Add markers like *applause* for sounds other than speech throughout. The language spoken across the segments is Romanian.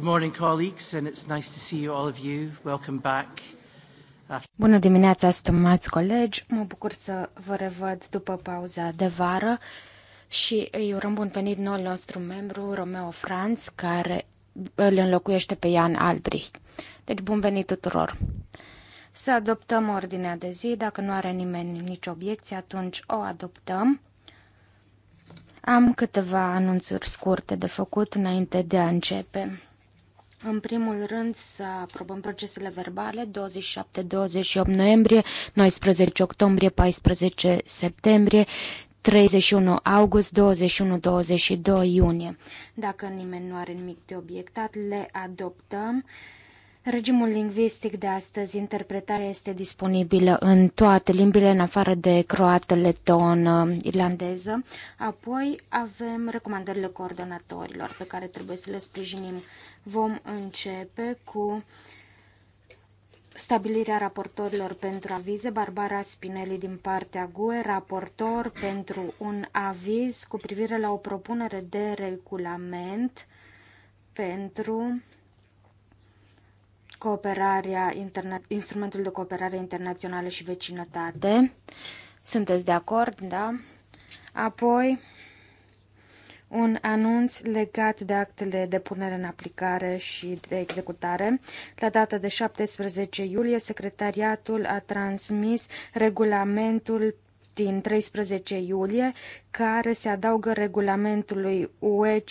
Good morning, colleagues, and it's nice to see you, all of you. Welcome back. Bună dimineața, stimați colegi! Mă bucur să vă revăd după pauza de vară și îi urăm bun venit noul nostru membru, Romeo Franz, care îl înlocuiește pe Ian Albrecht. Deci, bun venit tuturor! Să adoptăm ordinea de zi. Dacă nu are nimeni nicio obiecție, atunci o adoptăm. Am câteva anunțuri scurte de făcut înainte de a începe. În primul rând să aprobăm procesele verbale 27-28 noiembrie, 19 octombrie, 14 septembrie, 31 august, 21-22 iunie. Dacă nimeni nu are nimic de obiectat, le adoptăm. Regimul lingvistic de astăzi, interpretarea este disponibilă în toate limbile, în afară de croată, leton, irlandeză. Apoi avem recomandările coordonatorilor pe care trebuie să le sprijinim. Vom începe cu stabilirea raportorilor pentru avize. Barbara Spinelli din partea GUE, raportor pentru un aviz cu privire la o propunere de regulament pentru cooperarea interna- instrumentul de cooperare internațională și vecinătate. Sunteți de acord, da? Apoi, un anunț legat de actele de punere în aplicare și de executare. La data de 17 iulie, secretariatul a transmis regulamentul din 13 iulie care se adaugă regulamentului UE 515-2014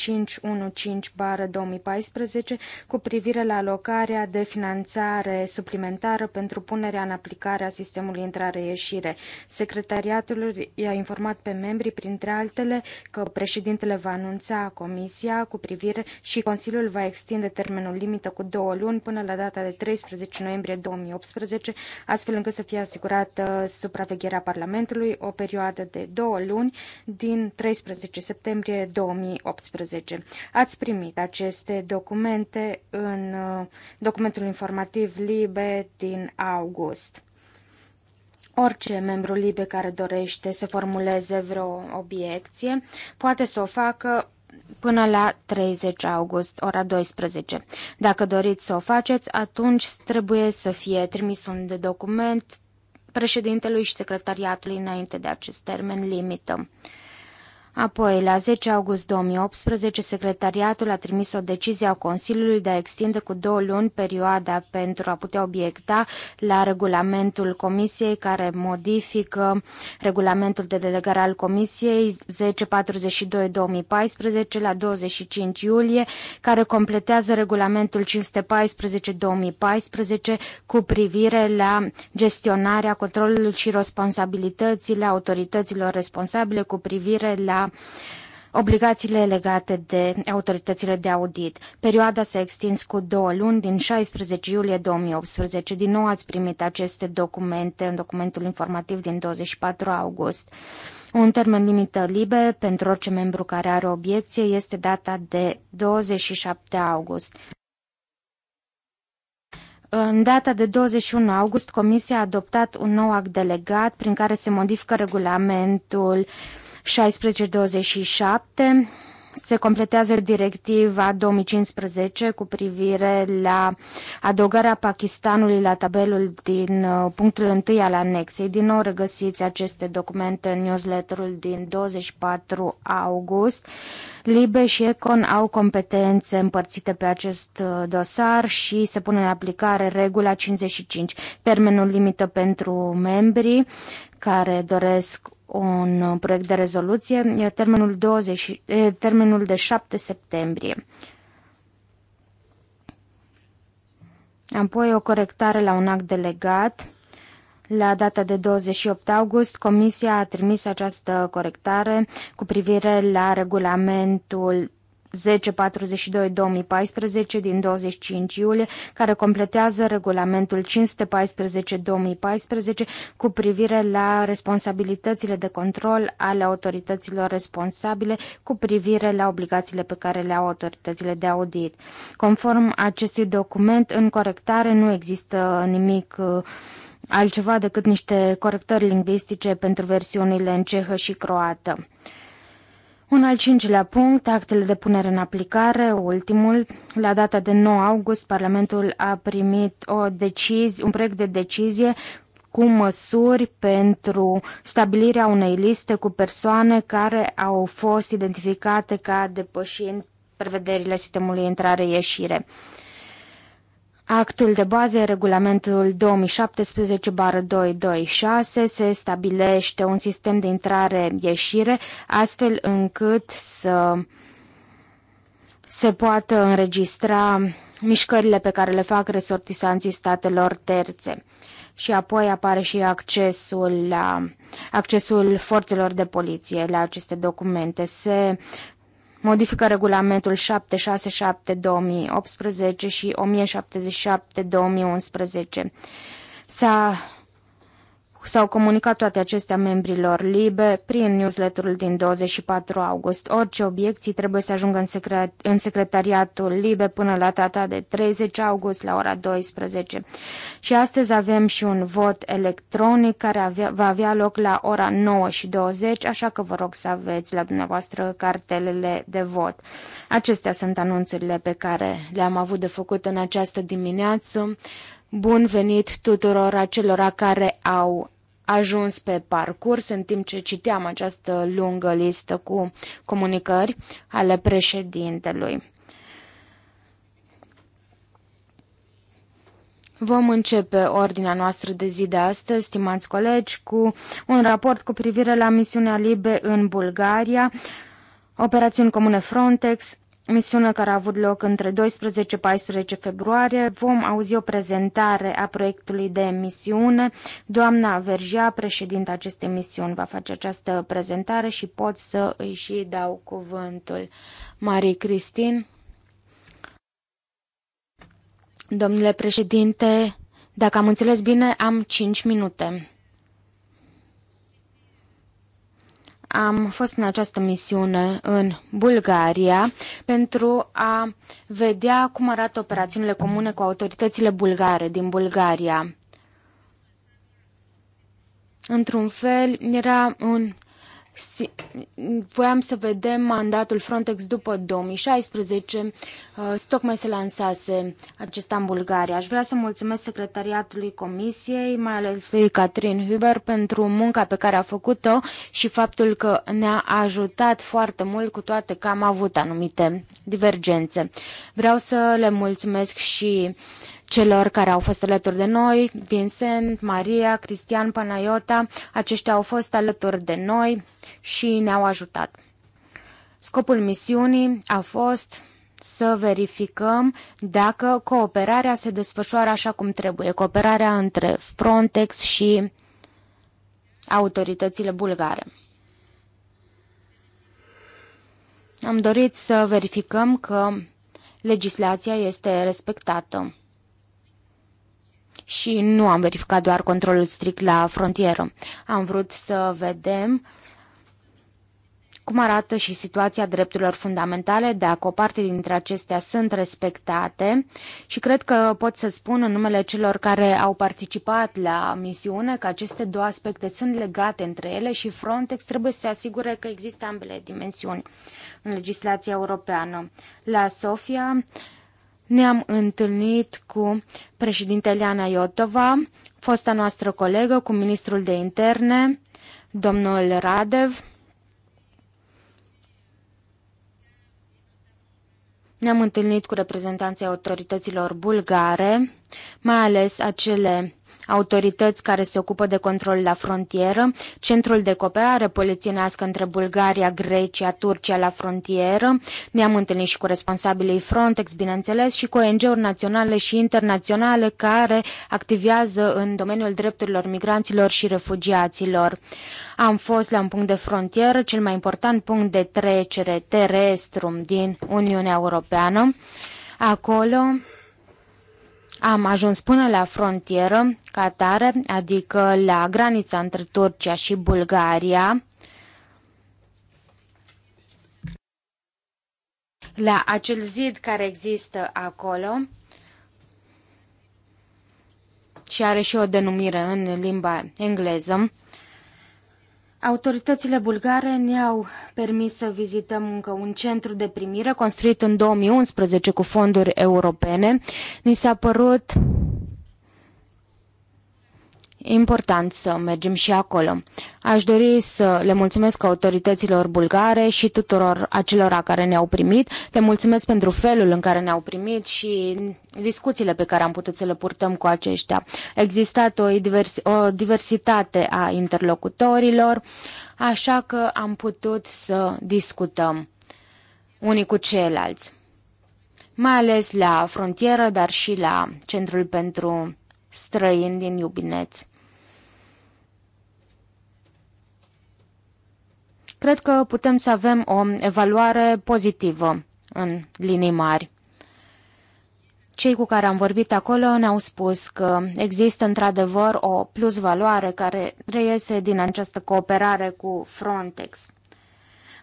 cu privire la alocarea de finanțare suplimentară pentru punerea în aplicare a sistemului intrare-ieșire. Secretariatul i-a informat pe membrii, printre altele, că președintele va anunța comisia cu privire și Consiliul va extinde termenul limită cu două luni până la data de 13 noiembrie 2018, astfel încât să fie asigurată supravegherea Parlamentului, o perioadă de două luni din 13 septembrie 2018. Ați primit aceste documente în uh, documentul informativ LIBE din august. Orice membru liber care dorește să formuleze vreo obiecție poate să o facă până la 30 august, ora 12. Dacă doriți să o faceți, atunci trebuie să fie trimis un document președintelui și secretariatului înainte de acest termen limită. Apoi, la 10 august 2018, secretariatul a trimis o decizie a Consiliului de a extinde cu două luni perioada pentru a putea obiecta la regulamentul Comisiei care modifică regulamentul de delegare al Comisiei 1042-2014 la 25 iulie, care completează regulamentul 514-2014 cu privire la gestionarea controlului și responsabilitățile autorităților responsabile cu privire la obligațiile legate de autoritățile de audit. Perioada s-a extins cu două luni, din 16 iulie 2018. Din nou ați primit aceste documente în documentul informativ din 24 august. Un termen limită liber pentru orice membru care are obiecție este data de 27 august. În data de 21 august, Comisia a adoptat un nou act delegat prin care se modifică regulamentul 1627 se completează directiva 2015 cu privire la adăugarea Pakistanului la tabelul din uh, punctul 1 al anexei. Din nou regăsiți aceste documente în newsletterul din 24 august. Libe și Econ au competențe împărțite pe acest uh, dosar și se pune în aplicare regula 55, termenul limită pentru membrii care doresc un uh, proiect de rezoluție, termenul, 20, termenul de 7 septembrie. Apoi o corectare la un act delegat. La data de 28 august, Comisia a trimis această corectare cu privire la regulamentul 1042-2014 din 25 iulie, care completează regulamentul 514-2014 cu privire la responsabilitățile de control ale autorităților responsabile cu privire la obligațiile pe care le au autoritățile de audit. Conform acestui document, în corectare nu există nimic uh, altceva decât niște corectări lingvistice pentru versiunile în cehă și croată. Un al cincilea punct, actele de punere în aplicare, ultimul. La data de 9 august, Parlamentul a primit o decizie, un proiect de decizie cu măsuri pentru stabilirea unei liste cu persoane care au fost identificate ca depășind prevederile sistemului intrare-ieșire. Actul de bază, regulamentul 2017-226, se stabilește un sistem de intrare-ieșire, astfel încât să se poată înregistra mișcările pe care le fac resortisanții statelor terțe. Și apoi apare și accesul, la, accesul forțelor de poliție la aceste documente. Se modifică regulamentul 767-2018 și 1077-2011. S-a s-au comunicat toate acestea membrilor LIBE prin newsletterul din 24 august. Orice obiecții trebuie să ajungă în, secret, în secretariatul LIBE până la data de 30 august la ora 12. Și astăzi avem și un vot electronic care avea, va avea loc la ora 9 și 20, așa că vă rog să aveți la dumneavoastră cartelele de vot. Acestea sunt anunțurile pe care le-am avut de făcut în această dimineață. Bun venit tuturor acelora care au ajuns pe parcurs în timp ce citeam această lungă listă cu comunicări ale președintelui. Vom începe ordinea noastră de zi de astăzi, stimați colegi, cu un raport cu privire la misiunea Libe în Bulgaria, operațiuni comune Frontex, misiune care a avut loc între 12-14 februarie. Vom auzi o prezentare a proiectului de misiune. Doamna Vergea, președinta acestei misiuni, va face această prezentare și pot să îi și dau cuvântul. Marie Cristin. Domnule președinte, dacă am înțeles bine, am 5 minute. Am fost în această misiune în Bulgaria pentru a vedea cum arată operațiunile comune cu autoritățile bulgare din Bulgaria. Într-un fel, era un voiam să vedem mandatul Frontex după 2016. Uh, tocmai se lansase acesta în Bulgaria. Aș vrea să mulțumesc secretariatului Comisiei, mai ales lui Catrin Huber, pentru munca pe care a făcut-o și faptul că ne-a ajutat foarte mult, cu toate că am avut anumite divergențe. Vreau să le mulțumesc și uh, celor care au fost alături de noi, Vincent, Maria, Cristian Panaiota, aceștia au fost alături de noi și ne-au ajutat. Scopul misiunii a fost să verificăm dacă cooperarea se desfășoară așa cum trebuie, cooperarea între Frontex și autoritățile bulgare. Am dorit să verificăm că legislația este respectată și nu am verificat doar controlul strict la frontieră. Am vrut să vedem cum arată și situația drepturilor fundamentale, dacă o parte dintre acestea sunt respectate și cred că pot să spun în numele celor care au participat la misiune că aceste două aspecte sunt legate între ele și Frontex trebuie să se asigure că există ambele dimensiuni în legislația europeană. La Sofia, ne-am întâlnit cu președintele Ana Iotova, fosta noastră colegă, cu ministrul de interne, domnul Radev. Ne-am întâlnit cu reprezentanții autorităților bulgare, mai ales acele autorități care se ocupă de control la frontieră, Centrul de Cooperare Polițienească între Bulgaria, Grecia, Turcia la frontieră. Ne-am întâlnit și cu responsabilii Frontex, bineînțeles, și cu ONG-uri naționale și internaționale care activează în domeniul drepturilor migranților și refugiaților. Am fost la un punct de frontieră, cel mai important punct de trecere terestru din Uniunea Europeană. Acolo am ajuns până la frontieră, ca atare, adică la granița între Turcia și Bulgaria. La acel zid care există acolo și are și o denumire în limba engleză. Autoritățile bulgare ne-au permis să vizităm încă un centru de primire construit în 2011 cu fonduri europene. Ni s-a părut E important să mergem și acolo. Aș dori să le mulțumesc autorităților bulgare și tuturor acelora care ne-au primit. Le mulțumesc pentru felul în care ne-au primit și discuțiile pe care am putut să le purtăm cu aceștia. A existat o, divers- o diversitate a interlocutorilor, așa că am putut să discutăm unii cu ceilalți, mai ales la frontieră, dar și la Centrul pentru străini din Iubineți. Cred că putem să avem o evaluare pozitivă în linii mari. Cei cu care am vorbit acolo ne-au spus că există într-adevăr o plusvaloare care reiese din această cooperare cu Frontex.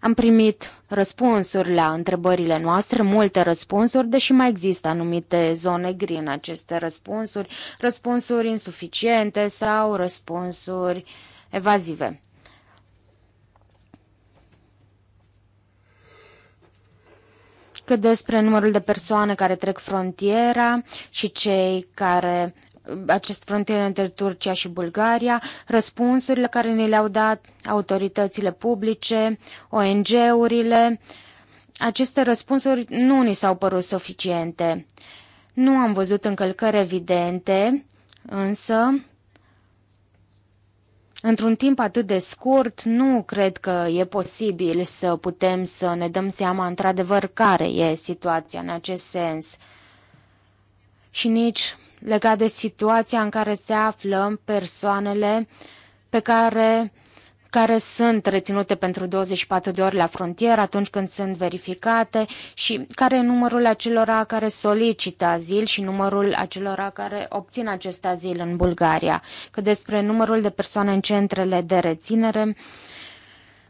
Am primit răspunsuri la întrebările noastre, multe răspunsuri, deși mai există anumite zone gri în aceste răspunsuri, răspunsuri insuficiente sau răspunsuri evazive. cât despre numărul de persoane care trec frontiera și cei care acest frontier între Turcia și Bulgaria, răspunsurile care ne le-au dat autoritățile publice, ONG-urile. Aceste răspunsuri nu ni s-au părut suficiente. Nu am văzut încălcări evidente, însă Într-un timp atât de scurt, nu cred că e posibil să putem să ne dăm seama într-adevăr care e situația în acest sens. Și nici legat de situația în care se află persoanele pe care care sunt reținute pentru 24 de ori la frontieră atunci când sunt verificate și care e numărul acelora care solicită azil și numărul acelora care obțin acest azil în Bulgaria. Că despre numărul de persoane în centrele de reținere,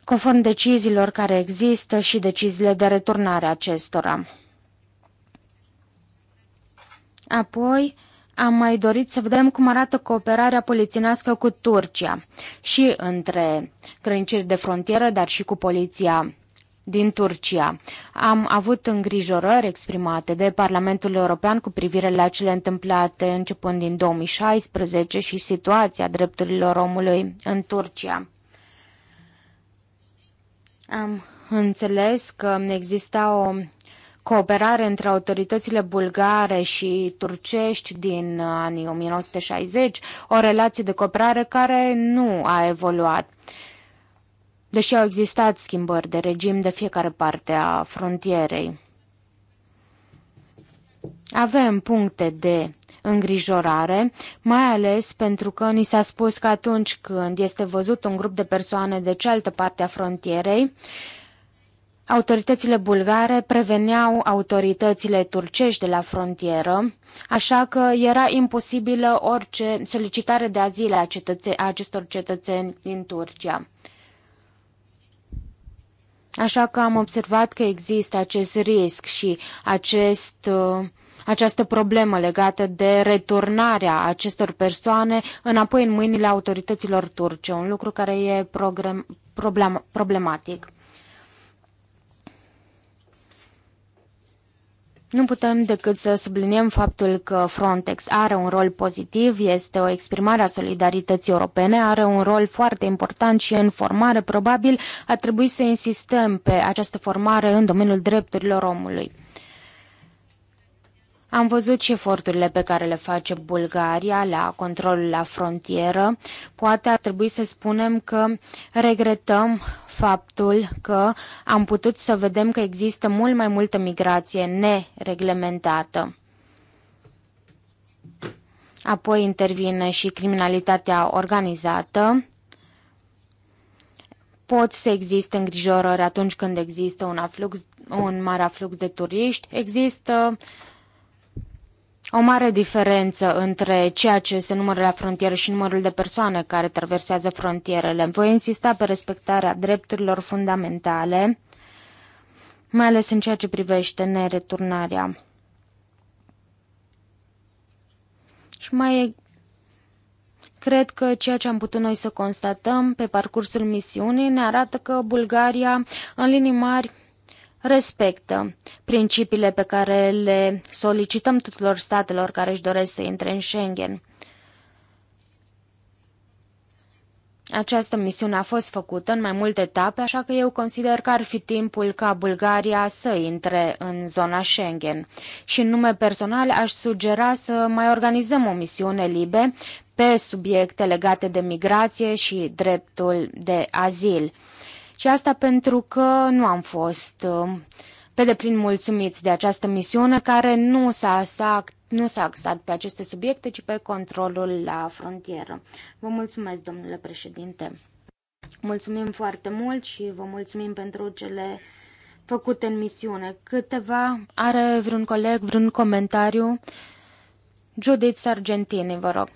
conform deciziilor care există și deciziile de returnare acestora. Apoi, am mai dorit să vedem cum arată cooperarea polițienească cu Turcia și între grăniciri de frontieră, dar și cu poliția din Turcia. Am avut îngrijorări exprimate de Parlamentul European cu privire la cele întâmplate începând din 2016 și situația drepturilor omului în Turcia. Am înțeles că exista o cooperare între autoritățile bulgare și turcești din uh, anii 1960, o relație de cooperare care nu a evoluat. Deși au existat schimbări de regim de fiecare parte a frontierei. Avem puncte de îngrijorare, mai ales pentru că ni s-a spus că atunci când este văzut un grup de persoane de cealaltă parte a frontierei, uh, Autoritățile bulgare preveneau autoritățile turcești de la frontieră, așa că era imposibilă orice solicitare de azil a, cetățe- a acestor cetățeni din Turcia. Așa că am observat că există acest risc și acest, uh, această problemă legată de returnarea acestor persoane înapoi în mâinile autorităților turce, un lucru care e problem, problematic. Nu putem decât să subliniem faptul că Frontex are un rol pozitiv, este o exprimare a solidarității europene, are un rol foarte important și în formare. Probabil ar trebui să insistăm pe această formare în domeniul drepturilor omului. Am văzut și eforturile pe care le face Bulgaria la controlul la frontieră. Poate ar trebui să spunem că regretăm faptul că am putut să vedem că există mult mai multă migrație nereglementată. Apoi intervine și criminalitatea organizată. Pot să existe îngrijorări atunci când există un, aflux, un mare aflux de turiști. Există uh, o mare diferență între ceea ce se numără la frontieră și numărul de persoane care traversează frontierele. Voi insista pe respectarea drepturilor fundamentale, mai ales în ceea ce privește nereturnarea. Și mai e Cred că ceea ce am putut noi să constatăm pe parcursul misiunii ne arată că Bulgaria, în linii mari, respectă principiile pe care le solicităm tuturor statelor care își doresc să intre în Schengen. Această misiune a fost făcută în mai multe etape, așa că eu consider că ar fi timpul ca Bulgaria să intre în zona Schengen. Și în nume personal aș sugera să mai organizăm o misiune libe pe subiecte legate de migrație și dreptul de azil. Și asta pentru că nu am fost uh, pe deplin mulțumiți de această misiune care nu s-a, nu s-a axat pe aceste subiecte, ci pe controlul la frontieră. Vă mulțumesc, domnule președinte. Mulțumim foarte mult și vă mulțumim pentru cele făcute în misiune. Câteva are vreun coleg, vreun comentariu? Judith Sargentini, vă rog.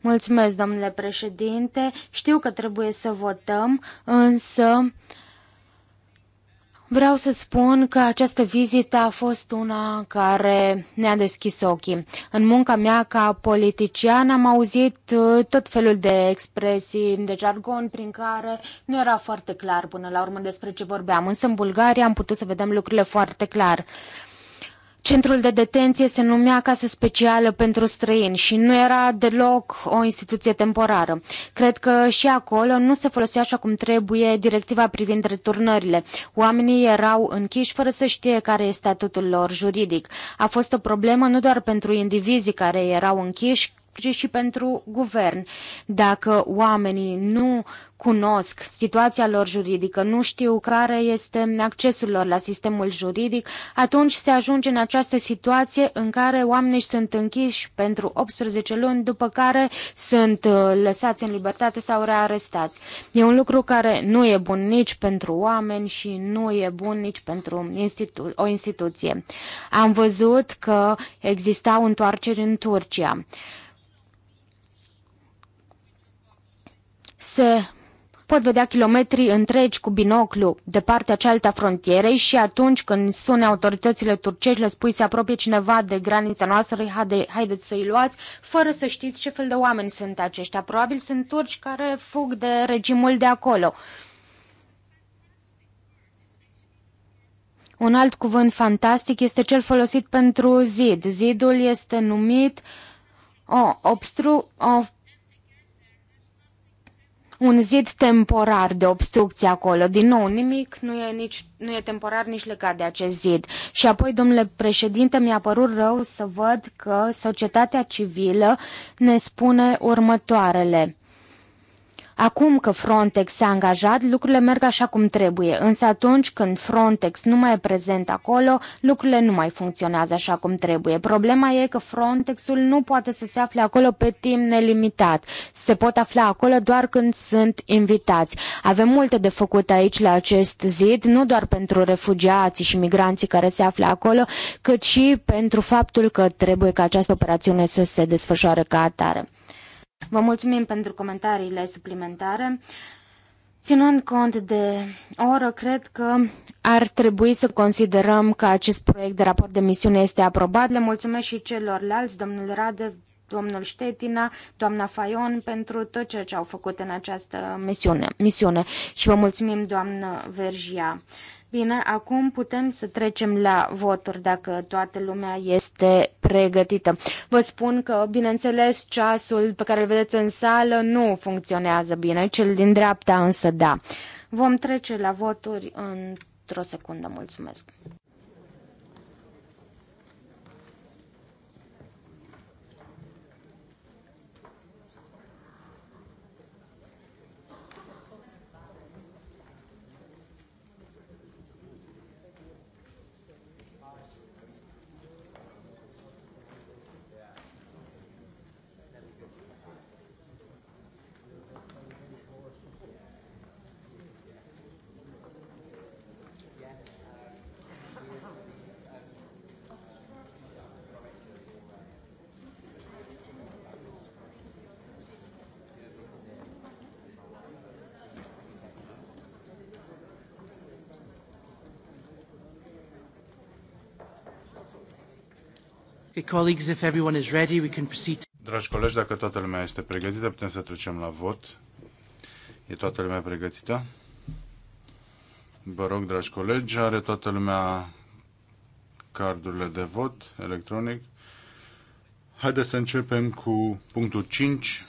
Mulțumesc, domnule președinte. Știu că trebuie să votăm, însă vreau să spun că această vizită a fost una care ne-a deschis ochii. În munca mea ca politician am auzit uh, tot felul de expresii, de jargon prin care nu era foarte clar până la urmă despre ce vorbeam, însă în Bulgaria am putut să vedem lucrurile foarte clar. Centrul de detenție se numea Casă Specială pentru Străini și nu era deloc o instituție temporară. Cred că și acolo nu se folosea așa cum trebuie directiva privind returnările. Oamenii erau închiși fără să știe care este statutul lor juridic. A fost o problemă nu doar pentru indivizii care erau închiși, ci și pentru guvern. Dacă oamenii nu cunosc situația lor juridică, nu știu care este accesul lor la sistemul juridic, atunci se ajunge în această situație în care oamenii sunt închiși pentru 18 luni, după care sunt uh, lăsați în libertate sau rearestați. E un lucru care nu e bun nici pentru oameni și nu e bun nici pentru institu- o instituție. Am văzut că existau întoarceri în Turcia. se pot vedea kilometri întregi cu binoclu de partea cealaltă a frontierei și atunci când sune autoritățile turcești, le spui se apropie cineva de granița noastră, haide, haideți să-i luați, fără să știți ce fel de oameni sunt aceștia. Probabil sunt turci care fug de regimul de acolo. Un alt cuvânt fantastic este cel folosit pentru zid. Zidul este numit o, obstru, o un zid temporar de obstrucție acolo. Din nou, nimic nu e, nici, nu e temporar nici legat de acest zid. Și apoi, domnule președinte, mi-a părut rău să văd că societatea civilă ne spune următoarele. Acum că Frontex s-a angajat, lucrurile merg așa cum trebuie, însă atunci când Frontex nu mai e prezent acolo, lucrurile nu mai funcționează așa cum trebuie. Problema e că Frontexul nu poate să se afle acolo pe timp nelimitat. Se pot afla acolo doar când sunt invitați. Avem multe de făcut aici la acest zid, nu doar pentru refugiații și migranții care se află acolo, cât și pentru faptul că trebuie ca această operațiune să se desfășoare ca atare. Vă mulțumim pentru comentariile suplimentare. Ținând cont de oră, cred că ar trebui să considerăm că acest proiect de raport de misiune este aprobat. Le mulțumesc și celorlalți, domnul Radev, domnul Ștetina, doamna Fayon pentru tot ceea ce au făcut în această misiune. misiune. Și vă mulțumim, doamnă Vergia. Bine, acum putem să trecem la voturi, dacă toată lumea este pregătită. Vă spun că, bineînțeles, ceasul pe care îl vedeți în sală nu funcționează bine, cel din dreapta însă da. Vom trece la voturi într-o secundă. Mulțumesc! Colleagues, if everyone is ready, we can proceed. Dragi colegi, dacă toată lumea este pregătită, putem să trecem la vot. E toată lumea pregătită? Vă rog, dragi colegi, are toată lumea cardurile de vot electronic. Haideți să începem cu punctul 5,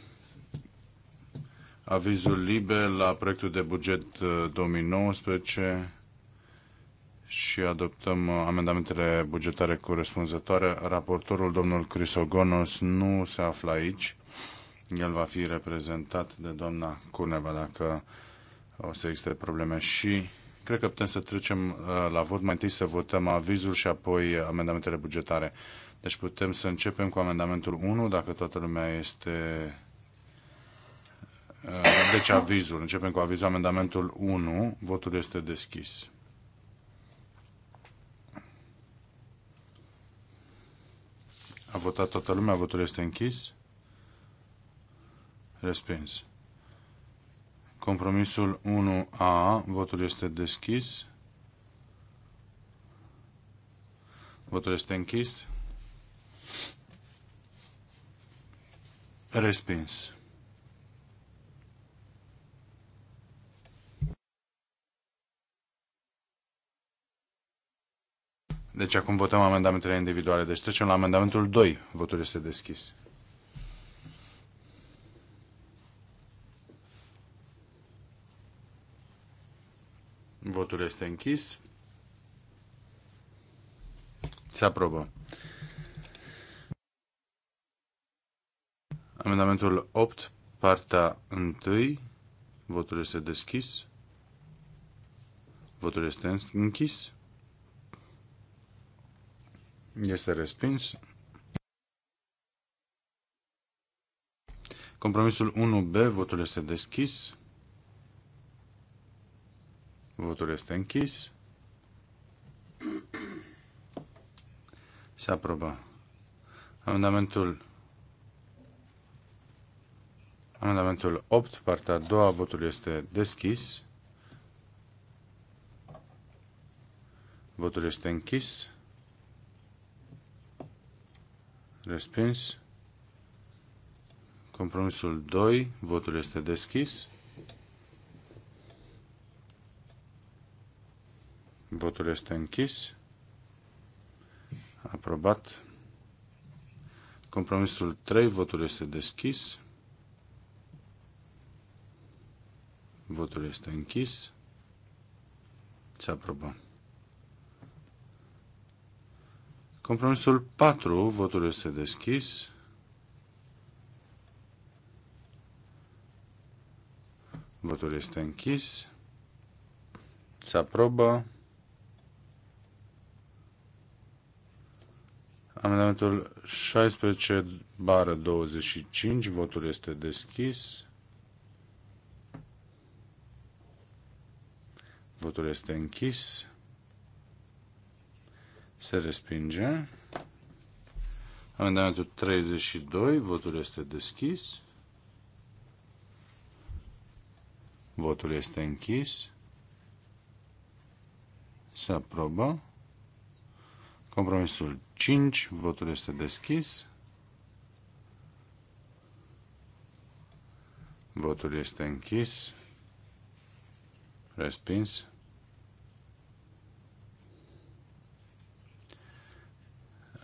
avizul liber la proiectul de buget 2019 uh, și adoptăm uh, amendamentele bugetare corespunzătoare. Raportorul, domnul Crisogonos, nu se află aici. El va fi reprezentat de doamna Cuneva dacă o să existe probleme și cred că putem să trecem uh, la vot. Mai întâi să votăm avizul și apoi amendamentele bugetare. Deci putem să începem cu amendamentul 1, dacă toată lumea este... Uh, deci avizul. Începem cu avizul amendamentul 1. Votul este deschis. A votat toată lumea, votul este închis. Respins. Compromisul 1A, votul este deschis. Votul este închis. Respins. Deci acum votăm amendamentele individuale. Deci trecem la amendamentul 2. Votul este deschis. Votul este închis. Se aprobă. Amendamentul 8, partea 1. Votul este deschis. Votul este închis. Este respins. Compromisul 1B, votul este deschis. Votul este închis. Se aprobă. Amendamentul Amendamentul 8, partea a doua, votul este deschis. Votul este închis. Respins. Compromisul 2. Votul este deschis. Votul este închis. Aprobat. Compromisul 3. Votul este deschis. Votul este închis. Se aprobă. Compromisul 4, votul este deschis. Votul este închis. Se aprobă. Amendamentul 16 bară 25, votul este deschis. Votul este închis. Se respinge. Amendamentul 32, votul este deschis. Votul este închis. Se aprobă. Compromisul 5, votul este deschis. Votul este închis. Respins.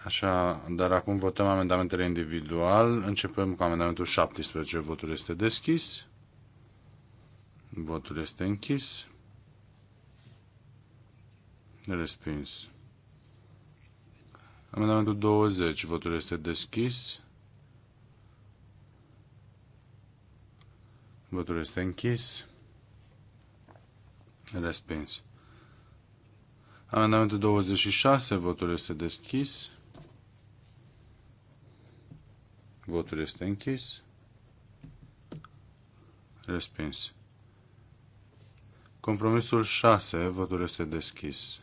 Așa, dar acum votăm amendamentele individual. Începem cu amendamentul 17. Votul este deschis. Votul este închis. Respins. Amendamentul 20. Votul este deschis. Votul este închis. Respins. Amendamentul 26. Votul este deschis. Votul este închis. Respins. Compromisul 6. Votul este deschis.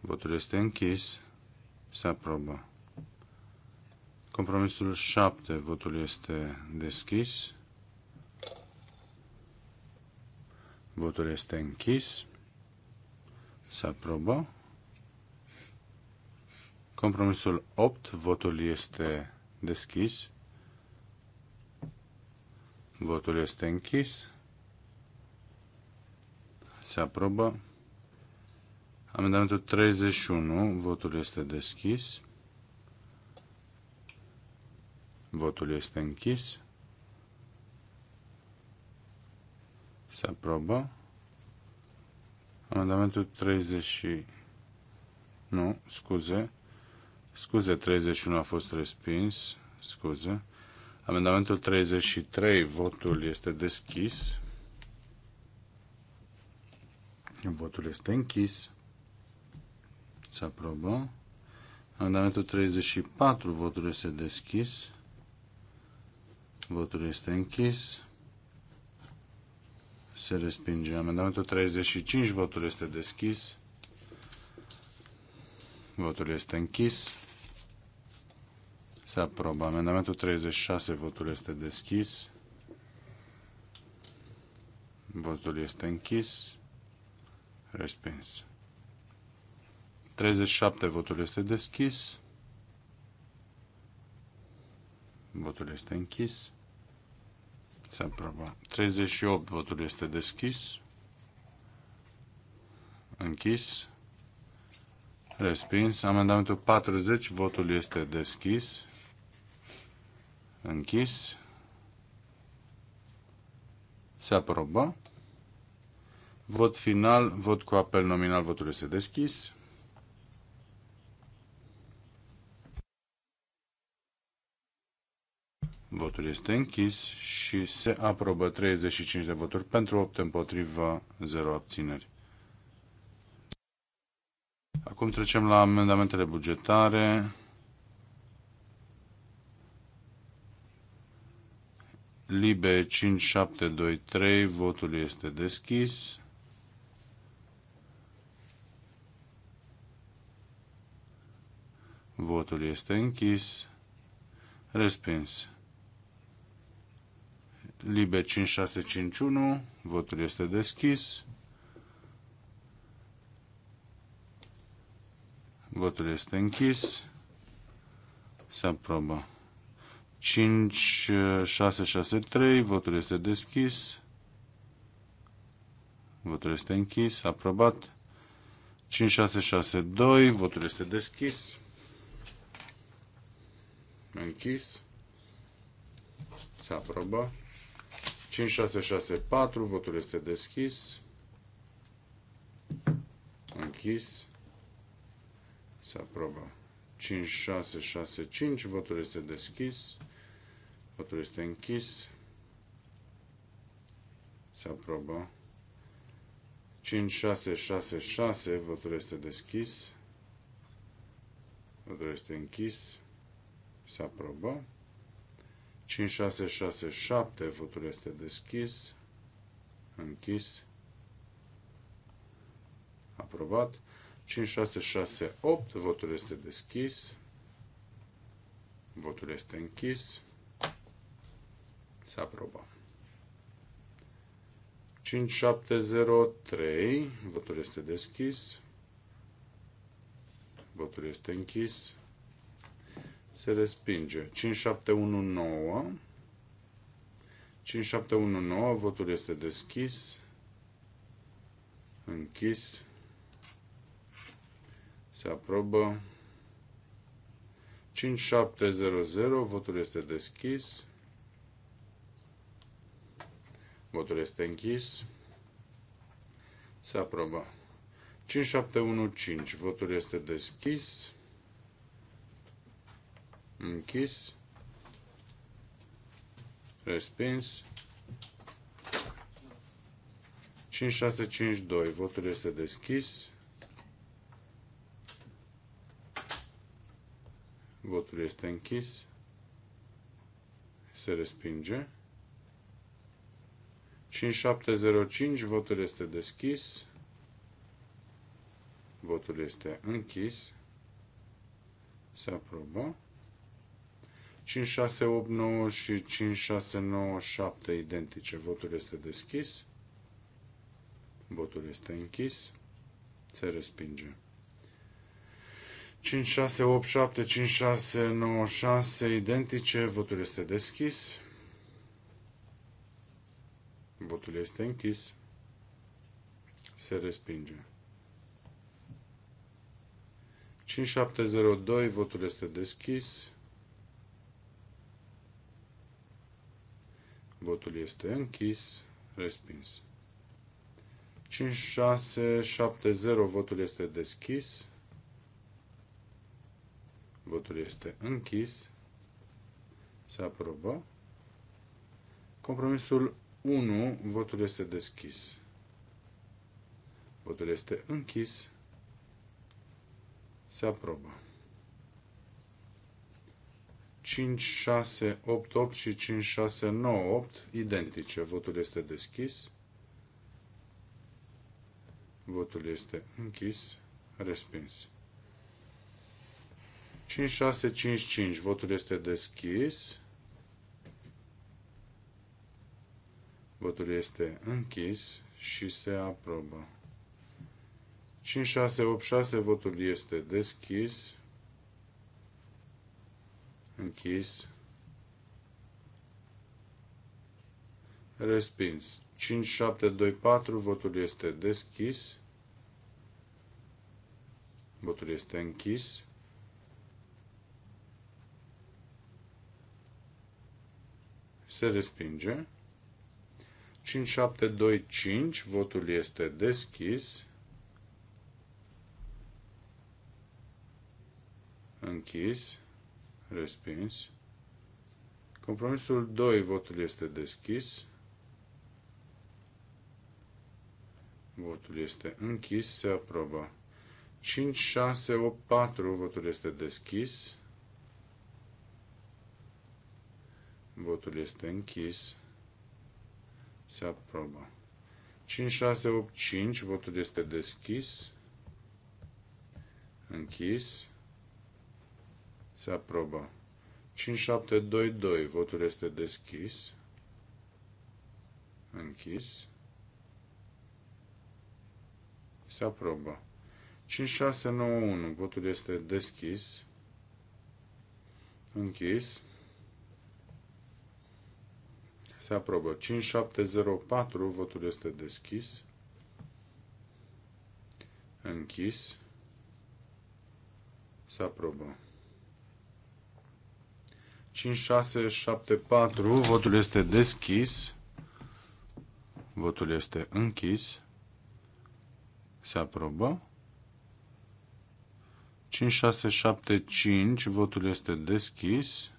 Votul este închis. Se aprobă. Compromisul 7. Votul este deschis. Votul este închis. Se aprobă. Compromisul 8, votul este deschis. Votul este închis. Se aprobă. Amendamentul 31, votul este deschis. Votul este închis. Se aprobă. Amendamentul 30 nu, scuze, Scuze, 31 a fost respins. Scuze. Amendamentul 33, votul este deschis. Votul este închis. Se aprobă. Amendamentul 34, votul este deschis. Votul este închis. Se respinge. Amendamentul 35, votul este deschis. Votul este închis. Se aprobă. Amendamentul 36, votul este deschis. Votul este închis. Respins. 37, votul este deschis. Votul este închis. Se aprobă. 38, votul este deschis. Închis. Respins. Amendamentul 40, votul este deschis. Închis. Se aprobă. Vot final, vot cu apel nominal, votul este deschis. Votul este închis și se aprobă 35 de voturi pentru 8 împotrivă, 0 abțineri. Acum trecem la amendamentele bugetare. Libe 5723, votul este deschis. Votul este închis. Respins. Libe 5651, votul este deschis. Votul este închis. Se aprobă. 5663, votul este deschis. Votul este închis, aprobat. 5662, votul este deschis. Închis. Se aprobă. 5664, votul este deschis. Închis. Se aprobă. 5665, votul este deschis. Votul este închis. Se aprobă. 5666, votul este deschis. Votul este închis. Se aprobă. 5667, votul este deschis. Închis. Aprobat. 5668, votul este deschis. Votul este închis. Se aprobă. 5703. Votul este deschis. Votul este închis. Se respinge. 5719. 5719. Votul este deschis. Închis. Se aprobă. 5700. Votul este deschis. Votul este închis. Se aprobă. 5715. Votul este deschis. Închis. Respins. 5652. Votul este deschis. Votul este închis. Se respinge. 5705, votul este deschis. Votul este închis. Se aprobă. 5689 și 5697 identice. Votul este deschis. Votul este închis. Se respinge. 5687, 5696 identice. Votul este deschis. Votul este închis. Se respinge. 5702, votul este deschis. Votul este închis, respins. 5670, votul este deschis. Votul este închis. Se aprobă. Compromisul 1, votul este deschis. Votul este închis. Se aprobă. 5, 6, 8, 8 și 5, 6, 9, 8 identice. Votul este deschis. Votul este închis. Respins. 5, 6, 5, 5. Votul este deschis. Votul este închis și se aprobă. 5686 votul este deschis. Închis. Respins. 5724 votul este deschis. Votul este închis. Se respinge. 5725, votul este deschis. Închis. Respins. Compromisul 2, votul este deschis. Votul este închis, se aprobă. 5, 6, 8, 4, votul este deschis. Votul este închis. Se aprobă. 5685, votul este deschis. Închis. Se aprobă. 5722, votul este deschis. Închis. Se aprobă. 5691, votul este deschis. Închis. Se aprobă. 5704, votul este deschis. Închis. Se aprobă. 5674, votul este deschis. Votul este închis. Se aprobă. 5675, votul este deschis.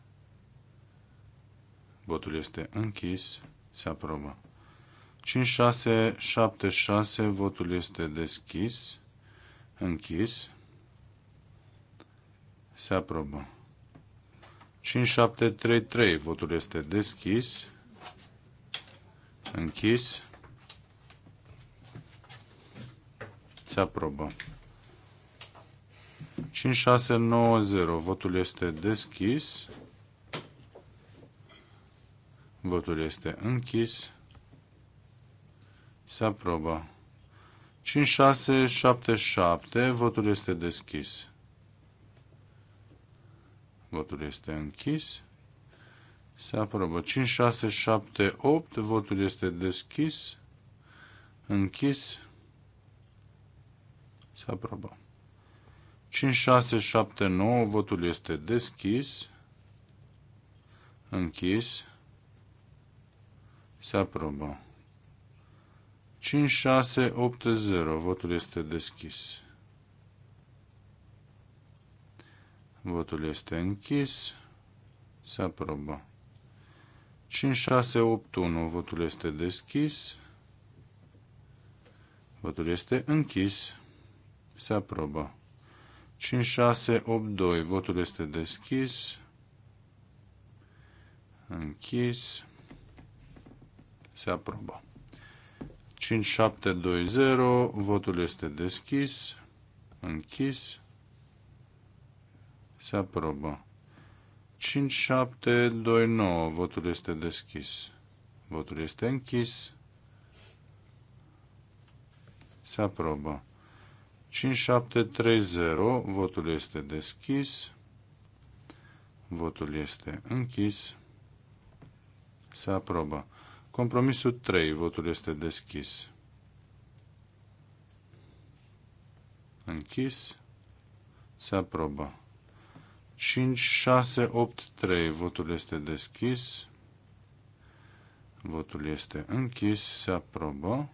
Votul este închis. Se aprobă. 5676. Votul este deschis. Închis. Se aprobă. 5733. Votul este deschis. Închis. Se aprobă. 5690. Votul este deschis. Votul este închis. Se aprobă. 5677. Votul este deschis. Votul este închis. Se aprobă. 5678. Votul este deschis. Închis. Se aprobă. 5679. Votul este deschis. Închis. Se aprobă. 5680. Votul este deschis. Votul este închis. Se aprobă. 5681. Votul este deschis. Votul este închis. Se aprobă. 5682. Votul este deschis. Închis. Se aprobă. 5720, votul este deschis, închis, se aprobă. 5729, votul este deschis, votul este închis, se aprobă. 5730, votul este deschis, votul este închis, se aprobă. Compromisul 3. Votul este deschis. Închis. Se aprobă. 5, 6, 8, 3. Votul este deschis. Votul este închis. Se aprobă.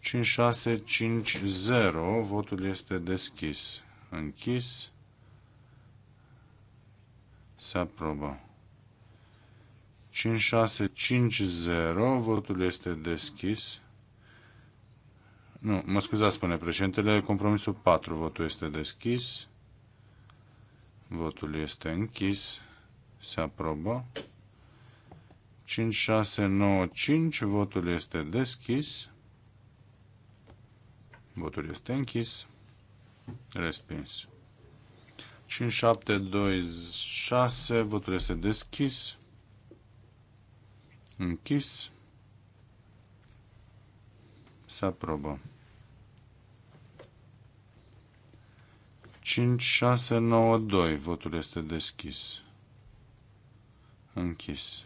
5, 6, 5, 0. Votul este deschis. Închis. Se aprobă. 5650, votul este deschis. Nu, mă scuzați, spune președintele, compromisul 4, votul este deschis. Votul este închis. Se aprobă. 5695, votul este deschis. Votul este închis. Respins. 5726, votul este deschis. Închis. 6, 9, 2. Votul este deschis. Închis.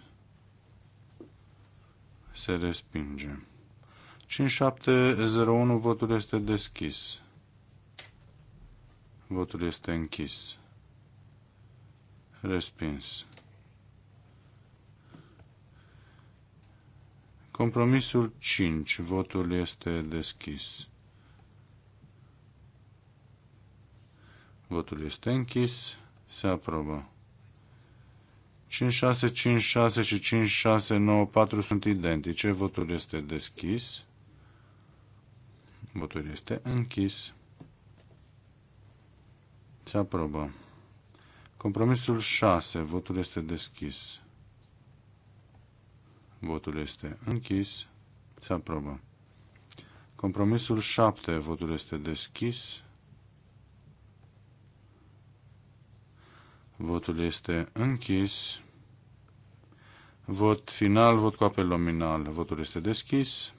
Se respinge. 1. Votul este deschis. Votul este închis. Respins. Compromisul 5. Votul este deschis. Votul este închis. Se aprobă. 5, 6, 5, 6 și 5, 6, 9, 4 sunt identice. Votul este deschis. Votul este închis. Se aprobă. Compromisul 6. Votul este deschis. Votul este închis. Se aprobă. Compromisul 7. Votul este deschis. Votul este închis. Vot final, vot cu apel nominal. Votul este deschis.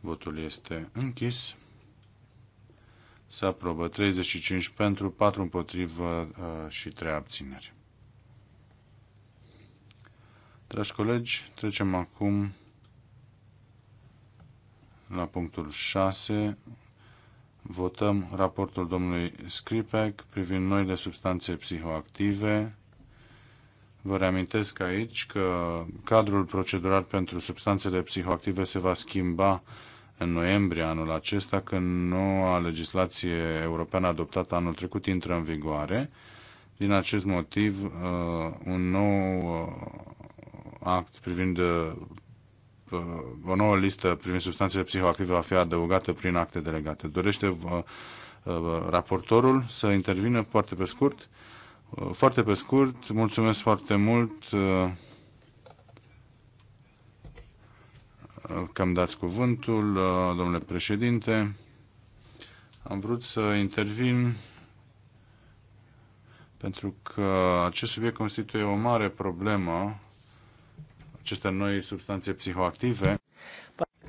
Votul este închis. Se aprobă 35 pentru, 4 împotrivă uh, și 3 abțineri. Dragi colegi, trecem acum la punctul 6. Votăm raportul domnului Scripec privind noile substanțe psihoactive. Vă reamintesc aici că cadrul procedural pentru substanțele psihoactive se va schimba în noiembrie anul acesta, când noua legislație europeană adoptată anul trecut intră în vigoare. Din acest motiv, uh, un nou uh, act privind uh, uh, o nouă listă privind substanțele psihoactive va fi adăugată prin acte delegate. Dorește uh, raportorul să intervină foarte pe scurt. Foarte pe scurt, mulțumesc foarte mult că îmi dați cuvântul, domnule președinte. Am vrut să intervin pentru că acest subiect constituie o mare problemă aceste noi substanțe psihoactive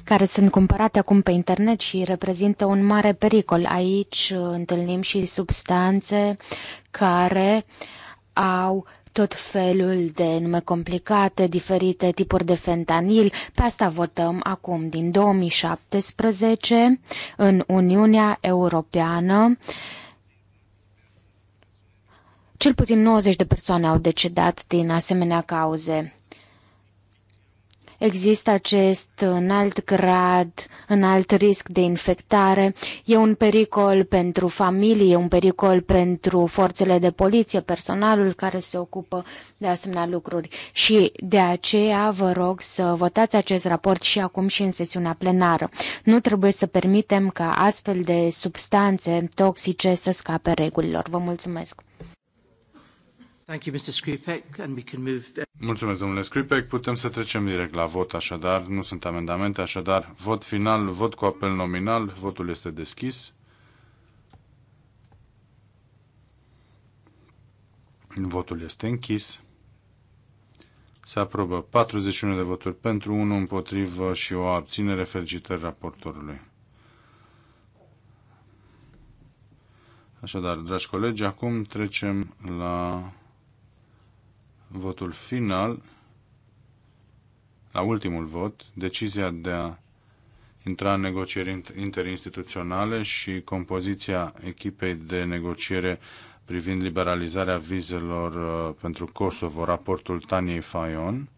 care sunt cumpărate acum pe internet și reprezintă un mare pericol. Aici uh, întâlnim și substanțe care au tot felul de nume complicate, diferite tipuri de fentanil. Pe asta votăm acum din 2017 în Uniunea Europeană. Cel puțin 90 de persoane au decedat din asemenea cauze. Există acest înalt grad, înalt risc de infectare, e un pericol pentru familie, un pericol pentru forțele de poliție, personalul care se ocupă de asemenea lucruri. Și de aceea vă rog să votați acest raport și acum și în sesiunea plenară. Nu trebuie să permitem ca astfel de substanțe toxice să scape regulilor. Vă mulțumesc! Thank you, Mr. and we can move... Uh, Mulțumesc, domnule Scripec. Putem să trecem direct la vot, așadar. Nu sunt amendamente, așadar. Vot final, vot cu apel nominal. Votul este deschis. Votul este închis. Se aprobă 41 de voturi pentru, 1 împotrivă și o abținere. Felicitări raportorului. Așadar, dragi colegi, acum trecem la votul final, la ultimul vot, decizia de a intra în negocieri interinstituționale și compoziția echipei de negociere privind liberalizarea vizelor uh, pentru Kosovo, raportul Taniei Fayon.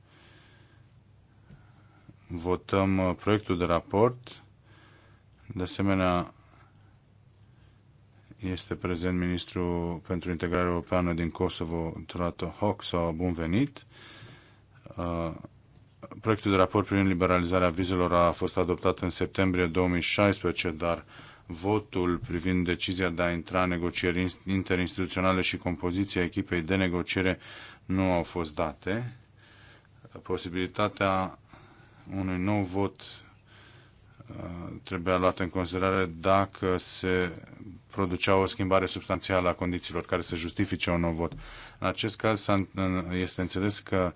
Votăm uh, proiectul de raport. De asemenea, este prezent ministrul pentru integrare europeană din Kosovo, Trato Hoc, sau bun venit. Proiectul de raport privind liberalizarea vizelor a fost adoptat în septembrie 2016, dar votul privind decizia de a intra în negocieri interinstituționale și compoziția echipei de negociere nu au fost date. Posibilitatea unui nou vot trebuia luată în considerare dacă se producea o schimbare substanțială a condițiilor care să justifice un nou vot. În acest caz este înțeles că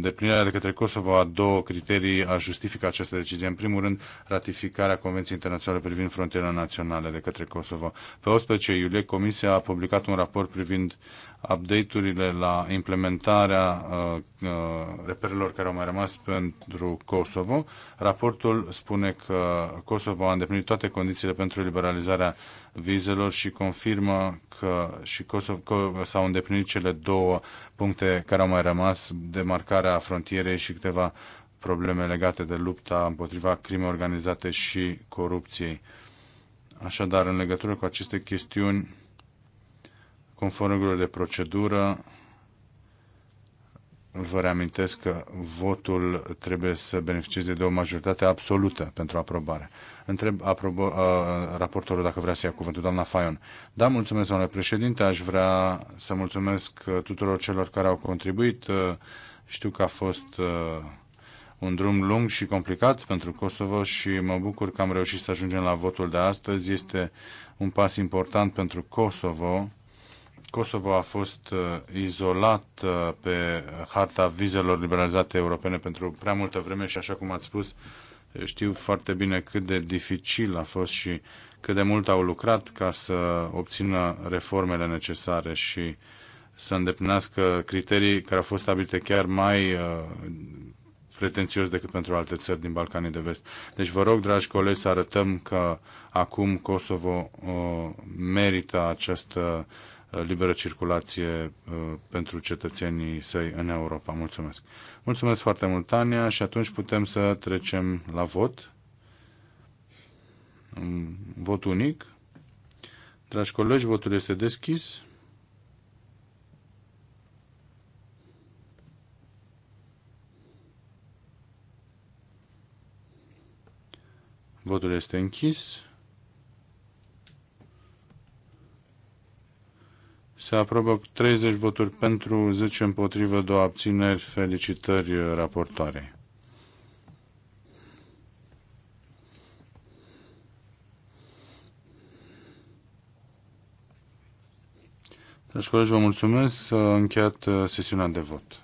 deplinirea de către Kosovo a două criterii a justifica această decizie. În primul rând, ratificarea Convenției Internaționale privind frontierele naționale de către Kosovo. Pe 11 iulie, Comisia a publicat un raport privind update-urile la implementarea uh, uh, reperelor care au mai rămas pentru Kosovo. Raportul spune că Kosovo a îndeplinit toate condițiile pentru liberalizarea vizelor și confirmă că și Kosovo, s-au îndeplinit cele două puncte care au mai rămas, demarcarea frontierei și câteva probleme legate de lupta împotriva crimei organizate și corupției. Așadar, în legătură cu aceste chestiuni, conform regulilor de procedură, vă reamintesc că votul trebuie să beneficieze de o majoritate absolută pentru aprobare. Întreb apropo, uh, raportorul dacă vrea să ia cuvântul, doamna Fayon. Da, mulțumesc, domnule președinte. Aș vrea să mulțumesc tuturor celor care au contribuit. Știu că a fost uh, un drum lung și complicat pentru Kosovo și mă bucur că am reușit să ajungem la votul de astăzi. Este un pas important pentru Kosovo. Kosovo a fost izolat pe harta vizelor liberalizate europene pentru prea multă vreme și, așa cum ați spus, știu foarte bine cât de dificil a fost și cât de mult au lucrat ca să obțină reformele necesare și să îndeplinească criterii care au fost stabilite chiar mai uh, pretențios decât pentru alte țări din Balcanii de Vest. Deci vă rog, dragi colegi, să arătăm că acum Kosovo uh, merită această liberă circulație uh, pentru cetățenii săi în Europa. Mulțumesc! Mulțumesc foarte mult, Tania, și atunci putem să trecem la vot. Vot unic. Dragi colegi, votul este deschis. Votul este închis. Se aprobă cu 30 voturi pentru, 10 împotrivă, 2 abțineri. Felicitări raportoare. Dragi colegi, vă mulțumesc. S-a încheiat uh, sesiunea de vot.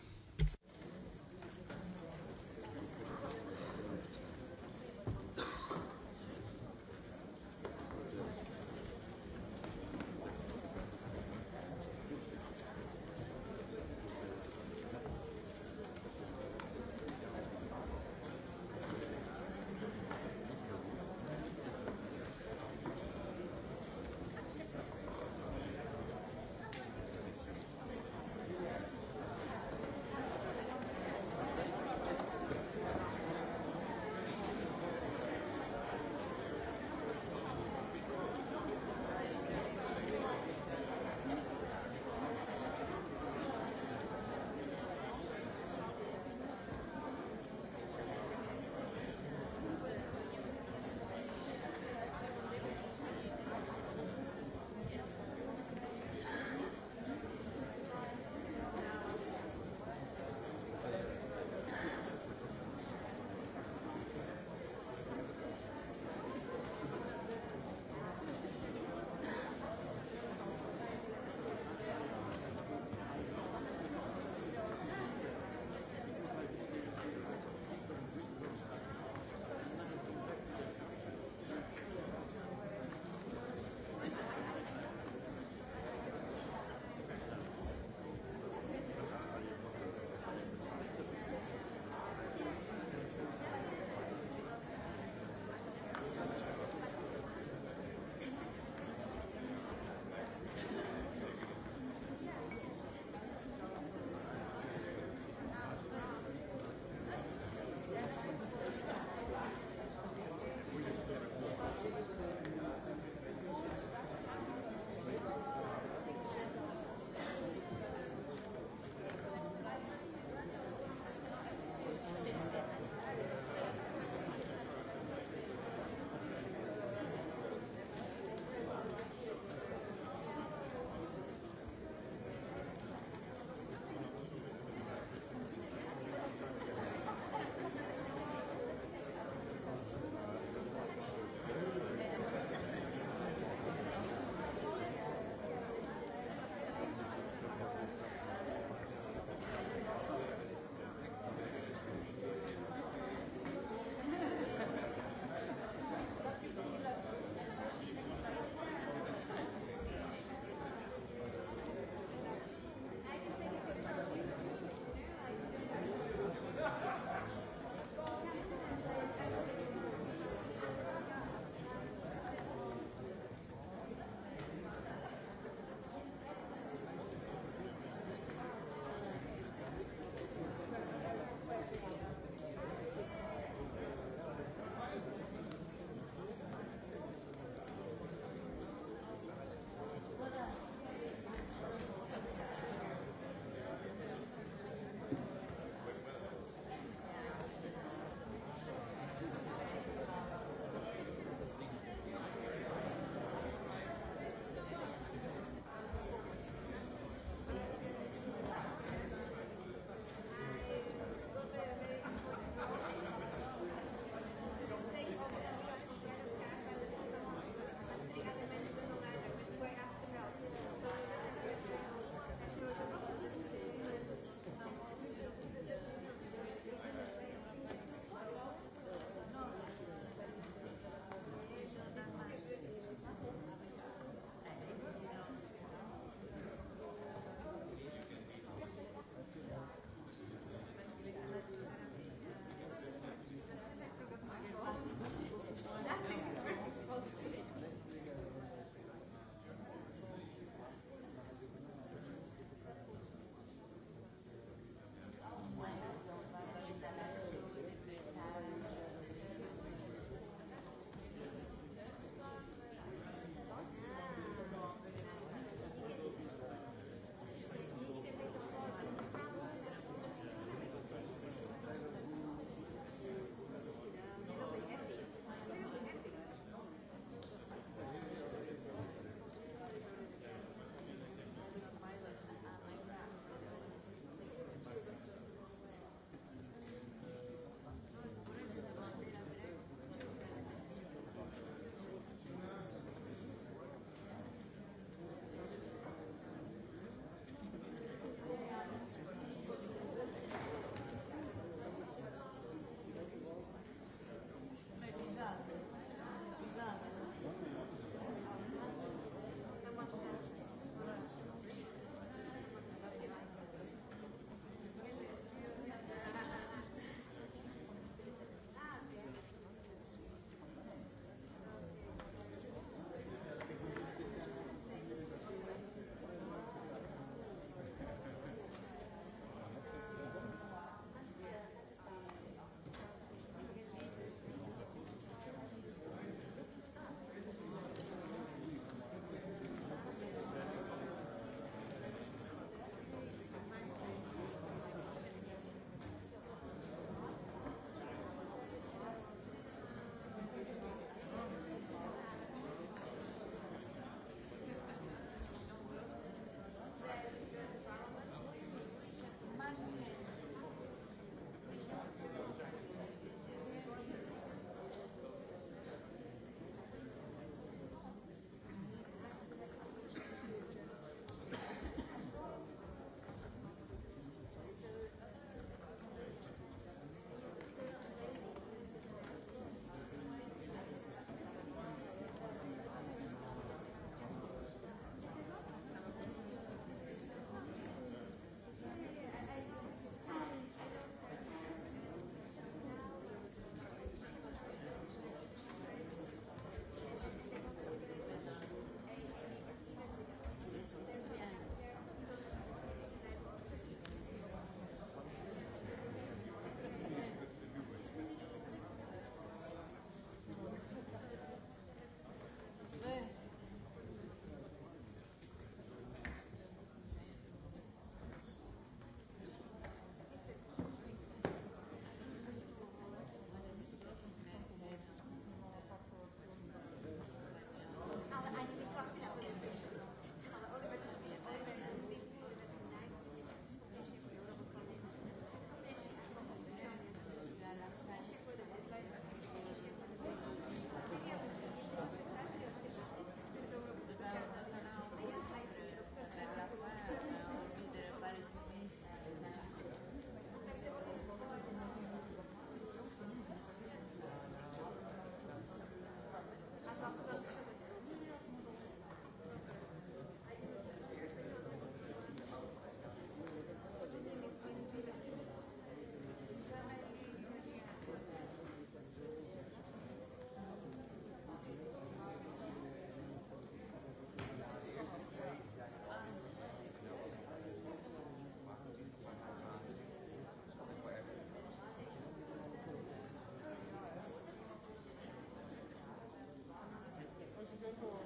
pentru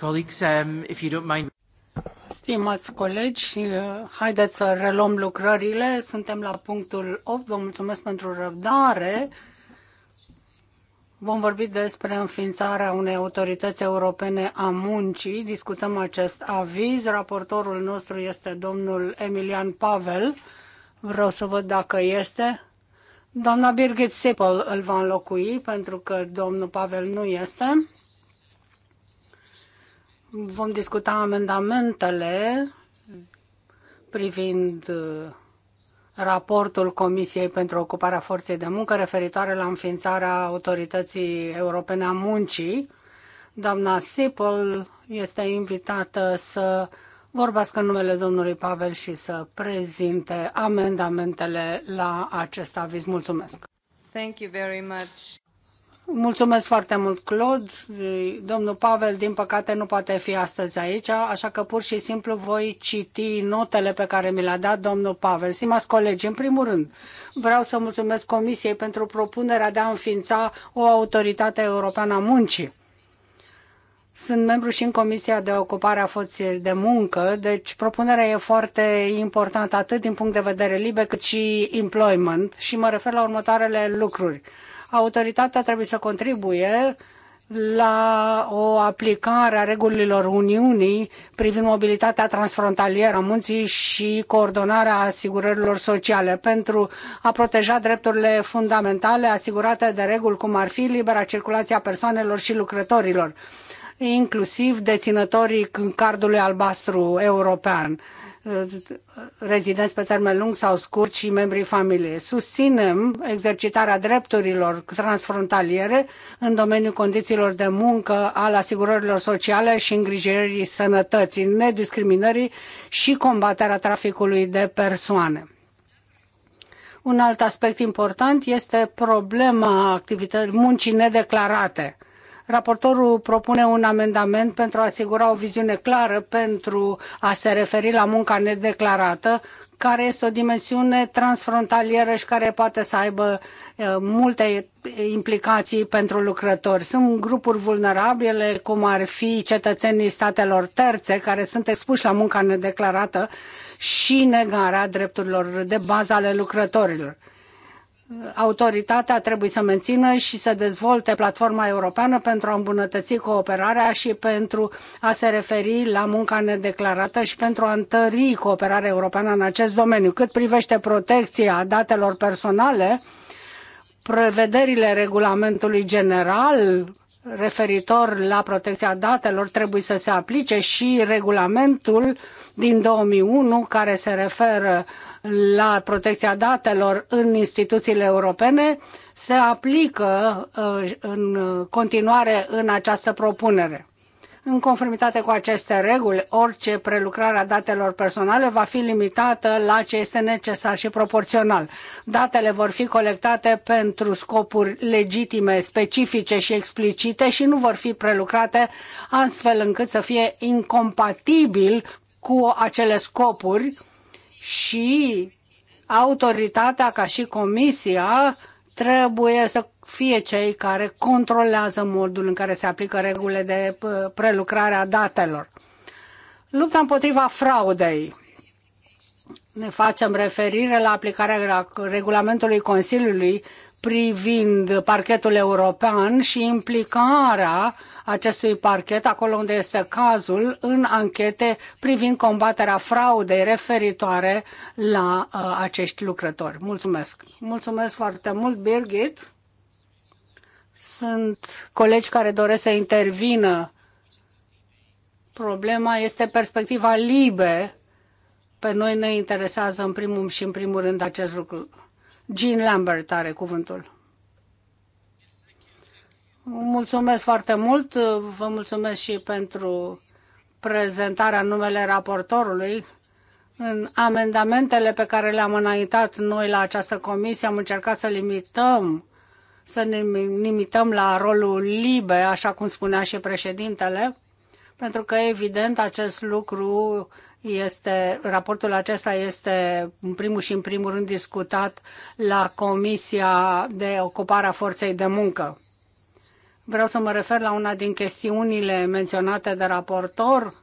Colleagues, um, if you don't mind... Stimați colegi, uh, haideți să reluăm lucrările. Suntem la punctul 8. Vă mulțumesc pentru răbdare. Vom vorbi despre înființarea unei autorități europene a muncii. Discutăm acest aviz. Raportorul nostru este domnul Emilian Pavel. Vreau să văd dacă este. Doamna Birgit Sipel îl va înlocui pentru că domnul Pavel nu este. Vom discuta amendamentele privind uh, raportul Comisiei pentru Ocuparea Forței de Muncă referitoare la înființarea Autorității Europene a Muncii. Doamna Sipol este invitată să vorbească în numele domnului Pavel și să prezinte amendamentele la acest aviz. Mulțumesc! Thank you very much. Mulțumesc foarte mult, Claude. Domnul Pavel, din păcate, nu poate fi astăzi aici, așa că pur și simplu voi citi notele pe care mi le-a dat domnul Pavel. Simați colegi, în primul rând, vreau să mulțumesc Comisiei pentru propunerea de a înființa o autoritate europeană a muncii. Sunt membru și în Comisia de Ocupare a Forței de Muncă, deci propunerea e foarte importantă atât din punct de vedere liber cât și employment și mă refer la următoarele lucruri autoritatea trebuie să contribuie la o aplicare a regulilor Uniunii privind mobilitatea transfrontalieră a munții și coordonarea asigurărilor sociale pentru a proteja drepturile fundamentale asigurate de reguli cum ar fi libera circulație a persoanelor și lucrătorilor, inclusiv deținătorii cardului albastru european Uh, rezidenți pe termen lung sau scurt și membrii familiei. Susținem exercitarea drepturilor transfrontaliere în domeniul condițiilor de muncă, al asigurărilor sociale și îngrijirii sănătății, nediscriminării și combaterea traficului de persoane. Un alt aspect important este problema activității muncii nedeclarate Raportorul propune un amendament pentru a asigura o viziune clară pentru a se referi la munca nedeclarată, care este o dimensiune transfrontalieră și care poate să aibă multe implicații pentru lucrători. Sunt grupuri vulnerabile, cum ar fi cetățenii statelor terțe, care sunt expuși la munca nedeclarată și negarea drepturilor de bază ale lucrătorilor. Uh, autoritatea trebuie să mențină și să dezvolte platforma europeană pentru a îmbunătăți cooperarea și pentru a se referi la munca nedeclarată și pentru a întări cooperarea europeană în acest domeniu. Cât privește protecția datelor personale, prevederile regulamentului general referitor la protecția datelor trebuie să se aplice și regulamentul din 2001 care se referă la protecția datelor în instituțiile europene se aplică uh, în continuare în această propunere. În conformitate cu aceste reguli, orice prelucrare a datelor personale va fi limitată la ce este necesar și proporțional. Datele vor fi colectate pentru scopuri legitime, specifice și explicite și nu vor fi prelucrate astfel încât să fie incompatibil cu acele scopuri și autoritatea ca și comisia trebuie să fie cei care controlează modul în care se aplică regulile de uh, prelucrare a datelor. Lupta împotriva fraudei. Ne facem referire la aplicarea regulamentului Consiliului privind parchetul european și implicarea acestui parchet, acolo unde este cazul, în anchete privind combaterea fraudei referitoare la uh, acești lucrători. Mulțumesc! Mulțumesc foarte mult, Birgit! Sunt colegi care doresc să intervină. Problema este perspectiva libe. Pe noi ne interesează în primul și în primul rând acest lucru. Jean Lambert are cuvântul. Mulțumesc foarte mult, vă mulțumesc și pentru prezentarea numele raportorului. În amendamentele pe care le-am înaintat noi la această comisie am încercat să limităm să ne limităm la rolul libe, așa cum spunea și președintele, pentru că evident acest lucru este, raportul acesta este în primul și în primul rând discutat la Comisia de Ocupare a Forței de Muncă. Vreau să mă refer la una din chestiunile menționate de raportor,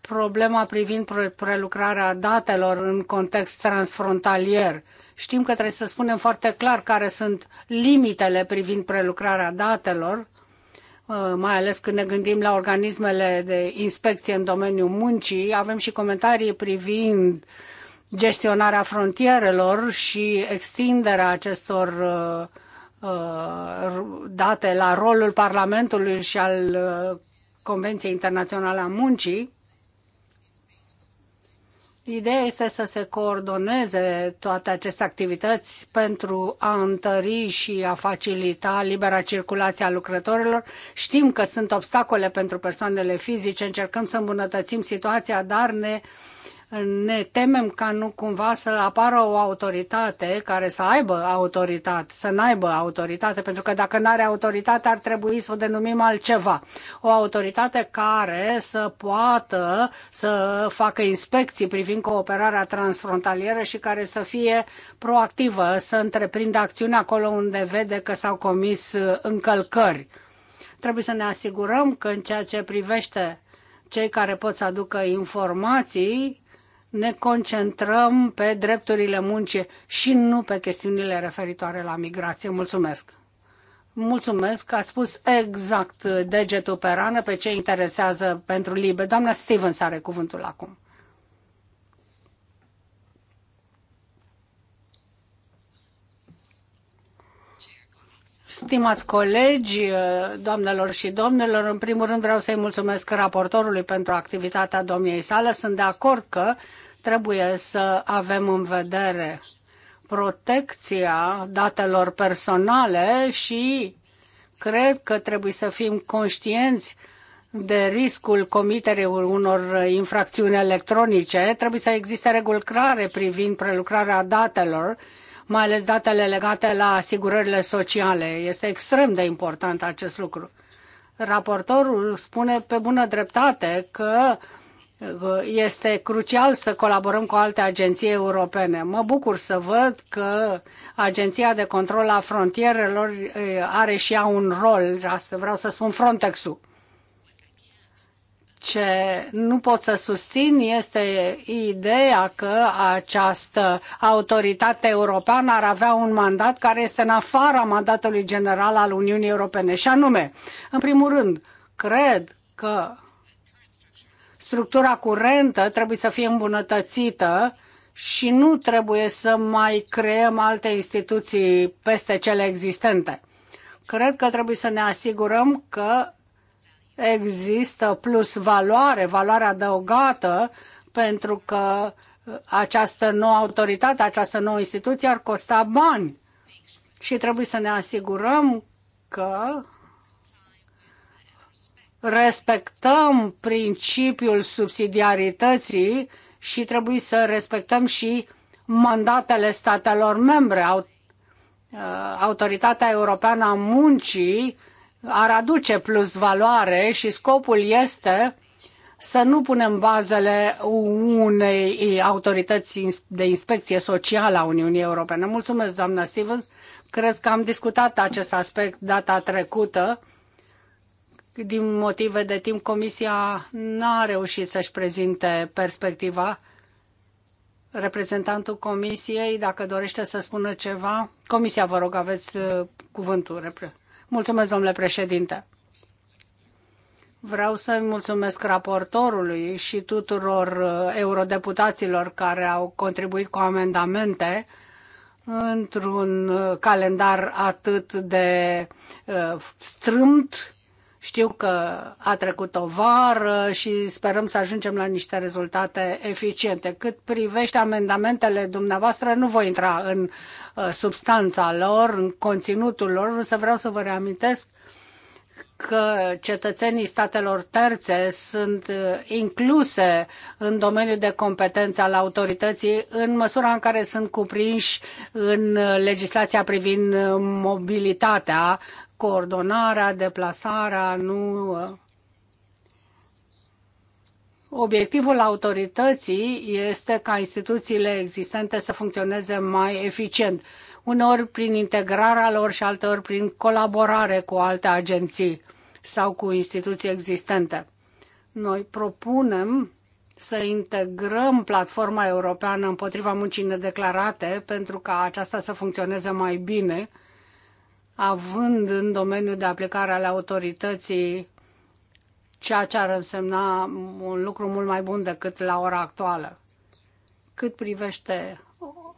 problema privind prelucrarea datelor în context transfrontalier. Știm că trebuie să spunem foarte clar care sunt limitele privind prelucrarea datelor, uh, mai ales când ne gândim la organismele de inspecție în domeniul muncii. Avem și comentarii privind gestionarea frontierelor și extinderea acestor uh, Uh, date la rolul Parlamentului și al uh, Convenției Internaționale a Muncii. Ideea este să se coordoneze toate aceste activități pentru a întări și a facilita libera circulație a lucrătorilor. Știm că sunt obstacole pentru persoanele fizice, încercăm să îmbunătățim situația, dar ne uh, ne temem ca nu cumva să apară o autoritate care să aibă autoritate, să n-aibă autoritate, pentru că dacă n-are autoritate ar trebui să o denumim altceva. O autoritate care să poată să facă inspecții privind cooperarea transfrontalieră și care să fie proactivă, să întreprindă acțiuni acolo unde vede că s-au comis încălcări. Trebuie să ne asigurăm că în ceea ce privește cei care pot să aducă informații, ne concentrăm pe drepturile muncii și nu pe chestiunile referitoare la migrație. Mulțumesc! Mulțumesc că ați spus exact degetul pe rană, pe ce interesează pentru liber. Doamna Stevens are cuvântul acum. Stimați colegi, doamnelor și domnilor, în primul rând vreau să-i mulțumesc raportorului pentru activitatea domniei sale. Sunt de acord că uh, Trebuie să avem în vedere protecția datelor personale și cred că trebuie să fim conștienți de riscul comiterii unor infracțiuni electronice. Trebuie să existe reguli clare privind prelucrarea datelor, mai ales datele legate la asigurările sociale. Este extrem de important acest lucru. Raportorul spune pe bună dreptate că este crucial să colaborăm cu alte agenții europene. Mă bucur să văd că Agenția de Control a Frontierelor are și ea un rol, asta vreau să spun Frontex-ul. Ce nu pot să susțin este ideea că această autoritate europeană ar avea un mandat care este în afara mandatului general al Uniunii Europene. Și anume, în primul rând, cred că structura curentă trebuie să fie îmbunătățită și nu trebuie să mai creăm alte instituții peste cele existente. Cred că trebuie să ne asigurăm că există plus valoare, valoare adăugată, pentru că această nouă autoritate, această nouă instituție ar costa bani. Și trebuie să ne asigurăm că respectăm principiul subsidiarității și trebuie să respectăm și mandatele statelor membre. Uh, Autoritatea Europeană a Muncii ar aduce plus valoare și scopul este să nu punem bazele unei autorități de inspecție socială a Uniunii Europene. Mulțumesc, doamna Stevens. Cred că am discutat acest aspect data trecută din motive de timp, Comisia n-a reușit să-și prezinte perspectiva. Reprezentantul Comisiei, dacă dorește să spună ceva, Comisia, vă rog, aveți uh, cuvântul. Mulțumesc, domnule președinte. Vreau să-i mulțumesc raportorului și tuturor uh, eurodeputaților care au contribuit cu amendamente într-un uh, calendar atât de strâmt știu că a trecut o vară și sperăm să ajungem la niște rezultate eficiente. Cât privește amendamentele dumneavoastră, nu voi intra în uh, substanța lor, în conținutul lor, însă vreau să vă reamintesc că cetățenii statelor terțe sunt uh, incluse în domeniul de competență al autorității în măsura în care sunt cuprinși în uh, legislația privind mobilitatea coordonarea, deplasarea, nu uh, Obiectivul autorității este ca instituțiile existente să funcționeze mai eficient, uneori prin integrarea lor și alteori prin colaborare cu alte agenții sau cu instituții existente. Noi propunem să integrăm platforma europeană împotriva muncii nedeclarate pentru ca aceasta să funcționeze mai bine având în domeniul de aplicare al autorității ceea ce ar însemna un lucru mult mai bun decât la ora actuală. Cât privește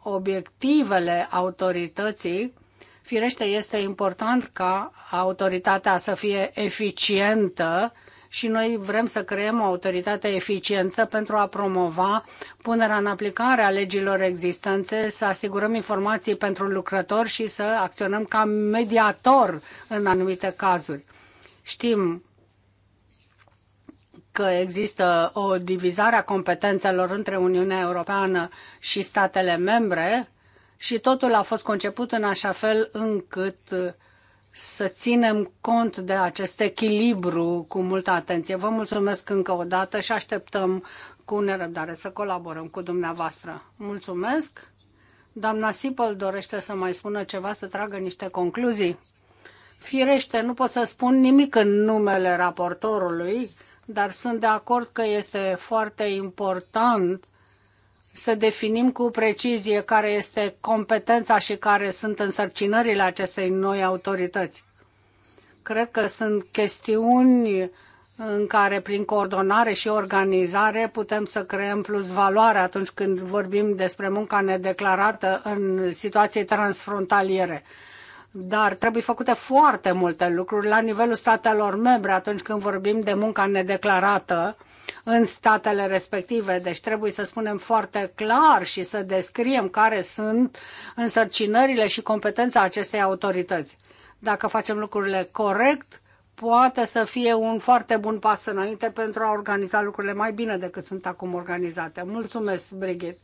obiectivele autorității, firește este important ca autoritatea să fie eficientă și noi vrem să creăm o autoritate eficientă pentru a promova punerea în aplicare a legilor existente, să asigurăm informații pentru lucrători și să acționăm ca mediator în anumite cazuri. Știm că există o divizare a competențelor între Uniunea Europeană și statele membre și totul a fost conceput în așa fel încât să ținem cont de acest echilibru cu multă atenție. Vă mulțumesc încă o dată și așteptăm cu nerăbdare să colaborăm cu dumneavoastră. Mulțumesc! Doamna Sipăl dorește să mai spună ceva, să tragă niște concluzii. Firește, nu pot să spun nimic în numele raportorului, dar sunt de acord că este foarte important să definim cu precizie care este competența și care sunt însărcinările acestei noi autorități. Cred că sunt chestiuni în care prin coordonare și organizare putem să creăm plus valoare atunci când vorbim despre munca nedeclarată în situații transfrontaliere. Dar trebuie făcute foarte multe lucruri la nivelul statelor membre atunci când vorbim de munca nedeclarată în statele respective. Deci trebuie să spunem foarte clar și să descriem care sunt însărcinările și competența acestei autorități. Dacă facem lucrurile corect, poate să fie un foarte bun pas înainte pentru a organiza lucrurile mai bine decât sunt acum organizate. Mulțumesc, Brigitte.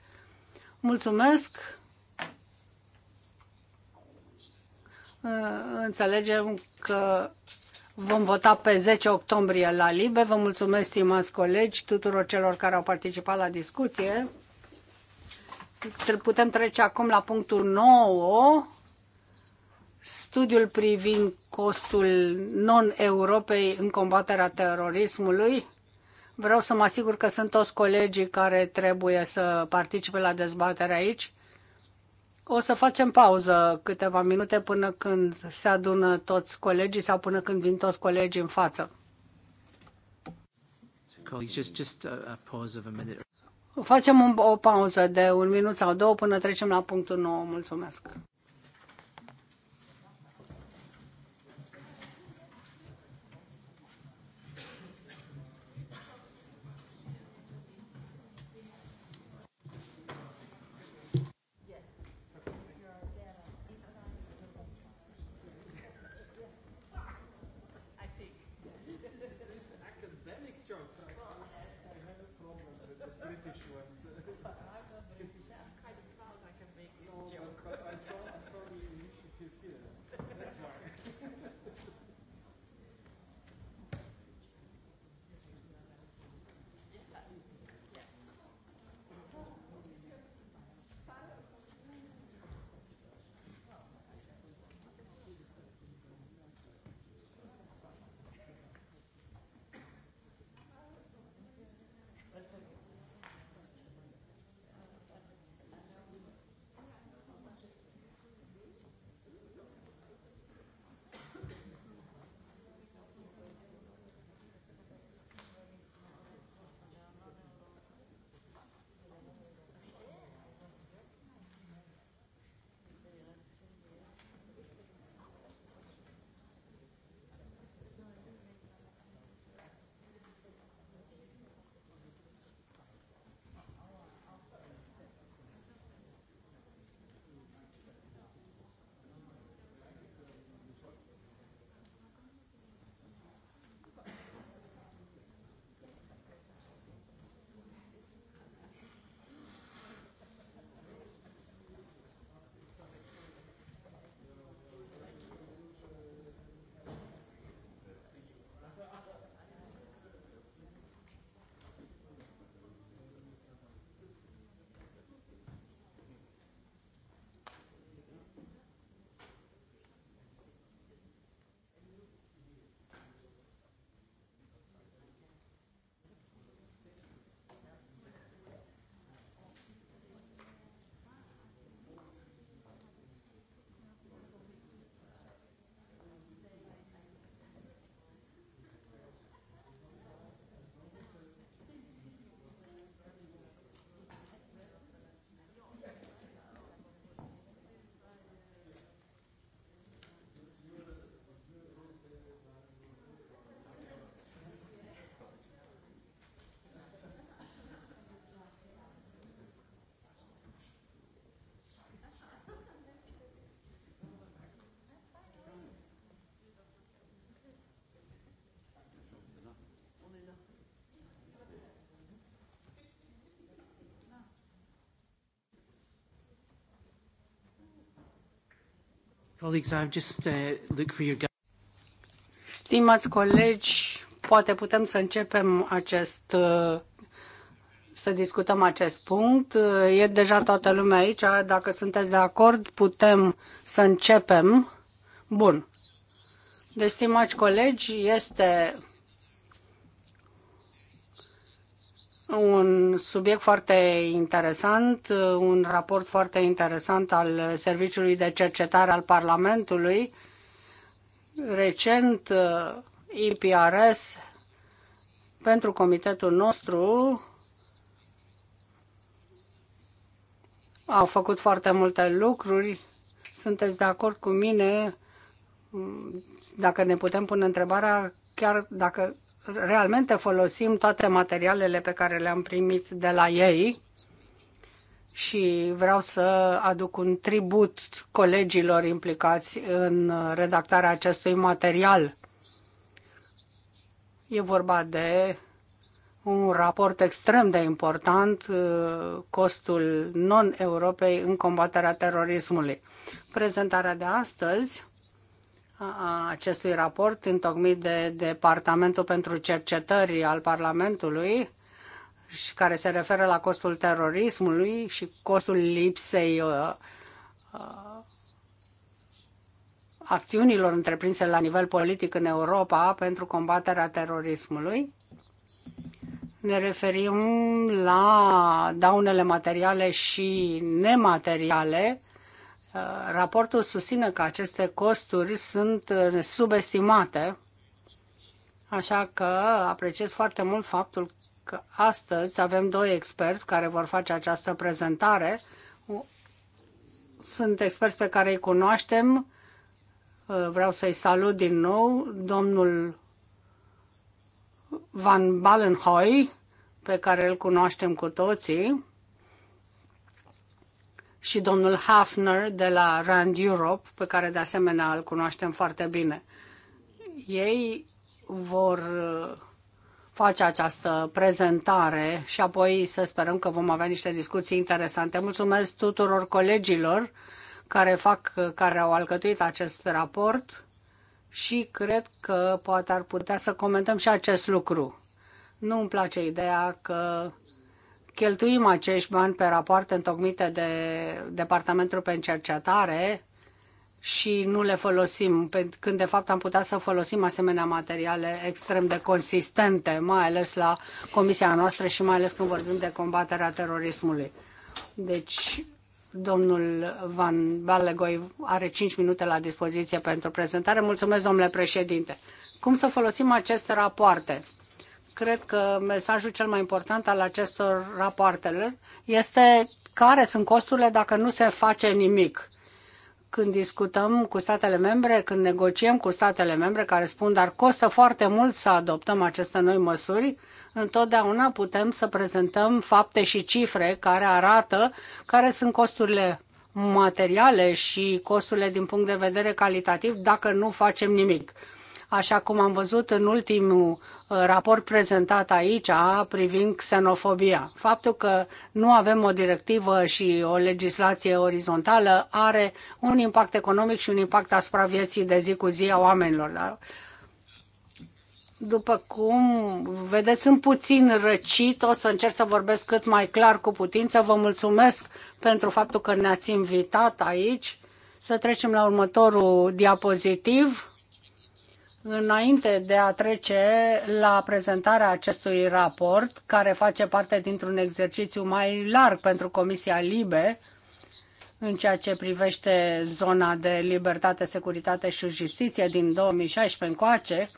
Mulțumesc. Înțelegem că Vom vota pe 10 octombrie la Libe. Vă mulțumesc, stimați colegi, tuturor celor care au participat la discuție. Putem trece acum la punctul 9, studiul privind costul non-Europei în combaterea terorismului. Vreau să mă asigur că sunt toți colegii care trebuie să participe la dezbatere aici o să facem pauză câteva minute până când se adună toți colegii sau până când vin toți colegii în față. Facem o pauză de un minut sau două până trecem la punctul nou. Mulțumesc! Uh, stimați colegi, poate putem să începem acest uh, să discutăm acest punct. Uh, e deja toată lumea aici. Dacă sunteți de acord, putem să începem. Bun. Deci, stimați colegi, este un subiect foarte interesant, un raport foarte interesant al Serviciului de Cercetare al Parlamentului. Recent, uh, IPRS pentru comitetul nostru au făcut foarte multe lucruri. Sunteți de acord cu mine mm, dacă ne putem pune întrebarea chiar dacă realmente folosim toate materialele pe care le-am primit de la ei și vreau să aduc un tribut colegilor implicați în redactarea acestui material. E vorba de un raport extrem de important, costul non-Europei în combaterea terorismului. Prezentarea de astăzi a acestui raport întocmit de Departamentul pentru Cercetări al Parlamentului și care se referă la costul terorismului și costul lipsei uh, uh, acțiunilor întreprinse la nivel politic în Europa pentru combaterea terorismului. Ne referim la daunele materiale și nemateriale Uh, raportul susține că aceste costuri sunt uh, subestimate, așa că apreciez foarte mult faptul că astăzi avem doi experți care vor face această prezentare. Sunt experți pe care îi cunoaștem. Uh, vreau să-i salut din nou, domnul Van Balenhoi, pe care îl cunoaștem cu toții și domnul Hafner de la Rand Europe, pe care de asemenea îl cunoaștem foarte bine. Ei vor uh, face această prezentare și apoi să sperăm că vom avea niște discuții interesante. Mulțumesc tuturor colegilor care fac, care au alcătuit acest raport și cred că poate ar putea să comentăm și acest lucru. Nu îmi place ideea că cheltuim acești bani pe rapoarte întocmite de Departamentul pentru Cercetare și nu le folosim, când de fapt am putea să folosim asemenea materiale extrem de consistente, mai ales la comisia noastră și mai ales când vorbim de combaterea terorismului. Deci, domnul Van Balegoi are 5 minute la dispoziție pentru prezentare. Mulțumesc, domnule președinte. Cum să folosim aceste rapoarte? cred că mesajul cel mai important al acestor rapoartelor este care sunt costurile dacă nu se face nimic. Când discutăm cu statele membre, când negociem cu statele membre care spun dar costă foarte mult să adoptăm aceste noi măsuri, întotdeauna putem să prezentăm fapte și cifre care arată care sunt costurile materiale și costurile din punct de vedere calitativ dacă nu facem nimic așa cum am văzut în ultimul uh, raport prezentat aici privind xenofobia. Faptul că nu avem o directivă și o legislație orizontală are un impact economic și un impact asupra vieții de zi cu zi a oamenilor. Da? după cum vedeți, sunt puțin răcit, o să încerc să vorbesc cât mai clar cu putință. Vă mulțumesc pentru faptul că ne-ați invitat aici. Să trecem la următorul diapozitiv. Înainte de a trece la prezentarea acestui raport, care face parte dintr-un exercițiu mai larg pentru Comisia Libe, în ceea ce privește zona de libertate, securitate și justiție din 2016 încoace,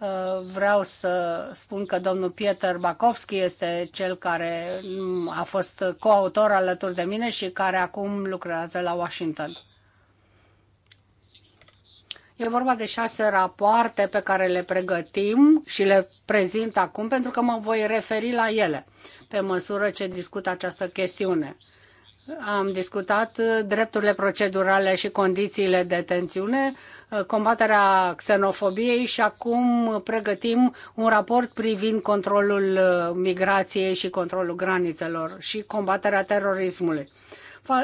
uh, vreau să spun că domnul Pieter Bakovski este cel care mm, a fost coautor alături de mine și care acum lucrează la Washington. E vorba de șase rapoarte pe care le pregătim și le prezint acum pentru că mă voi referi la ele pe măsură ce discut această chestiune. Am discutat drepturile procedurale și condițiile de tensiune, combaterea xenofobiei și acum pregătim un raport privind controlul migrației și controlul granițelor și combaterea terorismului.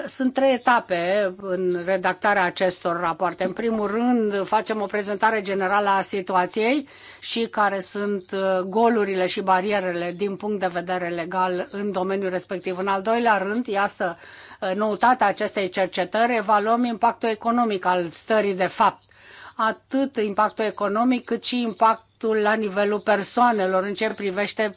Sunt trei etape în redactarea acestor rapoarte. În primul rând, facem o prezentare generală a situației și care sunt uh, golurile și barierele din punct de vedere legal în domeniul respectiv. În al doilea rând, iasă uh, noutatea acestei cercetări, evaluăm impactul economic al stării de fapt atât impactul economic, cât și impactul la nivelul persoanelor în ce privește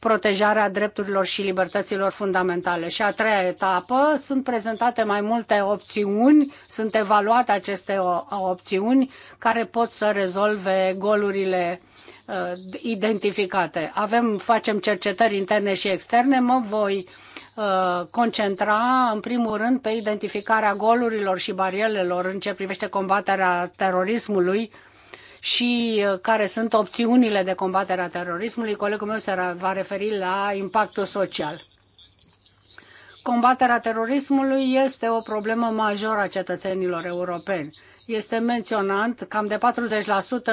protejarea drepturilor și libertăților fundamentale. Și a treia etapă, sunt prezentate mai multe opțiuni, sunt evaluate aceste opțiuni care pot să rezolve golurile uh, identificate. Avem, facem cercetări interne și externe, mă voi uh, concentra în primul rând pe identificarea golurilor și barierelor în ce privește combaterea terorismului și uh, care sunt opțiunile de combatere a terorismului. Colegul meu se va referi la impactul social. Combaterea terorismului este o problemă majoră a cetățenilor europeni. Este menționat cam de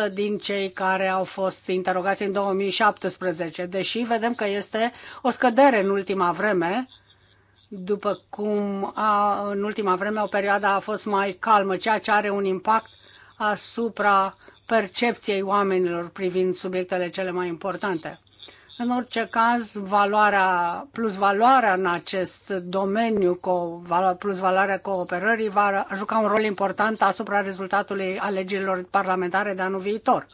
40% din cei care au fost interogați în 2017, deși vedem că este o scădere în ultima vreme, după cum a, în ultima vreme o perioadă a fost mai calmă, ceea ce are un impact asupra percepției oamenilor privind subiectele cele mai importante. În orice caz, valoarea, plus valoarea în acest domeniu, plus valoarea cooperării, va juca un rol important asupra rezultatului alegerilor parlamentare de anul viitor.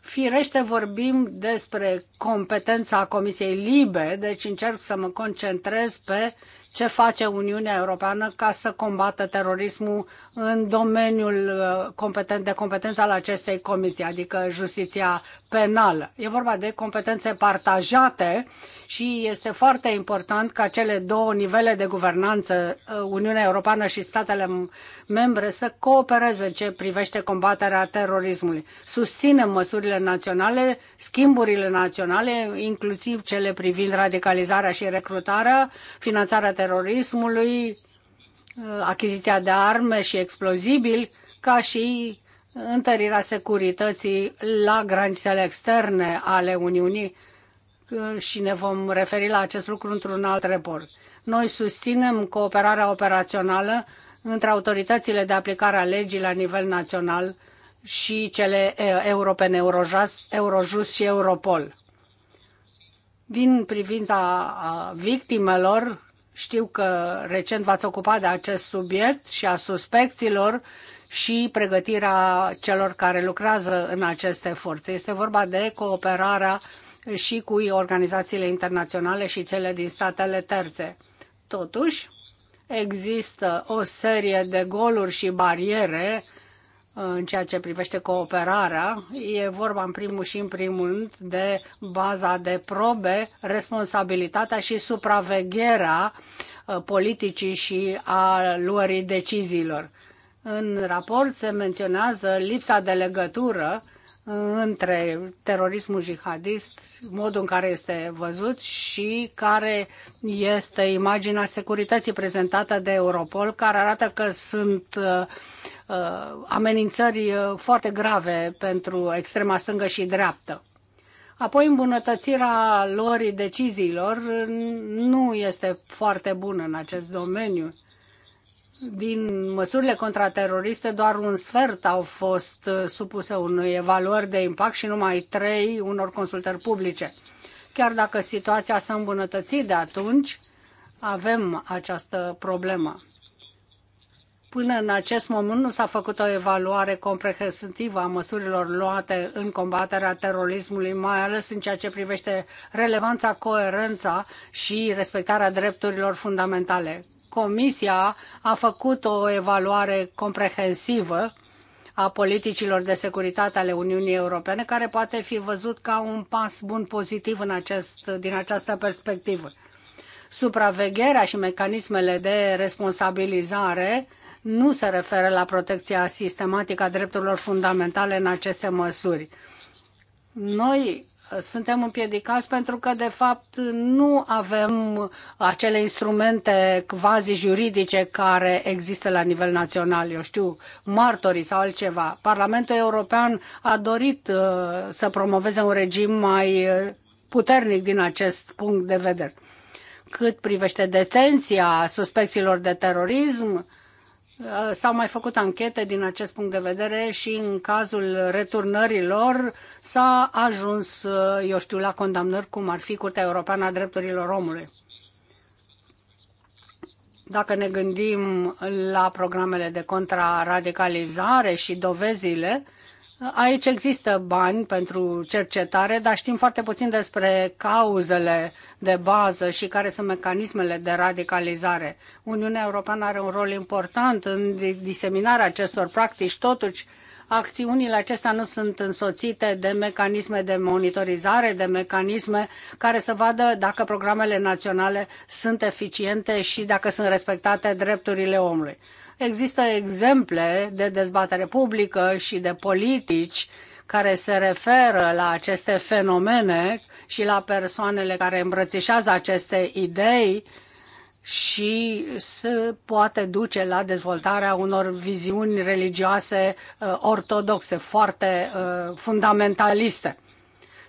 Firește vorbim despre competența Comisiei Libe, deci încerc să mă concentrez pe uh, ce face Uniunea Europeană ca să combată terorismul în domeniul uh, competent, de competență al acestei comisii, adică justiția penală. E vorba de competențe partajate și este foarte important ca cele două nivele de guvernanță, uh, Uniunea Europeană și statele membre, să coopereze în ce privește combaterea terorismului. Susținem măsurile naționale, schimburile naționale, inclusiv cele privind radicalizarea și recrutarea, finanțarea terorismului, achiziția de arme și explozibili, ca și întărirea securității la granițele externe ale Uniunii și ne vom referi la acest lucru într-un alt report. Noi susținem cooperarea operațională între autoritățile de aplicare a legii la nivel național și cele europene, Eurojust și Europol. Din privința victimelor, știu că recent v-ați ocupat de acest subiect și a suspecților și pregătirea celor care lucrează în aceste forțe. Este vorba de cooperarea și cu organizațiile internaționale și cele din statele terțe. Totuși, există o serie de goluri și bariere în ceea ce privește cooperarea. E vorba în primul și în primul rând de baza de probe, responsabilitatea și supravegherea uh, politicii și a luării deciziilor. În raport se menționează lipsa de legătură între terorismul jihadist, modul în care este văzut și care este imaginea securității prezentată de Europol, care arată că sunt uh, Uh, amenințări uh, foarte grave pentru extrema stângă și dreaptă. Apoi îmbunătățirea lor deciziilor nu este foarte bună în acest domeniu. Din măsurile contrateroriste, doar un sfert au fost uh, supuse unei evaluări de impact și numai trei unor consultări publice. Chiar dacă situația s-a îmbunătățit de atunci, avem această problemă. Până în acest moment nu s-a făcut o evaluare comprehensivă a măsurilor luate în combaterea terorismului, mai ales în ceea ce privește relevanța, coerența și respectarea drepturilor fundamentale. Comisia a făcut o evaluare comprehensivă a politicilor de securitate ale Uniunii Europene, care poate fi văzut ca un pas bun pozitiv în acest, din această perspectivă. Supravegherea și mecanismele de responsabilizare nu se referă la protecția sistematică a drepturilor fundamentale în aceste măsuri. Noi uh, suntem împiedicați pentru că, de fapt, nu avem acele instrumente quasi-juridice care există la nivel național, eu știu, martorii sau altceva. Parlamentul European a dorit uh, să promoveze un regim mai uh, puternic din acest punct de vedere. Cât privește detenția suspecțiilor de terorism, Uh, s-au mai făcut anchete din acest punct de vedere și în cazul returnărilor s-a ajuns, uh, eu știu, la condamnări, cum ar fi Curtea Europeană a Drepturilor Omului. Dacă ne gândim la programele de contraradicalizare și dovezile, Aici există bani pentru cercetare, dar știm foarte puțin despre cauzele de bază și care sunt mecanismele de radicalizare. Uniunea Europeană are un rol important în diseminarea acestor practici, totuși acțiunile acestea nu sunt însoțite de mecanisme de monitorizare, de mecanisme care să vadă dacă programele naționale sunt eficiente și dacă sunt respectate drepturile omului. Există exemple de dezbatere publică și de politici care se referă la aceste fenomene și la persoanele care îmbrățișează aceste idei și se poate duce la dezvoltarea unor viziuni religioase uh, ortodoxe, foarte uh, fundamentaliste.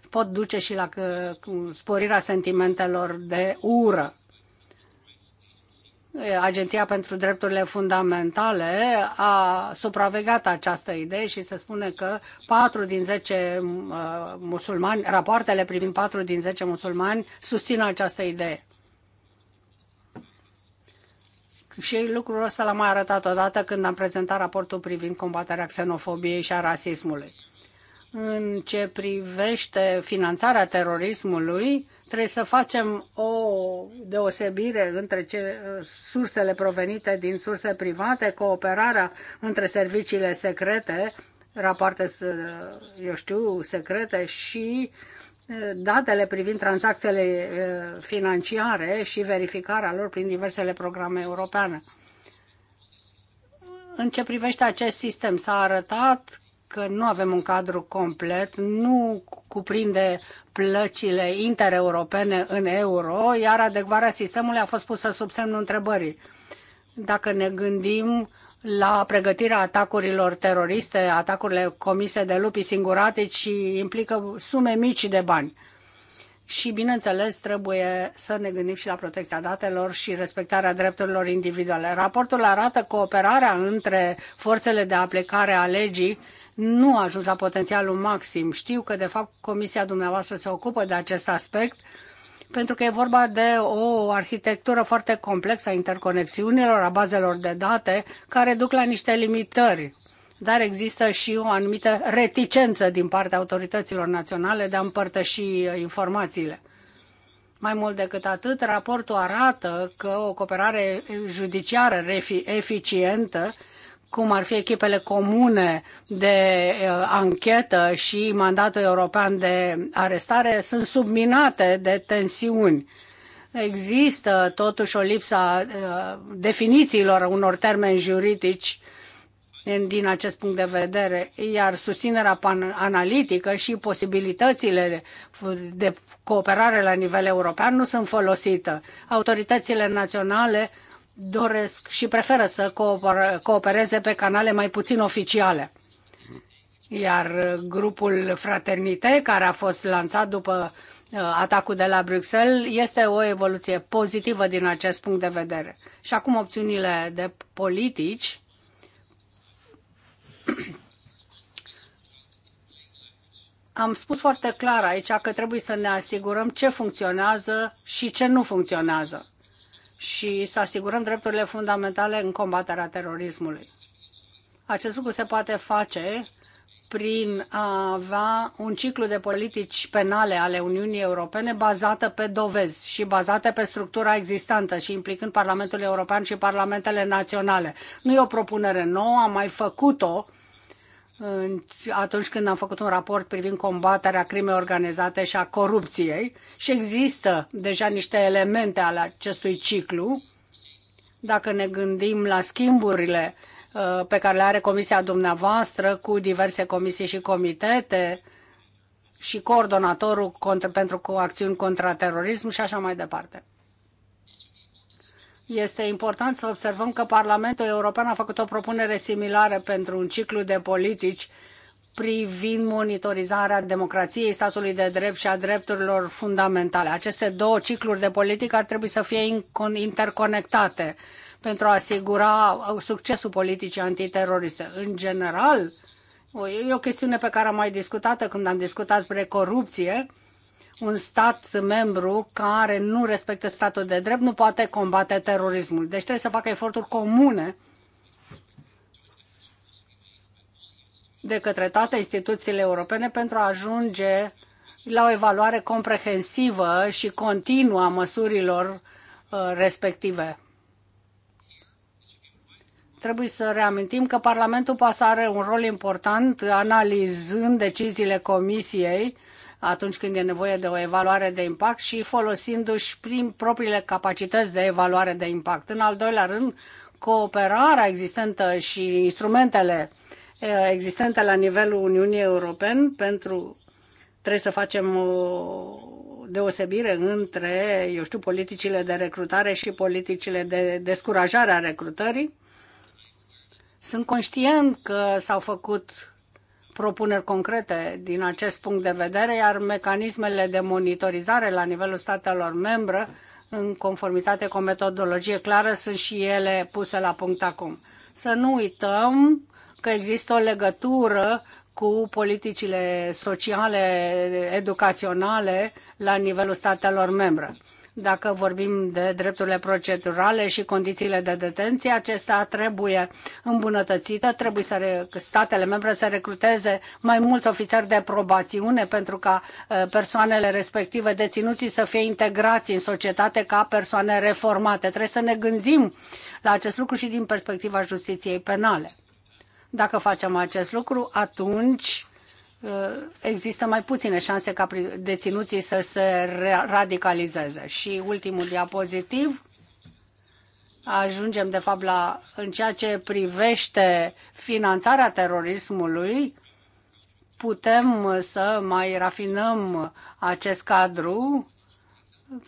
Pot duce și la uh, sporirea sentimentelor de ură. Agenția pentru Drepturile Fundamentale a supravegheat această idee și se spune că 4 din 10 uh, musulmani, rapoartele privind 4 din 10 musulmani susțin această idee. Și lucrul ăsta l-am mai arătat odată când am prezentat raportul privind combaterea xenofobiei și a rasismului. În ce privește finanțarea terorismului, trebuie să facem o deosebire între ce, sursele provenite din surse private, cooperarea între serviciile secrete, rapoarte, eh, eu știu, secrete și eh, datele privind tranzacțiile eh, financiare și verificarea lor prin diversele programe europene. În ce privește acest sistem, s-a arătat că nu avem un cadru complet, nu cuprinde plăcile intereuropene în euro, iar adecvarea sistemului a fost pusă sub semnul întrebării. Dacă ne gândim la pregătirea atacurilor teroriste, atacurile comise de lupii singuratici și implică sume mici de bani. Și, bineînțeles, trebuie să ne gândim și la protecția datelor și respectarea drepturilor individuale. Raportul arată cooperarea între forțele de aplicare a legii nu a ajuns la potențialul maxim. Știu că, de fapt, comisia dumneavoastră se ocupă de acest aspect, pentru că e vorba de o arhitectură foarte complexă a interconexiunilor, a bazelor de date, care duc la niște limitări. Dar există și o anumită reticență din partea autorităților naționale de a împărtăși informațiile. Mai mult decât atât, raportul arată că o cooperare judiciară eficientă cum ar fi echipele comune de uh, anchetă și mandatul european de arestare, sunt subminate de tensiuni. Există totuși o lipsă lipsa uh, definițiilor unor termeni juridici din acest punct de vedere, iar susținerea analitică și posibilitățile de cooperare la nivel european nu sunt folosite. Autoritățile naționale doresc și preferă să coopereze pe canale mai puțin oficiale. Iar grupul Fraternite, care a fost lansat după uh, atacul de la Bruxelles, este o evoluție pozitivă din acest punct de vedere. Și acum opțiunile de politici *clears throat* am spus foarte clar aici că trebuie să ne asigurăm ce funcționează și ce nu funcționează și să asigurăm drepturile fundamentale în combaterea terorismului. Acest lucru se poate face prin a avea un ciclu de politici penale ale Uniunii Europene bazată pe dovezi și bazată pe structura existentă și implicând Parlamentul European și Parlamentele Naționale. Nu e o propunere nouă, am mai făcut-o atunci când am făcut un raport privind combaterea crimei organizate și a corupției și există deja niște elemente ale acestui ciclu. Dacă ne gândim la schimburile uh, pe care le are comisia dumneavoastră cu diverse comisii și comitete și coordonatorul pentru acțiuni terorism și așa mai departe. Este important să observăm că Parlamentul European a făcut o propunere similară pentru un ciclu de politici privind monitorizarea democrației, statului de drept și a drepturilor fundamentale. Aceste două cicluri de politică ar trebui să fie interconectate pentru a asigura succesul politicii antiteroriste. În general, e o chestiune pe care am mai discutat când am discutat despre corupție un stat membru care nu respectă statul de drept nu poate combate terorismul. Deci trebuie să facă eforturi comune de către toate instituțiile europene pentru a ajunge la o evaluare comprehensivă și continuă a măsurilor uh, respective. Trebuie să reamintim că Parlamentul poate să are un rol important analizând deciziile Comisiei atunci când e nevoie de o evaluare de impact și folosindu-și prin propriile capacități de evaluare de impact. În al doilea rând, cooperarea existentă și instrumentele eh, existente la nivelul Uniunii Europene pentru trebuie să facem o deosebire între, eu știu, politicile de recrutare și politicile de descurajare a recrutării. Sunt conștient că s-au făcut propuneri concrete din acest punct de vedere, iar mecanismele de monitorizare la nivelul statelor membre, în conformitate cu o metodologie clară, sunt și ele puse la punct acum. Să nu uităm că există o legătură cu politicile sociale, educaționale la nivelul statelor membre. Dacă vorbim de drepturile procedurale și condițiile de detenție, acestea trebuie îmbunătățită, trebuie să statele membre să recruteze mai mulți ofițeri de probațiune pentru ca persoanele respective deținuții să fie integrați în societate ca persoane reformate. Trebuie să ne gândim la acest lucru și din perspectiva justiției penale. Dacă facem acest lucru, atunci Uh, există mai puține șanse ca deținuții să se radicalizeze. Și ultimul diapozitiv, ajungem de fapt la, în ceea ce privește finanțarea terorismului, putem să mai rafinăm acest cadru.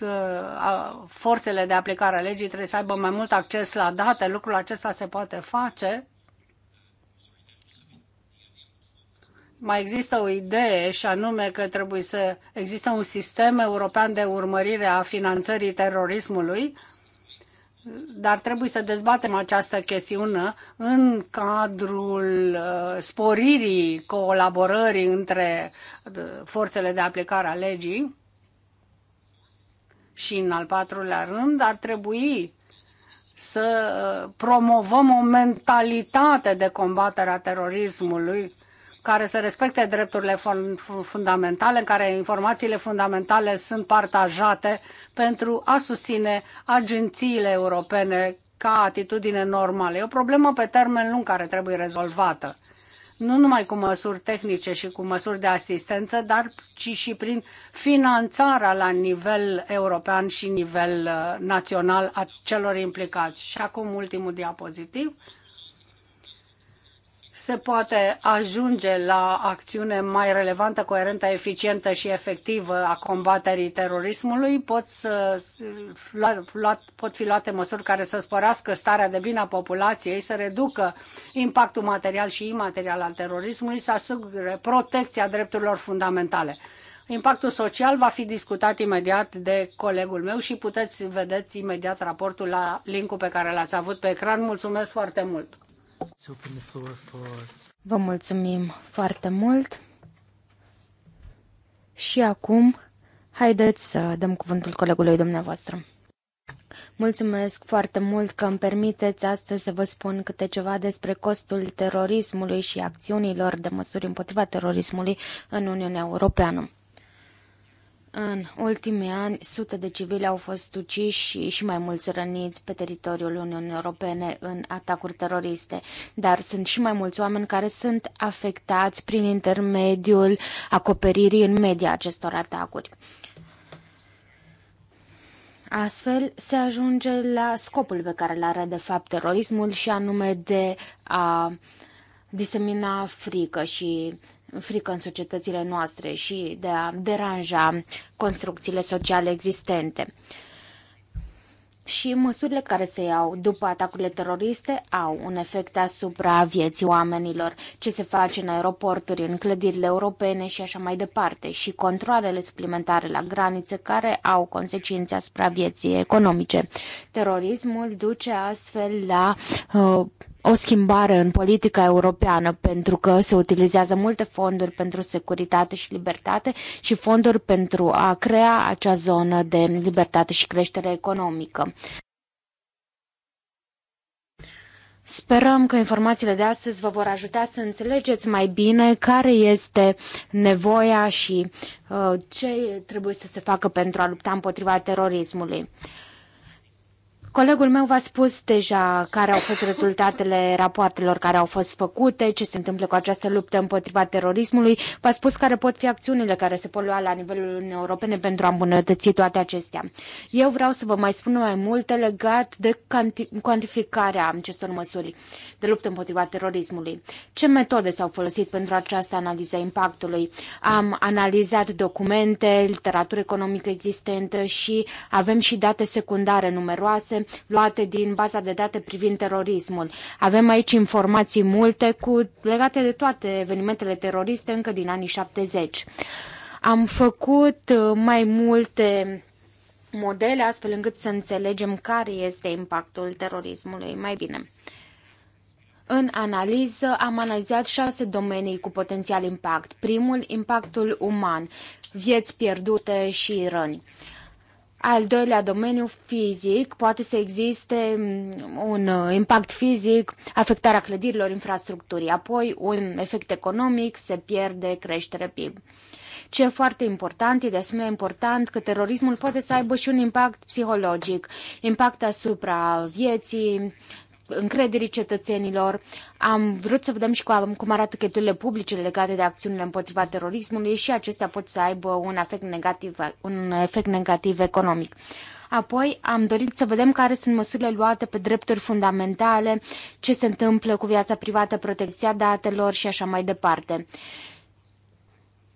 Uh, forțele de aplicare a legii trebuie să aibă mai mult acces la date, lucrul acesta se poate face mai există o idee și anume că trebuie să există un sistem european de urmărire a finanțării terorismului, dar trebuie să dezbatem această chestiune în cadrul uh, sporirii colaborării între uh, forțele de aplicare a legii și în al patrulea rând ar trebui să uh, promovăm o mentalitate de combatere a terorismului care să respecte drepturile fundamentale, în care informațiile fundamentale sunt partajate pentru a susține agențiile europene ca atitudine normală. E o problemă pe termen lung care trebuie rezolvată nu numai cu măsuri tehnice și cu măsuri de asistență, dar ci și prin finanțarea la nivel european și nivel uh, național a celor implicați. Și acum ultimul diapozitiv se poate ajunge la acțiune mai relevantă, coerentă, eficientă și efectivă a combaterii terorismului, pot, să, lua, pot fi luate măsuri care să sporească starea de bine a populației, să reducă impactul material și imaterial al terorismului, să asigure protecția drepturilor fundamentale. Impactul social va fi discutat imediat de colegul meu și puteți vedeți imediat raportul la linkul pe care l-ați avut pe ecran. Mulțumesc foarte mult! Vă mulțumim foarte mult. Și acum, haideți să dăm cuvântul colegului dumneavoastră. Mulțumesc foarte mult că îmi permiteți astăzi să vă spun câte ceva despre costul terorismului și acțiunilor de măsuri împotriva terorismului în Uniunea Europeană. În ultimii ani, sute de civili au fost uciși și, și mai mulți răniți pe teritoriul Uniunii Europene în atacuri teroriste, dar sunt și mai mulți oameni care sunt afectați prin intermediul acoperirii în media acestor atacuri. Astfel se ajunge la scopul pe care îl are de fapt terorismul și anume de a disemina frică și frică în societățile noastre și de a deranja construcțiile sociale existente. Și măsurile care se iau după atacurile teroriste au un efect asupra vieții oamenilor, ce se face în aeroporturi, în clădirile europene și așa mai departe, și controlele suplimentare la granițe care au consecințe asupra vieții economice. Terorismul duce astfel la uh, o schimbare în politica europeană pentru că se utilizează multe fonduri pentru securitate și libertate și fonduri pentru a crea acea zonă de libertate și creștere economică. Sperăm că informațiile de astăzi vă vor ajuta să înțelegeți mai bine care este nevoia și uh, ce trebuie să se facă pentru a lupta împotriva terorismului. Colegul meu v-a spus deja care au fost rezultatele rapoartelor care au fost făcute, ce se întâmplă cu această luptă împotriva terorismului, v-a spus care pot fi acțiunile care se pot lua la nivelul Uniunii Europene pentru a îmbunătăți toate acestea. Eu vreau să vă mai spun mai multe legat de cantificarea acestor măsuri de luptă împotriva terorismului. Ce metode s-au folosit pentru această analiză a impactului? Am analizat documente, literatură economică existentă și avem și date secundare numeroase luate din baza de date privind terorismul. Avem aici informații multe cu, legate de toate evenimentele teroriste încă din anii 70. Am făcut uh, mai multe modele astfel încât să înțelegem care este impactul terorismului mai bine. În analiză am analizat șase domenii cu potențial impact. Primul, impactul uman, vieți pierdute și răni. Al doilea domeniu fizic, poate să existe mm, un uh, impact fizic, afectarea clădirilor, infrastructurii, apoi un efect economic, se pierde creștere PIB. Ce e foarte important, e de asemenea important că terorismul poate să aibă și un impact psihologic, impact asupra vieții, încrederii cetățenilor. Am vrut să vedem și cum arată cheltuielile publice legate de acțiunile împotriva terorismului și acestea pot să aibă un efect negativ, un efect negativ economic. Apoi am dorit să vedem care sunt măsurile luate pe drepturi fundamentale, ce se întâmplă cu viața privată, protecția datelor și așa mai departe.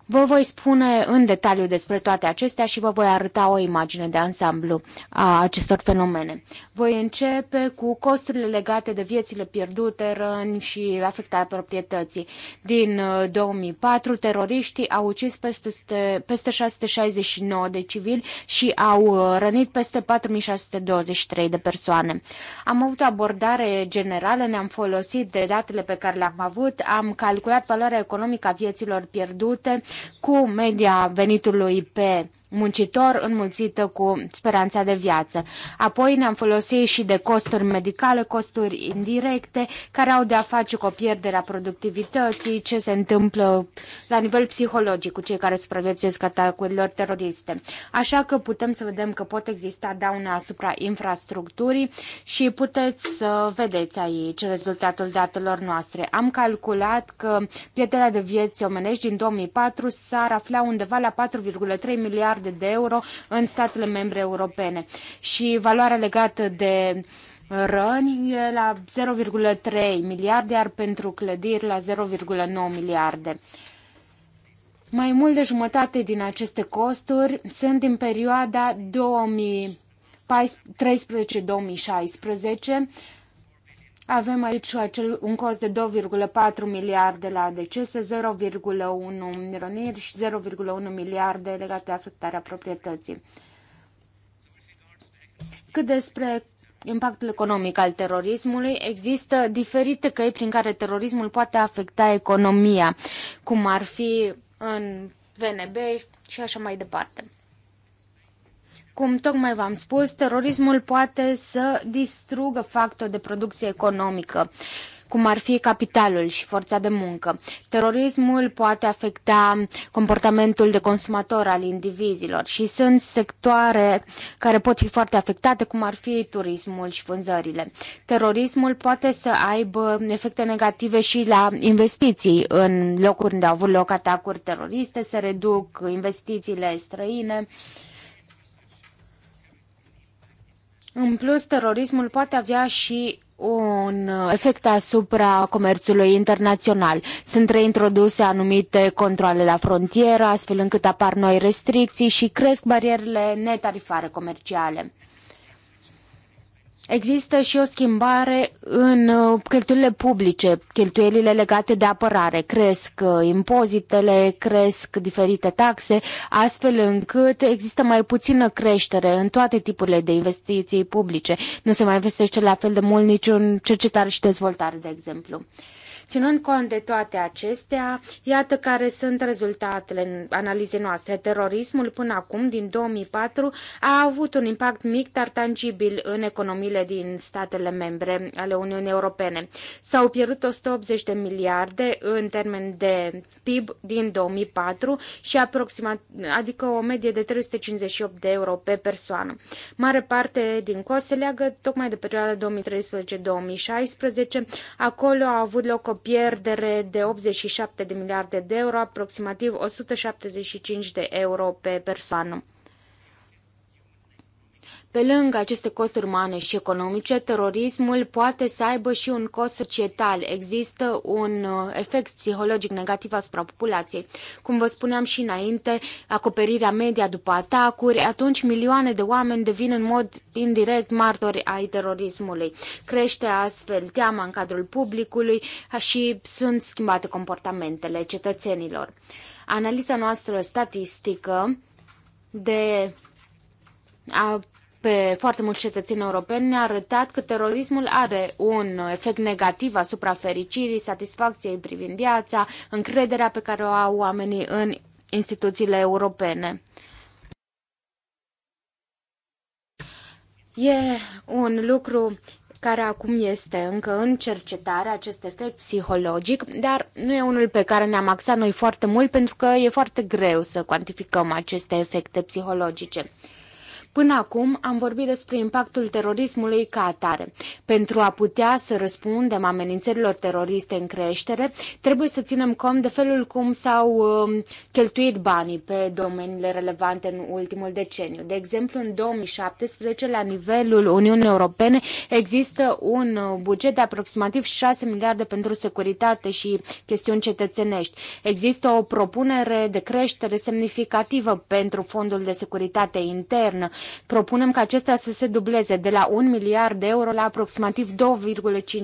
Vă voi spune în detaliu despre toate acestea și vă voi arăta o imagine de ansamblu a acestor fenomene. Voi începe cu costurile legate de viețile pierdute, răni și afectarea proprietății. Din 2004, uh, teroriștii au ucis peste, peste 669 de civili și au uh, rănit peste 4623 de persoane. Am avut o abordare generală, ne-am folosit de datele pe care le-am avut, am calculat valoarea economică a vieților pierdute, cu media venitului pe muncitor înmulțită cu speranța de viață. Apoi ne-am folosit și de costuri medicale, costuri indirecte, care au de a face cu o pierdere a productivității, ce se întâmplă la nivel psihologic cu cei care supraviețuiesc atacurilor teroriste. Așa că putem să vedem că pot exista daune asupra infrastructurii și puteți să vedeți aici rezultatul datelor noastre. Am calculat că pierderea de vieți omenești din 2004 s-ar afla undeva la 4,3 miliarde miliarde de euro în statele membre europene și valoarea legată de răni e la 0,3 miliarde, iar pentru clădiri la 0,9 miliarde. Mai mult de jumătate din aceste costuri sunt din perioada 2013-2016 avem aici acel, un cost de 2,4 miliarde la decese, 0,1 mironiri și 0,1 miliarde legate de afectarea proprietății. Cât despre impactul economic al terorismului, există diferite căi prin care terorismul poate afecta economia, cum ar fi în VNB și așa mai departe. Cum tocmai v-am spus, terorismul poate să distrugă factor de producție economică cum ar fi capitalul și forța de muncă. Terorismul poate afecta comportamentul de consumator al indivizilor și sunt sectoare care pot fi foarte afectate, cum ar fi turismul și vânzările. Terorismul poate să aibă efecte negative și la investiții în locuri unde au avut loc atacuri teroriste, se reduc investițiile străine. Uh, în plus, terorismul poate avea și un efect asupra comerțului internațional. Sunt reintroduse anumite controle la frontieră, astfel încât apar noi restricții și cresc barierele netarifare comerciale. Există și o schimbare în uh, cheltuielile publice, cheltuielile legate de apărare. Cresc uh, impozitele, cresc diferite taxe, astfel încât există mai puțină creștere în toate tipurile de investiții publice. Nu se mai investește la fel de mult niciun cercetare și dezvoltare, de exemplu. Ținând cont de toate acestea, iată care sunt rezultatele analizei noastre. Terorismul până acum, din 2004, a avut un impact mic, dar tangibil în economiile din statele membre ale Uniunii Europene. S-au pierdut 180 de miliarde în termen de PIB din 2004 și aproximat, adică o medie de 358 de euro pe persoană. Mare parte din cost se leagă tocmai de perioada 2013-2016. Acolo a avut loc o pierdere de 87 de miliarde de euro, aproximativ 175 de euro pe persoană. Pe lângă aceste costuri umane și economice, terorismul poate să aibă și un cost societal. Există un uh, efect psihologic negativ asupra populației. Cum vă spuneam și înainte, acoperirea media după atacuri, atunci milioane de oameni devin în mod indirect martori ai terorismului. Crește astfel teama în cadrul publicului și sunt schimbate comportamentele cetățenilor. Analiza noastră statistică de a pe foarte mulți cetățeni europeni ne-a arătat că terorismul are un efect negativ asupra fericirii, satisfacției privind viața, încrederea pe care o au oamenii în instituțiile europene. E un lucru care acum este încă în cercetare, acest efect psihologic, dar nu e unul pe care ne-am axat noi foarte mult pentru că e foarte greu să cuantificăm aceste efecte psihologice. Până acum am vorbit despre impactul terorismului ca atare. Pentru a putea să răspundem amenințărilor teroriste în creștere, trebuie să ținem cont de felul cum s-au um, cheltuit banii pe domeniile relevante în ultimul deceniu. De exemplu, în 2017, la nivelul Uniunii Europene, există un uh, buget de aproximativ 6 miliarde pentru securitate și chestiuni cetățenești. Există o propunere de creștere semnificativă pentru Fondul de Securitate Internă Propunem ca acestea să se dubleze de la 1 miliard de euro la aproximativ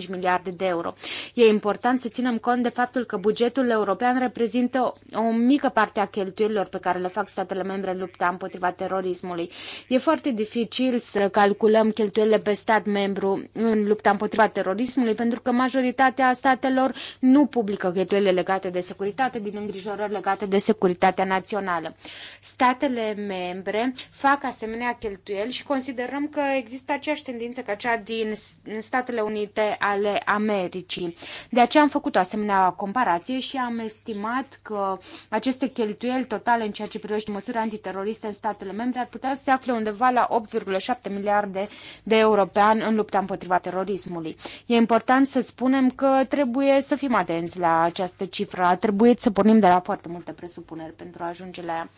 2,5 miliarde de euro. E important să ținem cont de faptul că bugetul european reprezintă o mică parte a cheltuielilor pe care le fac statele membre în lupta împotriva terorismului. E foarte dificil să calculăm cheltuielile pe stat membru în lupta împotriva terorismului pentru că majoritatea statelor nu publică cheltuielile legate de securitate din îngrijorări legate de securitatea națională. Statele membre fac asemenea asemenea cheltuieli și considerăm că există aceeași tendință ca cea din Statele Unite ale Americii. De aceea am făcut o asemenea comparație și am estimat că aceste cheltuieli totale în ceea ce privește măsuri antiteroriste în statele membre ar putea să se afle undeva la 8,7 miliarde de euro pe an în lupta împotriva terorismului. E important să spunem că trebuie să fim atenți la această cifră. A trebuit să pornim de la foarte multe presupuneri pentru a ajunge la ea.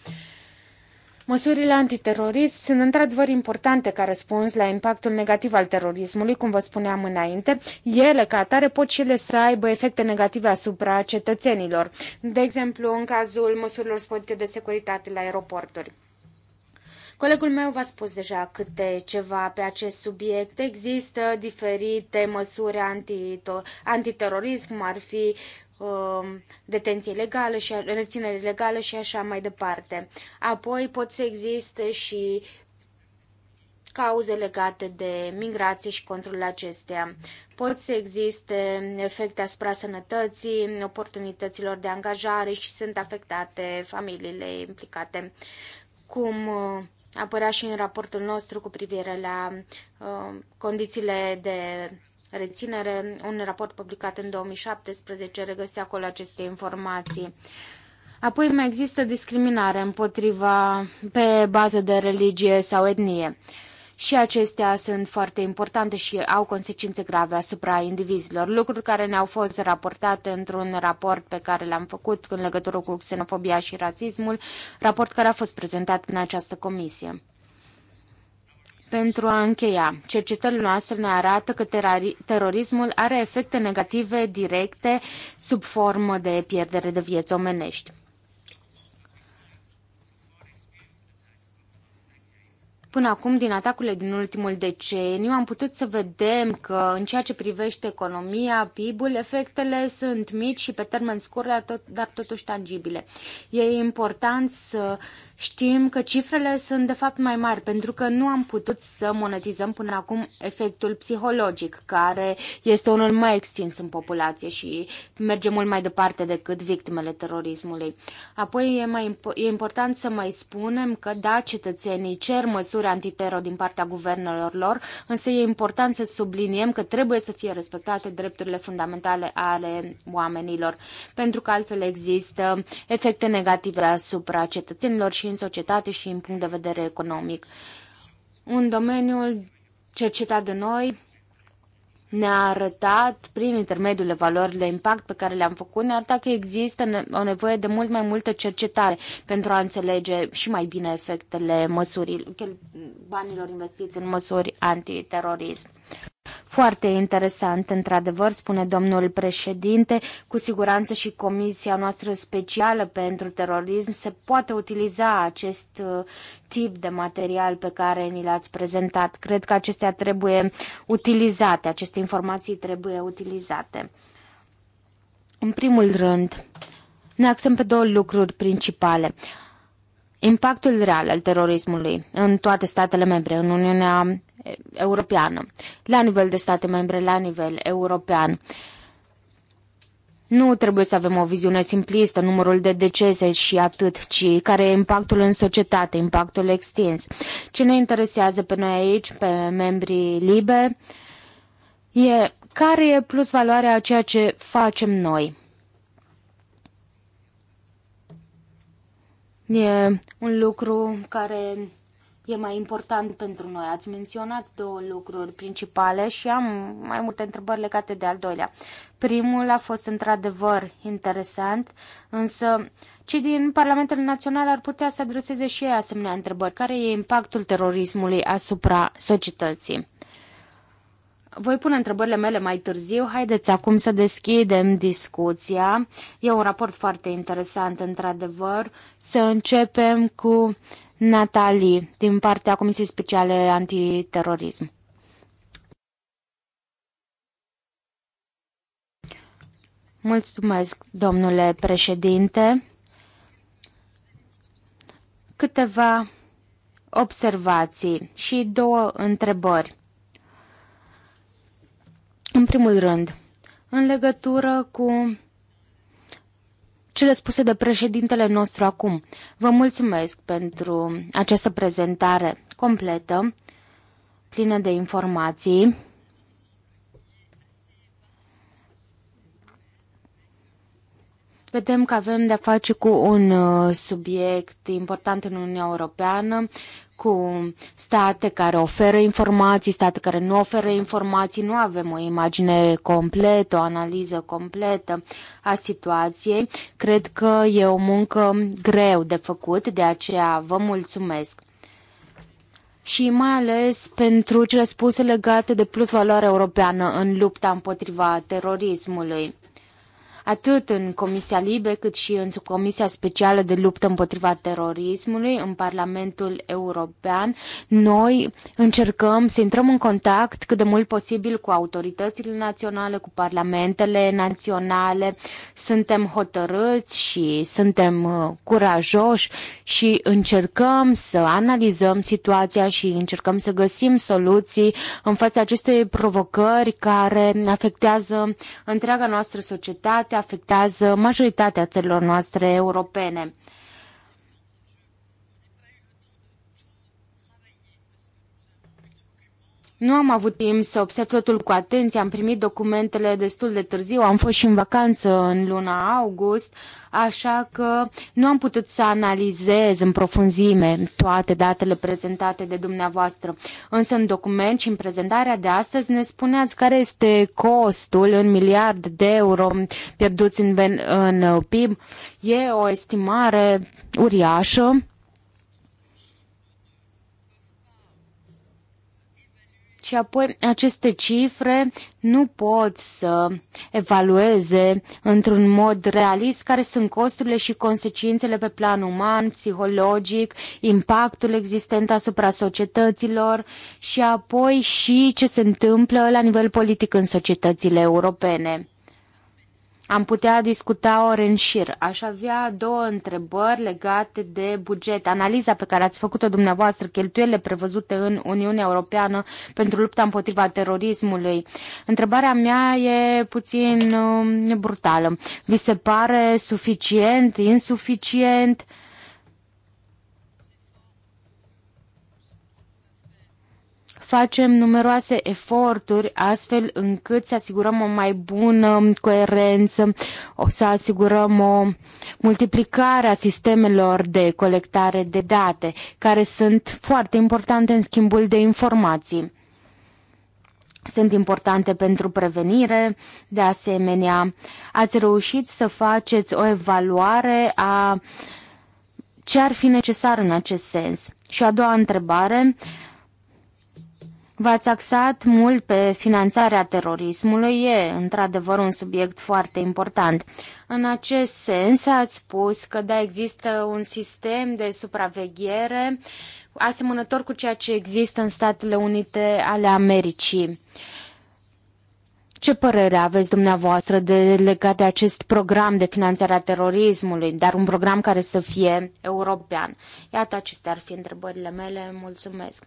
Măsurile antiterorism sunt într-adevăr importante ca răspuns la impactul negativ al terorismului, cum vă spuneam înainte. Ele, ca atare, pot și ele să aibă efecte negative asupra cetățenilor, de exemplu în cazul măsurilor sporite de securitate la aeroporturi. Colegul meu v-a spus deja câte ceva pe acest subiect. Există diferite măsuri antiterorism, cum ar fi Um, detenție legală și reținere legală și așa mai departe. Apoi pot să existe și cauze legate de migrație și controlul acestea. Pot să existe efecte asupra sănătății, oportunităților de angajare și sunt afectate familiile implicate. Cum uh, apărea și în raportul nostru cu privire la uh, condițiile de reținere. Un raport publicat în 2017 regăsea acolo aceste informații. Apoi mai există discriminare împotriva pe bază de religie sau etnie. Și acestea sunt foarte importante și au consecințe grave asupra indivizilor, lucruri care ne-au fost raportate într-un raport pe care l-am făcut în legătură cu xenofobia și rasismul, raport care a fost prezentat în această comisie. Pentru a încheia, cercetările noastre ne arată că terorismul are efecte negative directe sub formă de pierdere de vieți omenești. Până acum, din atacurile din ultimul deceniu, am putut să vedem că, în ceea ce privește economia, PIB-ul, efectele sunt mici și pe termen scurt, dar, tot, dar totuși tangibile. E important să Știm că cifrele sunt de fapt mai mari pentru că nu am putut să monetizăm până acum efectul psihologic, care este unul mai extins în populație și merge mult mai departe decât victimele terorismului. Apoi e, mai, e important să mai spunem că da, cetățenii cer măsuri antitero din partea guvernelor lor, însă e important să subliniem că trebuie să fie respectate drepturile fundamentale ale oamenilor, pentru că altfel există efecte negative asupra cetățenilor și în societate și în punct de vedere economic. Un domeniul cercetat de noi ne-a arătat, prin intermediul evaluării de impact pe care le-am făcut, ne-a arătat că există o nevoie de mult mai multă cercetare pentru a înțelege și mai bine efectele măsurii, banilor investiți în măsuri antiterorism. Foarte interesant, într-adevăr, spune domnul președinte. Cu siguranță și Comisia noastră specială pentru terorism se poate utiliza acest uh, tip de material pe care ni l-ați prezentat. Cred că acestea trebuie utilizate, aceste informații trebuie utilizate. În primul rând, ne axăm pe două lucruri principale. Impactul real al terorismului în toate statele membre, în Uniunea europeană, la nivel de state membre, la nivel european. Nu trebuie să avem o viziune simplistă, numărul de decese și atât, ci care e impactul în societate, impactul extins. Ce ne interesează pe noi aici, pe membrii LIBE, e care e plus valoarea a ceea ce facem noi. E un lucru care e mai important pentru noi. Ați menționat două lucruri principale și am mai multe întrebări legate de al doilea. Primul a fost într-adevăr interesant, însă cei din Parlamentul Național ar putea să adreseze și ei asemenea întrebări. Care e impactul terorismului asupra societății? Voi pune întrebările mele mai târziu. Haideți acum să deschidem discuția. E un raport foarte interesant, într-adevăr. Să începem cu Natalie, din partea Comisiei Speciale Antiterorism. Mulțumesc, domnule președinte. Câteva observații și două întrebări. În primul rând, în legătură cu cele spuse de președintele nostru acum. Vă mulțumesc pentru această prezentare completă, plină de informații. Vedem că avem de-a face cu un uh, subiect important în Uniunea Europeană cu state care oferă informații, state care nu oferă informații, nu avem o imagine completă, o analiză completă a situației. Cred că e o muncă greu de făcut, de aceea vă mulțumesc. Și mai ales pentru cele spuse legate de plus valoare europeană în lupta împotriva terorismului atât în Comisia Libe cât și în Comisia Specială de Luptă împotriva Terorismului în Parlamentul European. Noi încercăm să intrăm în contact cât de mult posibil cu autoritățile naționale, cu parlamentele naționale. Suntem hotărâți și suntem uh, curajoși și încercăm să analizăm situația și încercăm să găsim soluții în fața acestei provocări care afectează întreaga noastră societate afectează majoritatea țărilor noastre europene. Nu am avut timp să observ totul cu atenție, am primit documentele destul de târziu, am fost și în vacanță în luna august, așa că nu am putut să analizez în profunzime toate datele prezentate de dumneavoastră. Însă în document și în prezentarea de astăzi ne spuneați care este costul în miliard de euro pierduți în, în PIB. E o estimare uriașă Și apoi aceste cifre nu pot să evalueze într-un mod realist care sunt costurile și consecințele pe plan uman, psihologic, impactul existent asupra societăților și apoi și ce se întâmplă la nivel politic în societățile europene am putea discuta ore în șir. Aș avea două întrebări legate de buget. Analiza pe care ați făcut-o dumneavoastră, cheltuielile prevăzute în Uniunea Europeană pentru lupta împotriva terorismului. Întrebarea mea e puțin uh, brutală. Vi se pare suficient, insuficient? Uh, facem numeroase eforturi astfel încât să asigurăm o mai bună coerență, să asigurăm o multiplicare a sistemelor de colectare de date, care sunt foarte importante în schimbul de informații. Sunt importante pentru prevenire, de asemenea, ați reușit să faceți o evaluare a ce ar fi necesar în acest sens. Și a doua întrebare, uh, V-ați axat mult pe finanțarea terorismului, e într-adevăr un subiect foarte important. În acest sens ați spus că da, există un sistem de supraveghere asemănător cu ceea ce există în Statele Unite ale Americii. Ce părere aveți dumneavoastră de legat de acest program de finanțare a terorismului, dar un program care să fie european? Iată, acestea ar fi întrebările mele. Mulțumesc!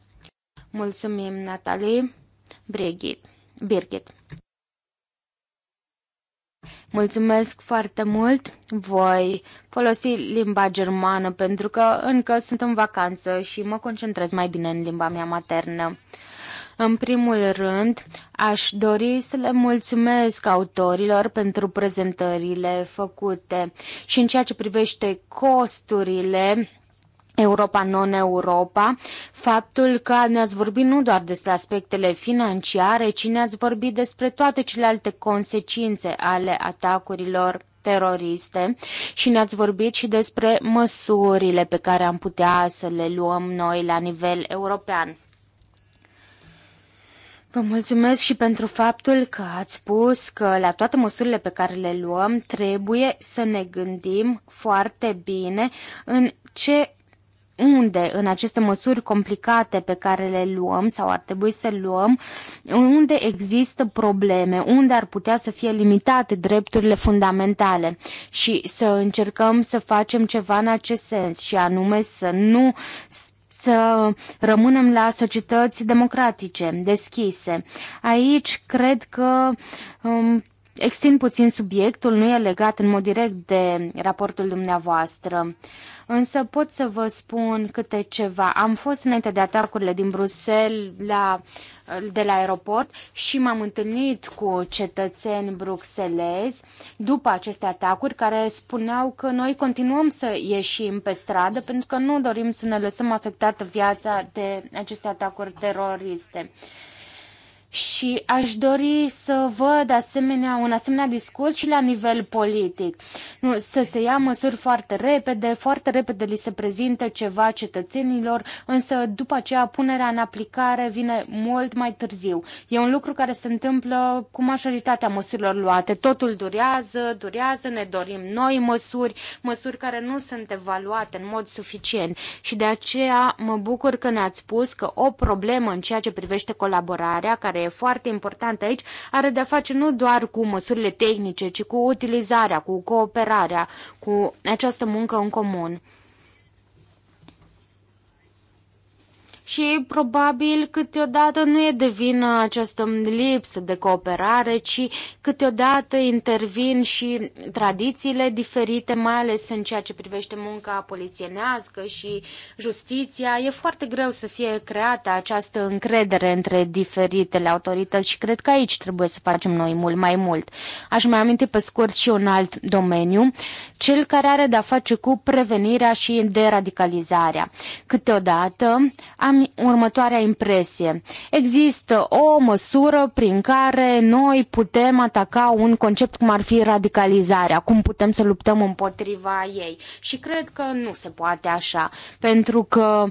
Mulțumim, Natalie. Brigit. Birgit. Mulțumesc foarte mult! Voi folosi limba germană pentru că încă sunt în vacanță și mă concentrez mai bine în limba mea maternă. În primul rând, aș dori să le mulțumesc autorilor pentru prezentările făcute și în ceea ce privește costurile Europa non-Europa, faptul că ne-ați vorbit nu doar despre aspectele financiare, ci ne-ați vorbit despre toate celelalte consecințe ale atacurilor teroriste și ne-ați vorbit și despre măsurile pe care am putea să le luăm noi la nivel european. Vă mulțumesc și pentru faptul că ați spus că la toate măsurile pe care le luăm trebuie să ne gândim foarte bine în ce unde în aceste măsuri complicate pe care le luăm sau ar trebui să luăm, unde există probleme, unde ar putea să fie limitate drepturile fundamentale și să încercăm să facem ceva în acest sens și anume să nu să rămânem la societăți democratice, deschise. Aici cred că um, extind puțin subiectul, nu e legat în mod direct de raportul dumneavoastră însă pot să vă spun câte ceva. Am fost înainte de atacurile din Bruxelles la, de la aeroport și m-am întâlnit cu cetățeni bruxelezi după aceste atacuri care spuneau că noi continuăm să ieșim pe stradă pentru că nu dorim să ne lăsăm afectată viața de aceste atacuri teroriste și aș dori să văd asemenea, un asemenea discurs și la nivel politic. Nu, să se ia măsuri foarte repede, foarte repede li se prezintă ceva cetățenilor, însă după aceea punerea în aplicare vine mult mai târziu. E un lucru care se întâmplă cu majoritatea măsurilor luate. Totul durează, durează, ne dorim noi măsuri, măsuri care nu sunt evaluate în mod suficient și de aceea mă bucur că ne-ați spus că o problemă în ceea ce privește colaborarea care e foarte importantă aici are de-a face nu doar cu măsurile tehnice, ci cu utilizarea, cu cooperarea, cu această muncă în comun. și probabil câteodată nu e de vină această lipsă de cooperare, ci câteodată intervin și tradițiile diferite, mai ales în ceea ce privește munca polițienească și justiția. E foarte greu să fie creată această încredere între diferitele autorități și cred că aici trebuie să facem noi mult mai mult. Aș mai aminti pe scurt și un alt domeniu, cel care are de-a face cu prevenirea și deradicalizarea. Câteodată am am următoarea impresie. Există o măsură prin care noi putem ataca un concept cum ar fi radicalizarea, cum putem să luptăm împotriva ei. Și cred că nu se poate așa, pentru că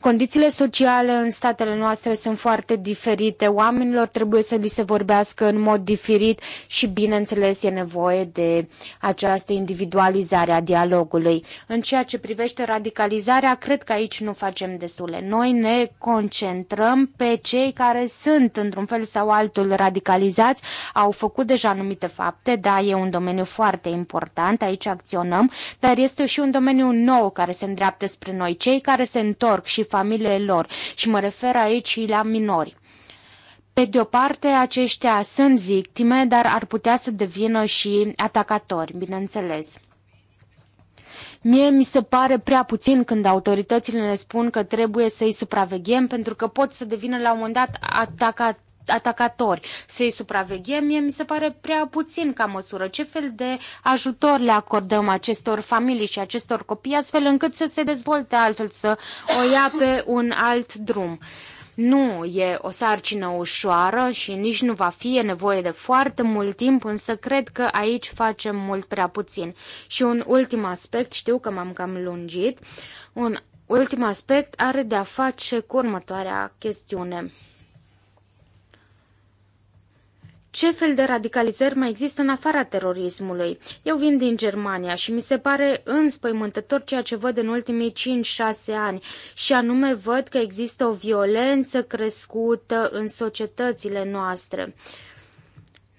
condițiile sociale în statele noastre sunt foarte diferite, oamenilor trebuie să li se vorbească în mod diferit și, bineînțeles, e nevoie de această individualizare a dialogului. În ceea ce privește radicalizarea, cred că aici nu facem destule. Noi ne ne concentrăm pe cei care sunt într-un fel sau altul radicalizați, au făcut deja anumite fapte, da, e un domeniu foarte important, aici acționăm, dar este și un domeniu nou care se îndreaptă spre noi, cei care se întorc și familiile lor și mă refer aici și la minori. Pe de o parte, aceștia sunt victime, dar ar putea să devină și atacatori, bineînțeles. Mie mi se pare prea puțin când autoritățile ne spun că trebuie să-i supraveghem pentru că pot să devină la un moment dat atacat atacatori, să-i supraveghem, mie mi se pare prea puțin ca măsură. Ce fel de ajutor le acordăm acestor familii și acestor copii, astfel încât să se dezvolte altfel, să o ia pe un alt drum. Uh, nu e o sarcină ușoară și nici nu va fi e nevoie de foarte mult timp, însă cred că aici facem mult prea puțin. Și un ultim aspect, știu că m-am cam lungit, un ultim aspect are de a face cu următoarea chestiune ce fel de radicalizări mai există în afara terorismului. Eu vin din Germania și mi se pare înspăimântător ceea ce văd în ultimii 5-6 ani și anume văd că există o violență crescută în societățile noastre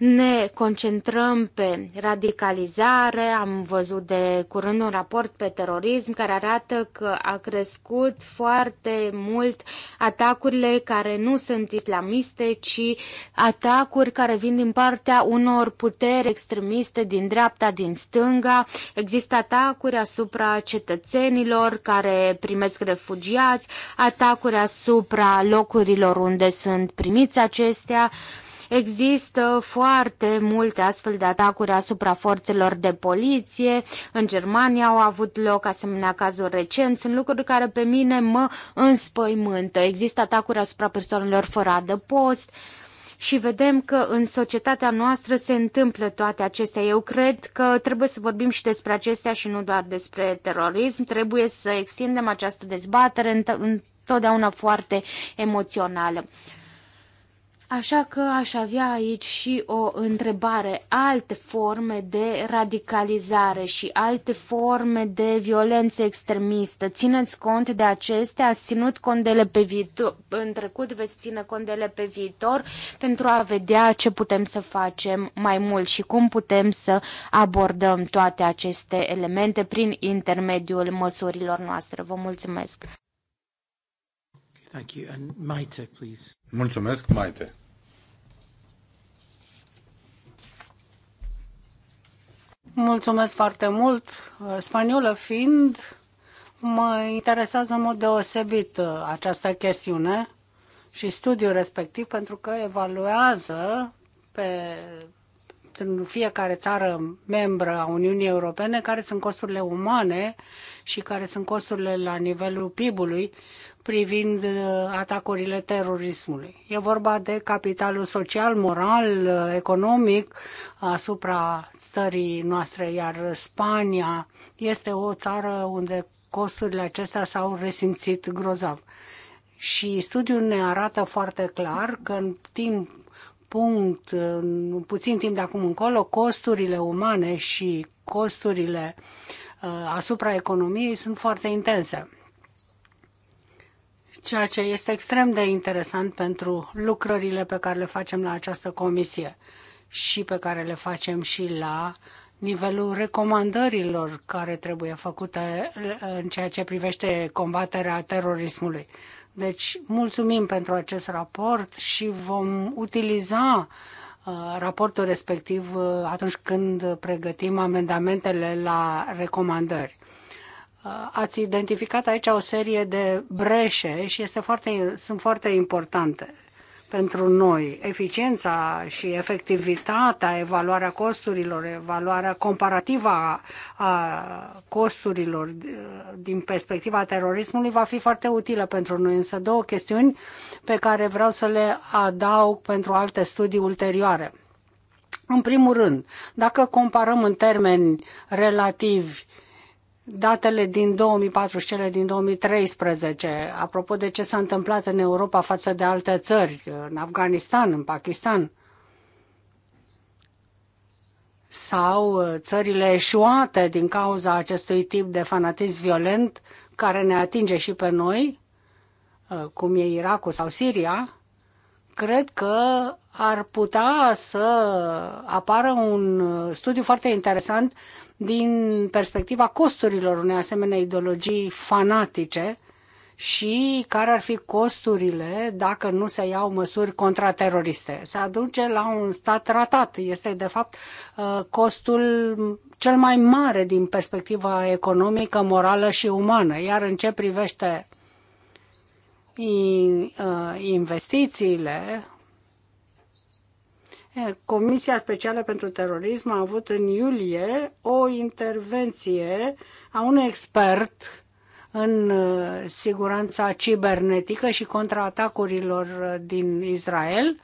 ne concentrăm pe radicalizare, am văzut de curând un raport pe terorism care arată că a crescut foarte mult atacurile care nu sunt islamiste, ci atacuri care vin din partea unor puteri extremiste din dreapta, din stânga. Există atacuri asupra cetățenilor care primesc refugiați, atacuri asupra locurilor unde sunt primiți acestea. Există foarte multe astfel de atacuri asupra forțelor de poliție. În Germania au avut loc asemenea cazuri recent. Sunt lucruri care pe mine mă înspăimântă. Există atacuri asupra persoanelor fără adăpost și vedem că în societatea noastră se întâmplă toate acestea. Eu cred că trebuie să vorbim și despre acestea și nu doar despre terorism. Trebuie să extindem această dezbatere întotdeauna foarte emoțională. Așa că aș avea aici și o întrebare. Alte forme de radicalizare și alte forme de violență extremistă, țineți cont de acestea, ați ținut cont de pe viitor, în trecut veți ține cont de pe viitor pentru a vedea ce putem să facem mai mult și cum putem să abordăm toate aceste elemente prin intermediul măsurilor noastre. Vă mulțumesc! Thank you. And Maite, please. Mulțumesc, Maite. Mulțumesc foarte mult. Spaniolă fiind, mă interesează în mod deosebit uh, această chestiune și studiul respectiv pentru că evaluează pe în fiecare țară membră a Uniunii Europene care sunt costurile umane și care sunt costurile la nivelul PIB-ului privind uh, atacurile terorismului. E vorba de capitalul social, moral, uh, economic asupra țării noastre, iar Spania este o țară unde costurile acestea s-au resimțit grozav. Și studiul ne arată foarte clar că în timp punct, puțin timp de acum încolo, costurile umane și costurile uh, asupra economiei sunt foarte intense. Ceea ce este extrem de interesant pentru lucrările pe care le facem la această comisie și pe care le facem și la nivelul recomandărilor care trebuie făcute eh, în ceea ce privește combaterea terorismului. Deci, mulțumim pentru acest raport și vom utiliza eh, raportul respectiv eh, atunci când pregătim amendamentele la recomandări. Ați identificat aici o serie de breșe și este foarte, sunt foarte importante pentru noi. Eficiența și efectivitatea, evaluarea costurilor, evaluarea comparativă a costurilor din perspectiva terorismului va fi foarte utilă pentru noi. Însă două chestiuni pe care vreau să le adaug pentru alte studii ulterioare. În primul rând, dacă comparăm în termeni relativi datele din 2004 și cele din 2013, apropo de ce s-a întâmplat în Europa față de alte țări, în Afganistan, în Pakistan, sau uh, țările eșuate din cauza acestui tip de fanatism violent care ne atinge și pe noi, uh, cum e Irakul sau Siria, cred că ar putea să apară un studiu foarte interesant din perspectiva costurilor unei asemenea ideologii fanatice și care ar fi costurile dacă nu se iau măsuri contrateroriste. Se aduce la un stat ratat. Este, de fapt, uh, costul cel mai mare din perspectiva economică, morală și umană. Iar în ce privește uh, investițiile, Eh, Comisia Specială pentru Terorism a avut în iulie o intervenție a unui expert în eh, siguranța cibernetică și contraatacurilor eh, din Israel,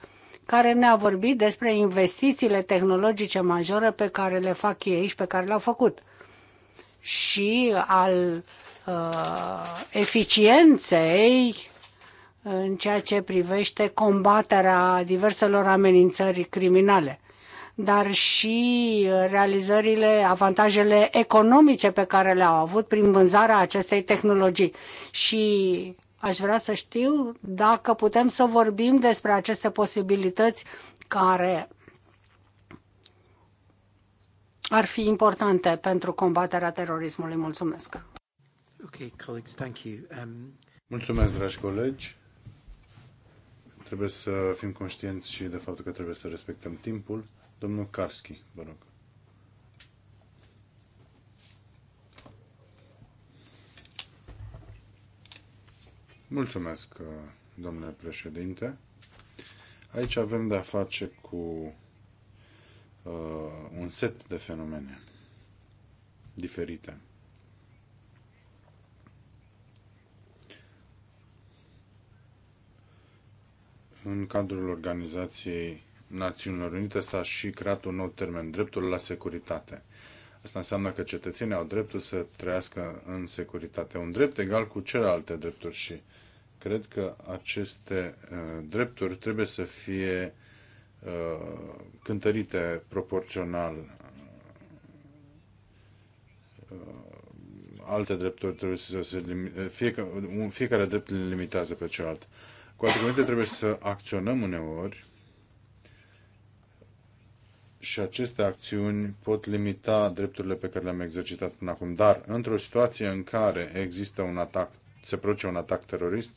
care ne-a vorbit despre investițiile tehnologice majore pe care le fac ei și pe care le-au făcut și al uh, eficienței în ceea ce privește combaterea diverselor amenințări criminale, dar și realizările, avantajele economice pe care le-au avut prin vânzarea acestei tehnologii. Și aș vrea să știu dacă putem să vorbim despre aceste posibilități care ar fi importante pentru combaterea terorismului. Mulțumesc. Okay, colleagues, thank you. Um... Mulțumesc, dragi colegi. Trebuie să fim conștienți și de faptul că trebuie să respectăm timpul. Domnul Karski, vă rog. Mulțumesc, domnule președinte. Aici avem de-a face cu uh, un set de fenomene diferite. în cadrul Organizației Națiunilor Unite s-a și creat un nou termen, dreptul la securitate. Asta înseamnă că cetățenii au dreptul să trăiască în securitate, un drept egal cu celelalte drepturi și cred că aceste uh, drepturi trebuie să fie uh, cântărite proporțional. Uh, alte drepturi trebuie să se limite, fiecare, fiecare drept le limitează pe celălalt. Uh, cu alte cuvinte, trebuie să acționăm uneori și aceste acțiuni pot limita drepturile pe care le-am exercitat până acum. Dar, într-o situație în care există un atac, se produce un atac terorist,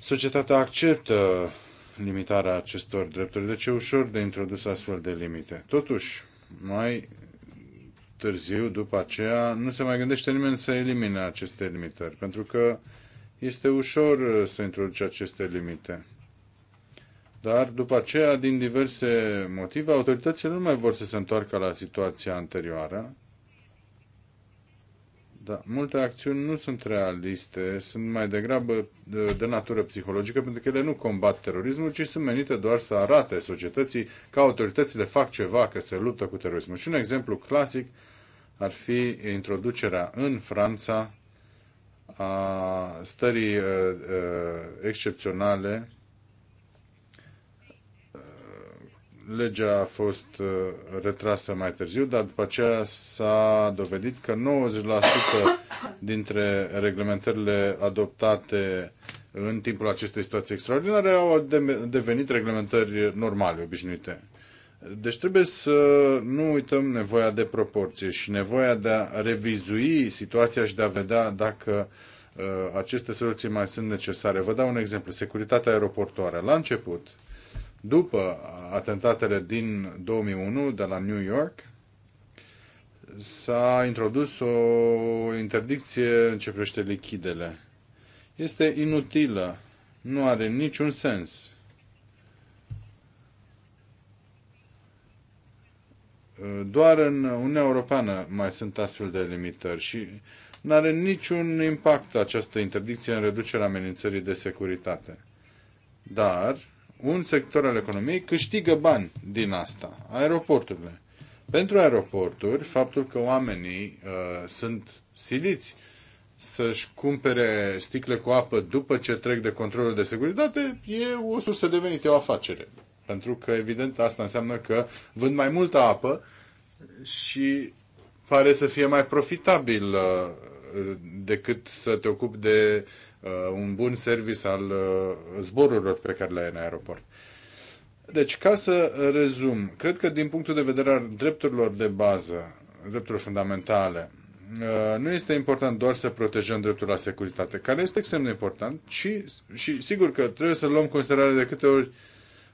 societatea acceptă limitarea acestor drepturi. Deci e ușor de introdus astfel de limite. Totuși, mai târziu, după aceea, nu se mai gândește nimeni să elimine aceste limitări, pentru că este ușor uh, să introduci aceste limite. Dar după aceea, din diverse motive, autoritățile nu mai vor să se întoarcă la situația anterioară. Da, multe acțiuni nu sunt realiste, sunt mai degrabă de, uh, de natură psihologică, pentru că ele nu combat terorismul, ci sunt menite doar să arate societății că autoritățile fac ceva, că se luptă cu terorismul. Și un exemplu clasic ar fi introducerea în Franța a stării excepționale. Legea a fost retrasă mai târziu, dar după aceea s-a dovedit că 90% dintre reglementările adoptate în timpul acestei situații extraordinare au devenit reglementări normale, obișnuite. Deci trebuie să nu uităm nevoia de proporție și nevoia de a revizui situația și de a vedea dacă uh, aceste soluții mai sunt necesare. Vă dau un exemplu. Securitatea aeroportoară. La început, după atentatele din 2001 de la New York, s-a introdus o interdicție în ce privește lichidele. Este inutilă, nu are niciun sens. Doar în Uniunea Europeană mai sunt astfel de limitări și nu are niciun impact această interdicție în reducerea amenințării de securitate. Dar un sector al economiei câștigă bani din asta, aeroporturile. Pentru aeroporturi, faptul că oamenii uh, sunt siliți să-și cumpere sticle cu apă după ce trec de controlul de securitate e o sursă de venit, e o afacere. Pentru că, evident, asta înseamnă că vând mai multă apă și pare să fie mai profitabil uh, decât să te ocupi de uh, un bun service al uh, zborurilor pe care le ai în aeroport. Deci, ca să rezum, cred că din punctul de vedere al drepturilor de bază, drepturilor fundamentale, nu este important doar să protejăm dreptul la securitate, care este extrem de important, ci, și sigur că trebuie să luăm considerare de câte ori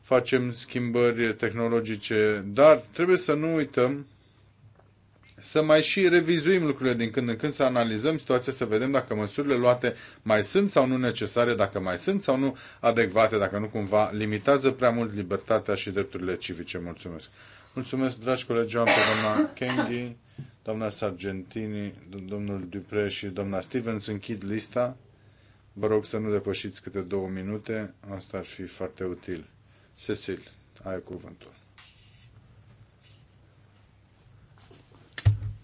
facem schimbări tehnologice, dar trebuie să nu uităm să mai și revizuim lucrurile din când în când, să analizăm situația, să vedem dacă măsurile luate mai sunt sau nu necesare, dacă mai sunt sau nu adecvate, dacă nu cumva limitează prea mult libertatea și drepturile civice. Mulțumesc! Mulțumesc, dragi colegi, am pe doamna Kenghi, doamna Sargentini, domnul Dupre și doamna Stevens. Închid lista. Vă rog să nu depășiți câte două minute, asta ar fi foarte util. Cecil, ai cuvântul.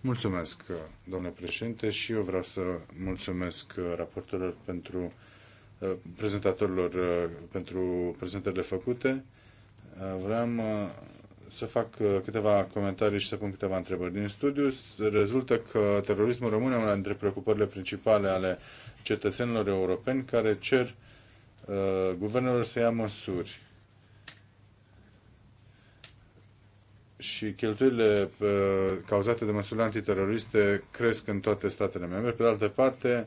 Mulțumesc, domnule președinte, și eu vreau să mulțumesc uh, raportorilor pentru uh, prezentatorilor uh, pentru prezentările făcute. Vreau să fac câteva comentarii și să pun câteva întrebări. Din studiu rezultă că terorismul rămâne una dintre preocupările principale ale cetățenilor europeni care cer guvernelor să ia măsuri și cheltuielile uh, cauzate de măsurile antiteroriste cresc în toate statele membre. Pe de altă parte,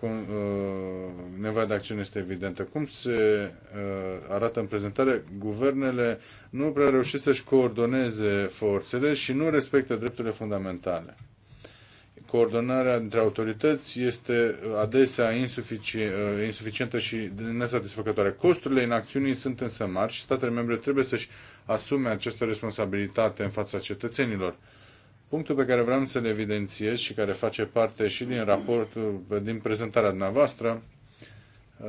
cum, uh, nevoia de acțiune este evidentă. Cum se uh, arată în prezentare, guvernele nu prea reușesc să-și coordoneze forțele și nu respectă drepturile fundamentale. Coordonarea între autorități este adesea insufici, uh, insuficientă și nesatisfăcătoare. Costurile inacțiunii sunt însă mari și statele membre trebuie să-și asume această responsabilitate în fața cetățenilor. Punctul pe care vreau să-l evidențiez și care face parte și din raportul, din prezentarea dumneavoastră, uh,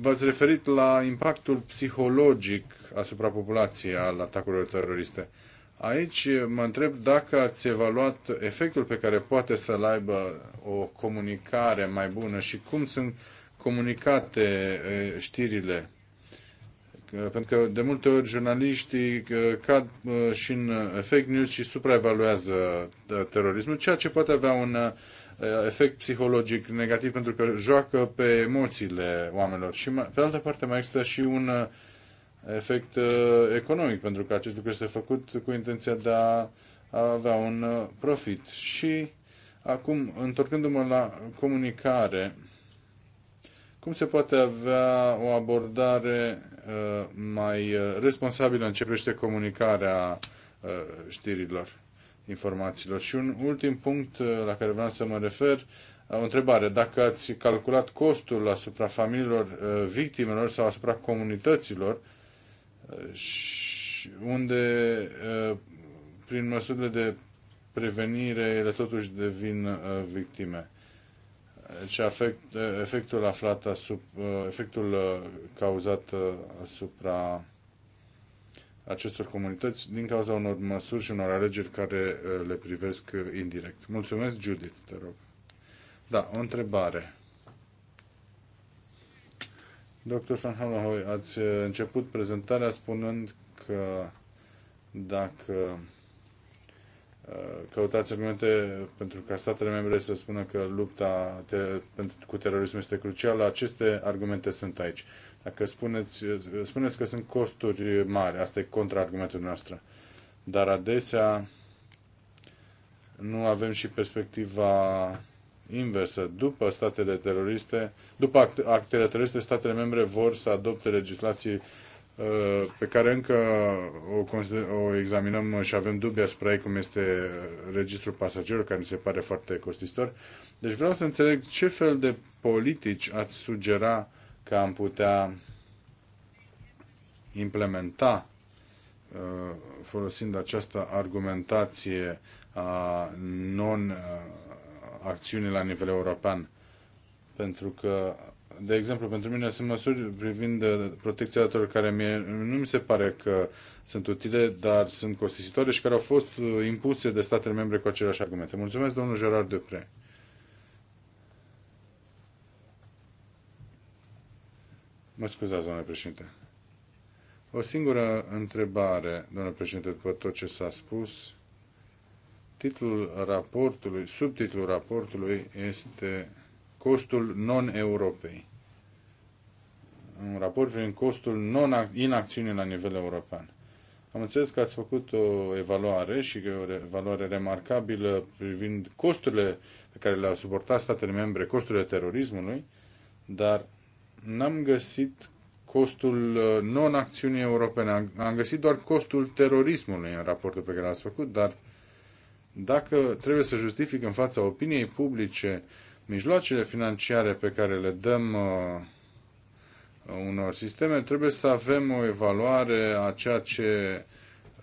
v-ați referit la impactul psihologic asupra populației al atacurilor teroriste. Aici mă întreb dacă ați evaluat efectul pe care poate să-l aibă o comunicare mai bună și cum sunt comunicate uh, știrile Uh, pentru că de multe ori jurnaliștii uh, cad uh, și în fake news și supraevaluează terorismul, ceea ce poate avea un efect psihologic negativ pentru că joacă pe emoțiile oamenilor. Și pe altă parte mai există și un efect economic, pentru că acest lucru este făcut cu intenția de a avea un profit. Și acum, întorcându-mă la comunicare, cum se poate avea o abordare uh, mai uh, responsabilă în ce privește comunicarea uh, știrilor, informațiilor? Și un ultim punct la care vreau să mă refer, o întrebare. Dacă ați calculat costul asupra familiilor victimelor sau asupra comunităților și unde prin măsurile de prevenire ele totuși devin victime. Deci afect, efectul aflat asupra, efectul uh, cauzat uh, asupra acestor comunități din cauza unor măsuri și unor alegeri care uh, le privesc indirect. Mulțumesc, Judith, te rog. Da, o întrebare. Dr. Van Halenhoi, ați început prezentarea spunând că dacă Uh, căutați argumente pentru ca statele membre să spună că lupta te cu terorismul este crucială, aceste argumente sunt aici. Dacă spuneți, spuneți că sunt costuri mari, asta e contraargumentul noastră. Dar adesea nu avem și perspectiva inversă. După statele teroriste, după actele teroriste, statele membre vor să adopte legislații Uh, pe care încă o, o examinăm și avem dubii asupra ei, cum este uh, registrul pasagerilor, care mi se pare foarte costisitor. Deci vreau să înțeleg ce fel de politici ați sugera că am putea implementa uh, folosind această argumentație a non-acțiunii la nivel european. Pentru că de exemplu, pentru mine sunt măsuri privind uh, protecția datorilor care mie, nu mi se pare că sunt utile, dar sunt costisitoare și care au fost uh, impuse de statele membre cu aceleași argumente. Mulțumesc, domnul Gerard Depre. Mă scuzați, domnule președinte. O singură întrebare, domnule președinte, după tot ce s-a spus. Titlul raportului, subtitlul raportului este costul non-Europei. Un raport prin costul non-inacțiunii la nivel european. Am înțeles că ați făcut o evaluare și că o evaluare remarcabilă privind costurile pe care le-au suportat statele membre, costurile terorismului, dar n-am găsit costul uh, non-acțiunii europene. Am, am găsit doar costul terorismului în raportul pe care l-ați făcut, dar dacă trebuie să justific în fața opiniei publice mijloacele financiare pe care le dăm uh, unor sisteme, trebuie să avem o evaluare a ceea ce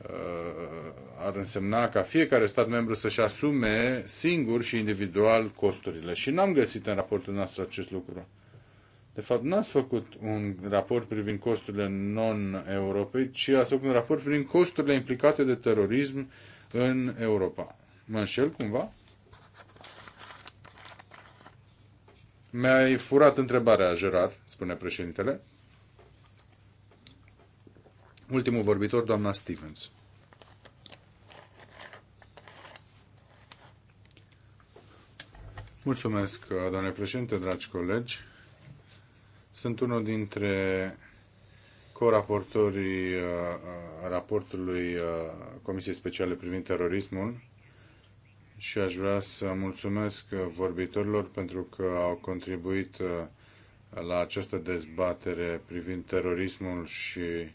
uh, ar însemna ca fiecare stat membru să-și asume singur și individual costurile. Și n-am găsit în raportul nostru acest lucru. De fapt, n-ați făcut un raport privind costurile non-europei, ci ați făcut un raport privind costurile implicate de terorism în Europa. Mă înșel cumva? Mi-ai furat întrebarea, Gerard, spune președintele. Ultimul vorbitor, doamna Stevens. Mulțumesc, doamne președinte, dragi colegi. Sunt unul dintre coraportorii uh, uh, raportului uh, Comisiei Speciale privind terorismul și aș vrea să mulțumesc vorbitorilor pentru că au contribuit uh, la această dezbatere privind terorismul și uh,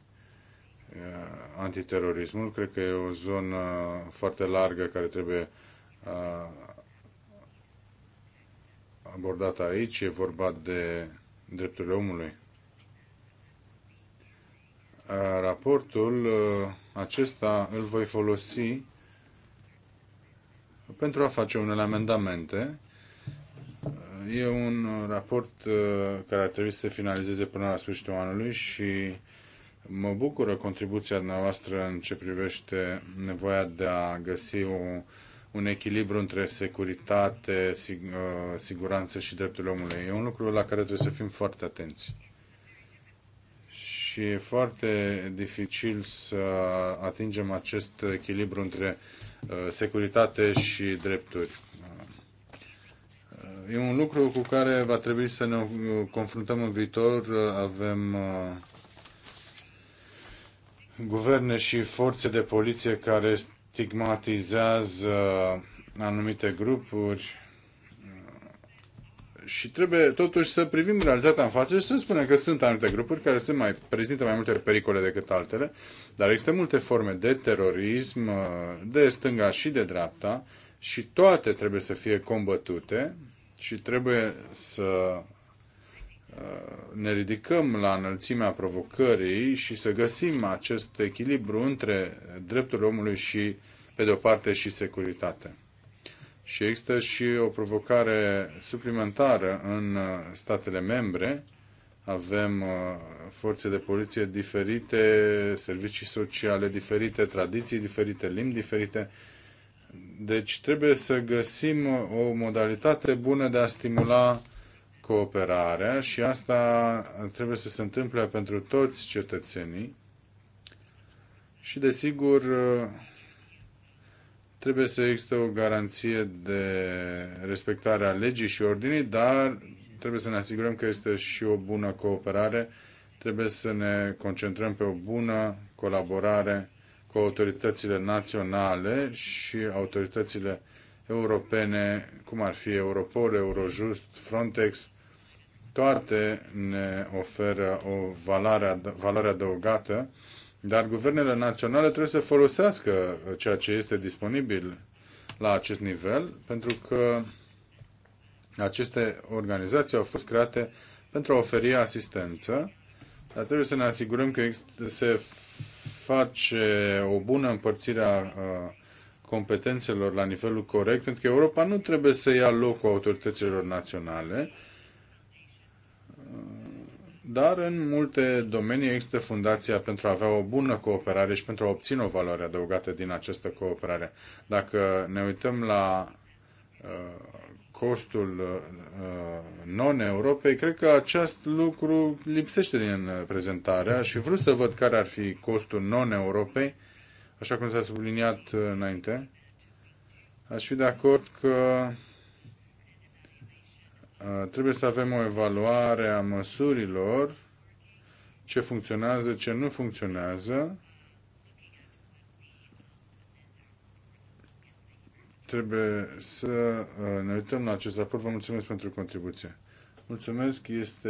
antiterorismul. Cred că e o zonă foarte largă care trebuie uh, abordată aici. E vorba de drepturile omului. Raportul acesta îl voi folosi pentru a face unele amendamente. E un raport uh, care ar trebui să se finalizeze până la sfârșitul anului și mă bucură contribuția noastră în ce privește nevoia de a găsi o, un echilibru între securitate, sig, uh, siguranță și drepturile omului. E un lucru la care trebuie să fim foarte atenți și e foarte dificil să atingem acest echilibru între Uh, securitate și drepturi. Uh, e un lucru cu care va trebui să ne uh, confruntăm în viitor. Avem guverne și forțe de poliție care stigmatizează anumite grupuri și trebuie totuși să privim realitatea în față și să spunem că sunt anumite grupuri care sunt mai, prezintă mai multe pericole decât altele dar există multe forme de terorism, uh, de stânga și de dreapta, și toate trebuie să fie combătute și trebuie să uh, ne ridicăm la înălțimea provocării și să găsim acest echilibru între dreptul omului și, pe de o parte, și securitate. Și există și o provocare suplimentară în uh, statele membre, avem uh, forțe de poliție diferite, servicii sociale diferite, tradiții diferite, limbi diferite. Deci trebuie să găsim o modalitate bună de a stimula cooperarea și asta trebuie să se întâmple pentru toți cetățenii. Și desigur uh, trebuie să existe o garanție de respectare a legii și ordinii, dar trebuie să ne asigurăm că este și o bună cooperare, trebuie să ne concentrăm pe o bună colaborare cu autoritățile naționale și autoritățile europene, cum ar fi Europol, Eurojust, Frontex, toate ne oferă o valoare, valoare adăugată, dar guvernele naționale trebuie să folosească ceea ce este disponibil la acest nivel, pentru că aceste organizații au fost create pentru a oferi asistență, dar trebuie să ne asigurăm că se face o bună împărțire a competențelor la nivelul corect, pentru că Europa nu trebuie să ia locul autorităților naționale, dar în multe domenii există fundația pentru a avea o bună cooperare și pentru a obține o valoare adăugată din această cooperare. Dacă ne uităm la costul uh, uh, non-Europei, cred că acest lucru lipsește din prezentarea și vreau să văd care ar fi costul non-Europei, așa cum s-a subliniat uh, înainte. Aș fi de acord că trebuie să avem o evaluare a măsurilor, ce funcționează, ce nu funcționează, Trebuie să uh, ne uităm la acest raport. Vă mulțumesc pentru contribuție. Mulțumesc. Este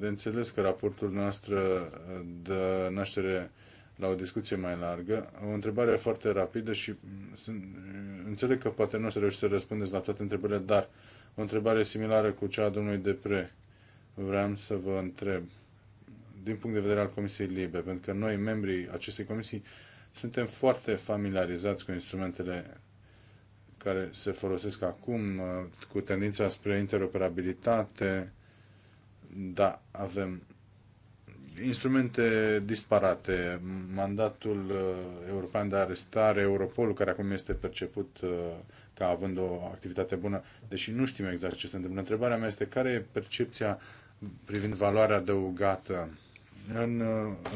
de înțeles că raportul noastră uh, dă naștere la o discuție mai largă. O întrebare foarte rapidă și mm, sunt, uh, înțeleg că poate nu o să reușiți să răspundeți la toate întrebările, dar o întrebare similară cu cea a domnului Depre. Vreau să vă întreb din punct de vedere al Comisiei Libe, pentru că noi, membrii acestei comisii, suntem foarte familiarizați cu instrumentele care se folosesc acum uh, cu tendința spre interoperabilitate, da, avem instrumente disparate. Mandatul uh, european de arestare, Europol, care acum este perceput uh, ca având o activitate bună, deși nu știm exact ce se întâmplă. Întrebarea mea este care e percepția privind valoarea adăugată? În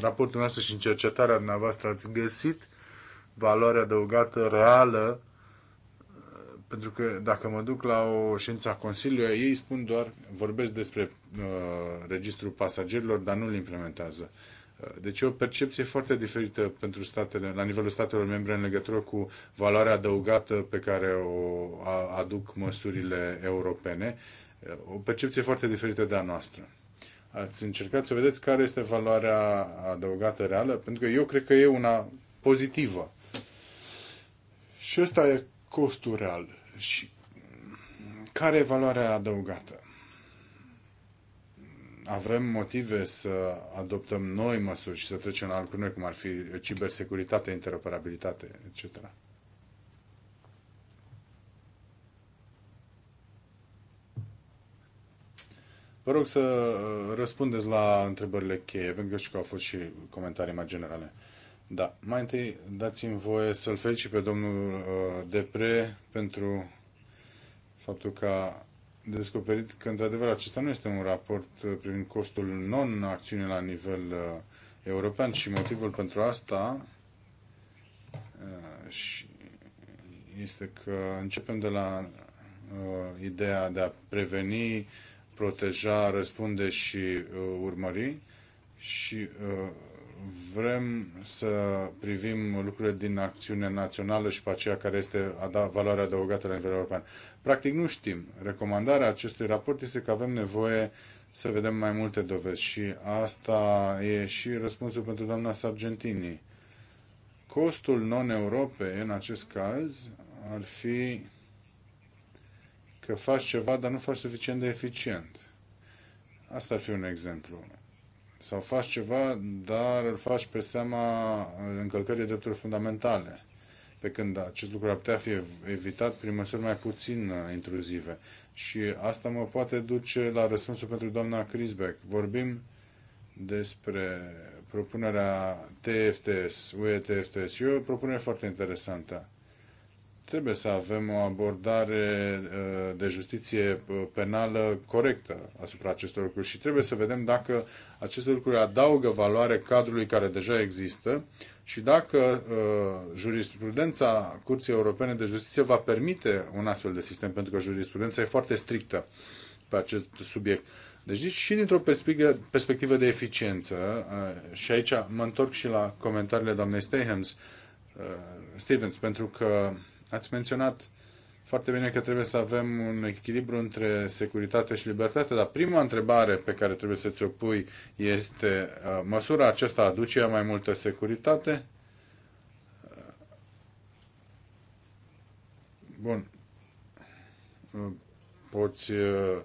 raportul noastră și în cercetarea dumneavoastră ați găsit valoarea adăugată reală pentru că dacă mă duc la o ședință a Consiliului, ei spun doar, vorbesc despre uh, registrul pasagerilor, dar nu îl implementează. Uh, deci e o percepție foarte diferită pentru statele, la nivelul statelor membre în legătură cu valoarea adăugată pe care o aduc măsurile europene. Uh, o percepție foarte diferită de a noastră. Ați încercat să vedeți care este valoarea adăugată reală? Pentru că eu cred că e una pozitivă. Și ăsta e costul real. Și care e valoarea adăugată? Avem motive să adoptăm noi măsuri și să trecem la alturi noi, cum ar fi cibersecuritate, interoperabilitate, etc. Vă rog să uh, răspundeți la întrebările cheie, pentru că știu că au fost și comentarii mai generale. Da, mai întâi dați-mi voie să-l felicit pe domnul uh, Depre pentru faptul că a descoperit că, într-adevăr, acesta nu este un raport uh, privind costul non-acțiune la nivel uh, european și motivul pentru asta și este că începem de la ideea de a preveni, proteja, răspunde și urmări și vrem să privim lucrurile din acțiune națională și pe aceea care este da valoarea adăugată la nivel european. Practic nu știm. Recomandarea acestui raport este că avem nevoie să vedem mai multe dovezi și asta e și răspunsul pentru doamna Sargentini. Costul non europe în acest caz ar fi că faci ceva, dar nu faci suficient de eficient. Asta ar fi un exemplu sau faci ceva, dar îl faci pe seama încălcării drepturilor fundamentale. Pe când acest lucru ar putea fi evitat prin măsuri mai puțin uh, intruzive. Și asta mă poate duce la răspunsul pentru doamna Crisbeck. Vorbim despre propunerea TFTS, UE TFTS. E o propunere foarte interesantă. Trebuie să avem o abordare uh, de justiție uh, penală corectă asupra acestor lucruri și trebuie să vedem dacă aceste lucruri adaugă valoare cadrului care deja există și dacă uh, jurisprudența Curții Europene de Justiție va permite un astfel de sistem, pentru că jurisprudența e foarte strictă pe acest subiect. Deci și dintr-o perspectivă de eficiență, și aici mă întorc și la comentariile doamnei Stehens, Stevens, pentru că Ați menționat foarte bine că trebuie să avem un echilibru între securitate și libertate, dar prima întrebare pe care trebuie să ți-o pui este uh, măsura aceasta aduce mai multă securitate? Bun. Uh, poți uh,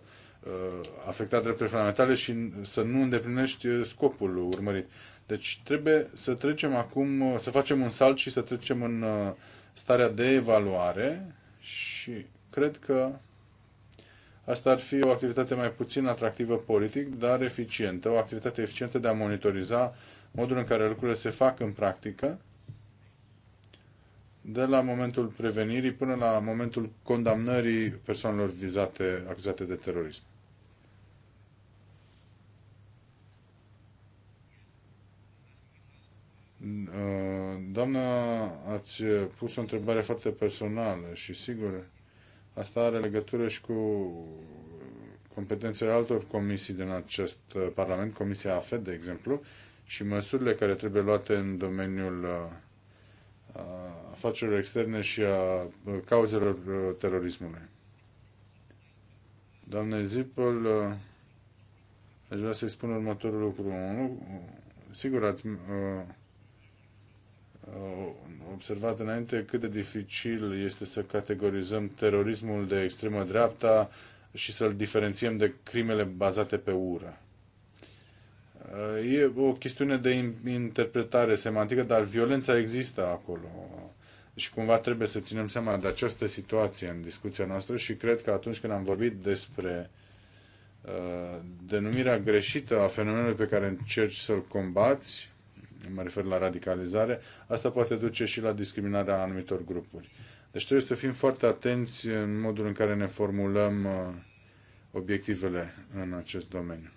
afecta drepturile fundamentale și să nu îndeplinești scopul urmărit. Deci trebuie să trecem acum, să facem un salt și să trecem în starea de evaluare și cred că asta ar fi o activitate mai puțin atractivă politic, dar eficientă, o activitate eficientă de a monitoriza modul în care lucrurile se fac în practică, de la momentul prevenirii până la momentul condamnării persoanelor vizate, acuzate de terorism. Uh, doamna, ați uh, pus o întrebare foarte personală și sigur, asta are legătură și cu uh, competențele altor comisii din acest Parlament, Comisia AFED, de exemplu, și măsurile care trebuie luate în domeniul afacerilor externe și a cauzelor terorismului. Doamne Zipăl, aș vrea să-i spun următorul lucru. Sigur, ați observat înainte cât de dificil este să categorizăm terorismul de extremă dreapta și să-l diferențiem de crimele bazate pe ură. E o chestiune de interpretare semantică, dar violența există acolo și cumva trebuie să ținem seama de această situație în discuția noastră și cred că atunci când am vorbit despre uh, denumirea greșită a fenomenului pe care încerci să-l combați, mă refer la radicalizare, asta poate duce și la discriminarea anumitor grupuri. Deci trebuie să fim foarte atenți în modul în care ne formulăm uh, obiectivele în acest domeniu.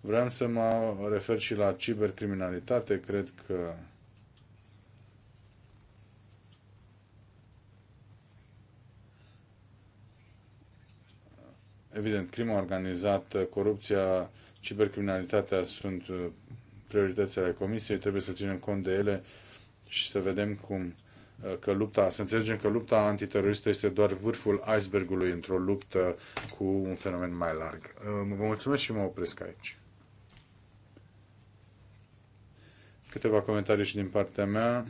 Vreau să mă refer și la cibercriminalitate. Cred că evident, crima organizată, corupția, cibercriminalitatea sunt uh, prioritățile ale Comisiei, trebuie să ținem cont de ele și să vedem cum uh, că lupta, să înțelegem că lupta antiteroristă este doar vârful icebergului într-o luptă cu un fenomen mai larg. Uh, vă mulțumesc și mă opresc aici. Câteva comentarii și din partea mea.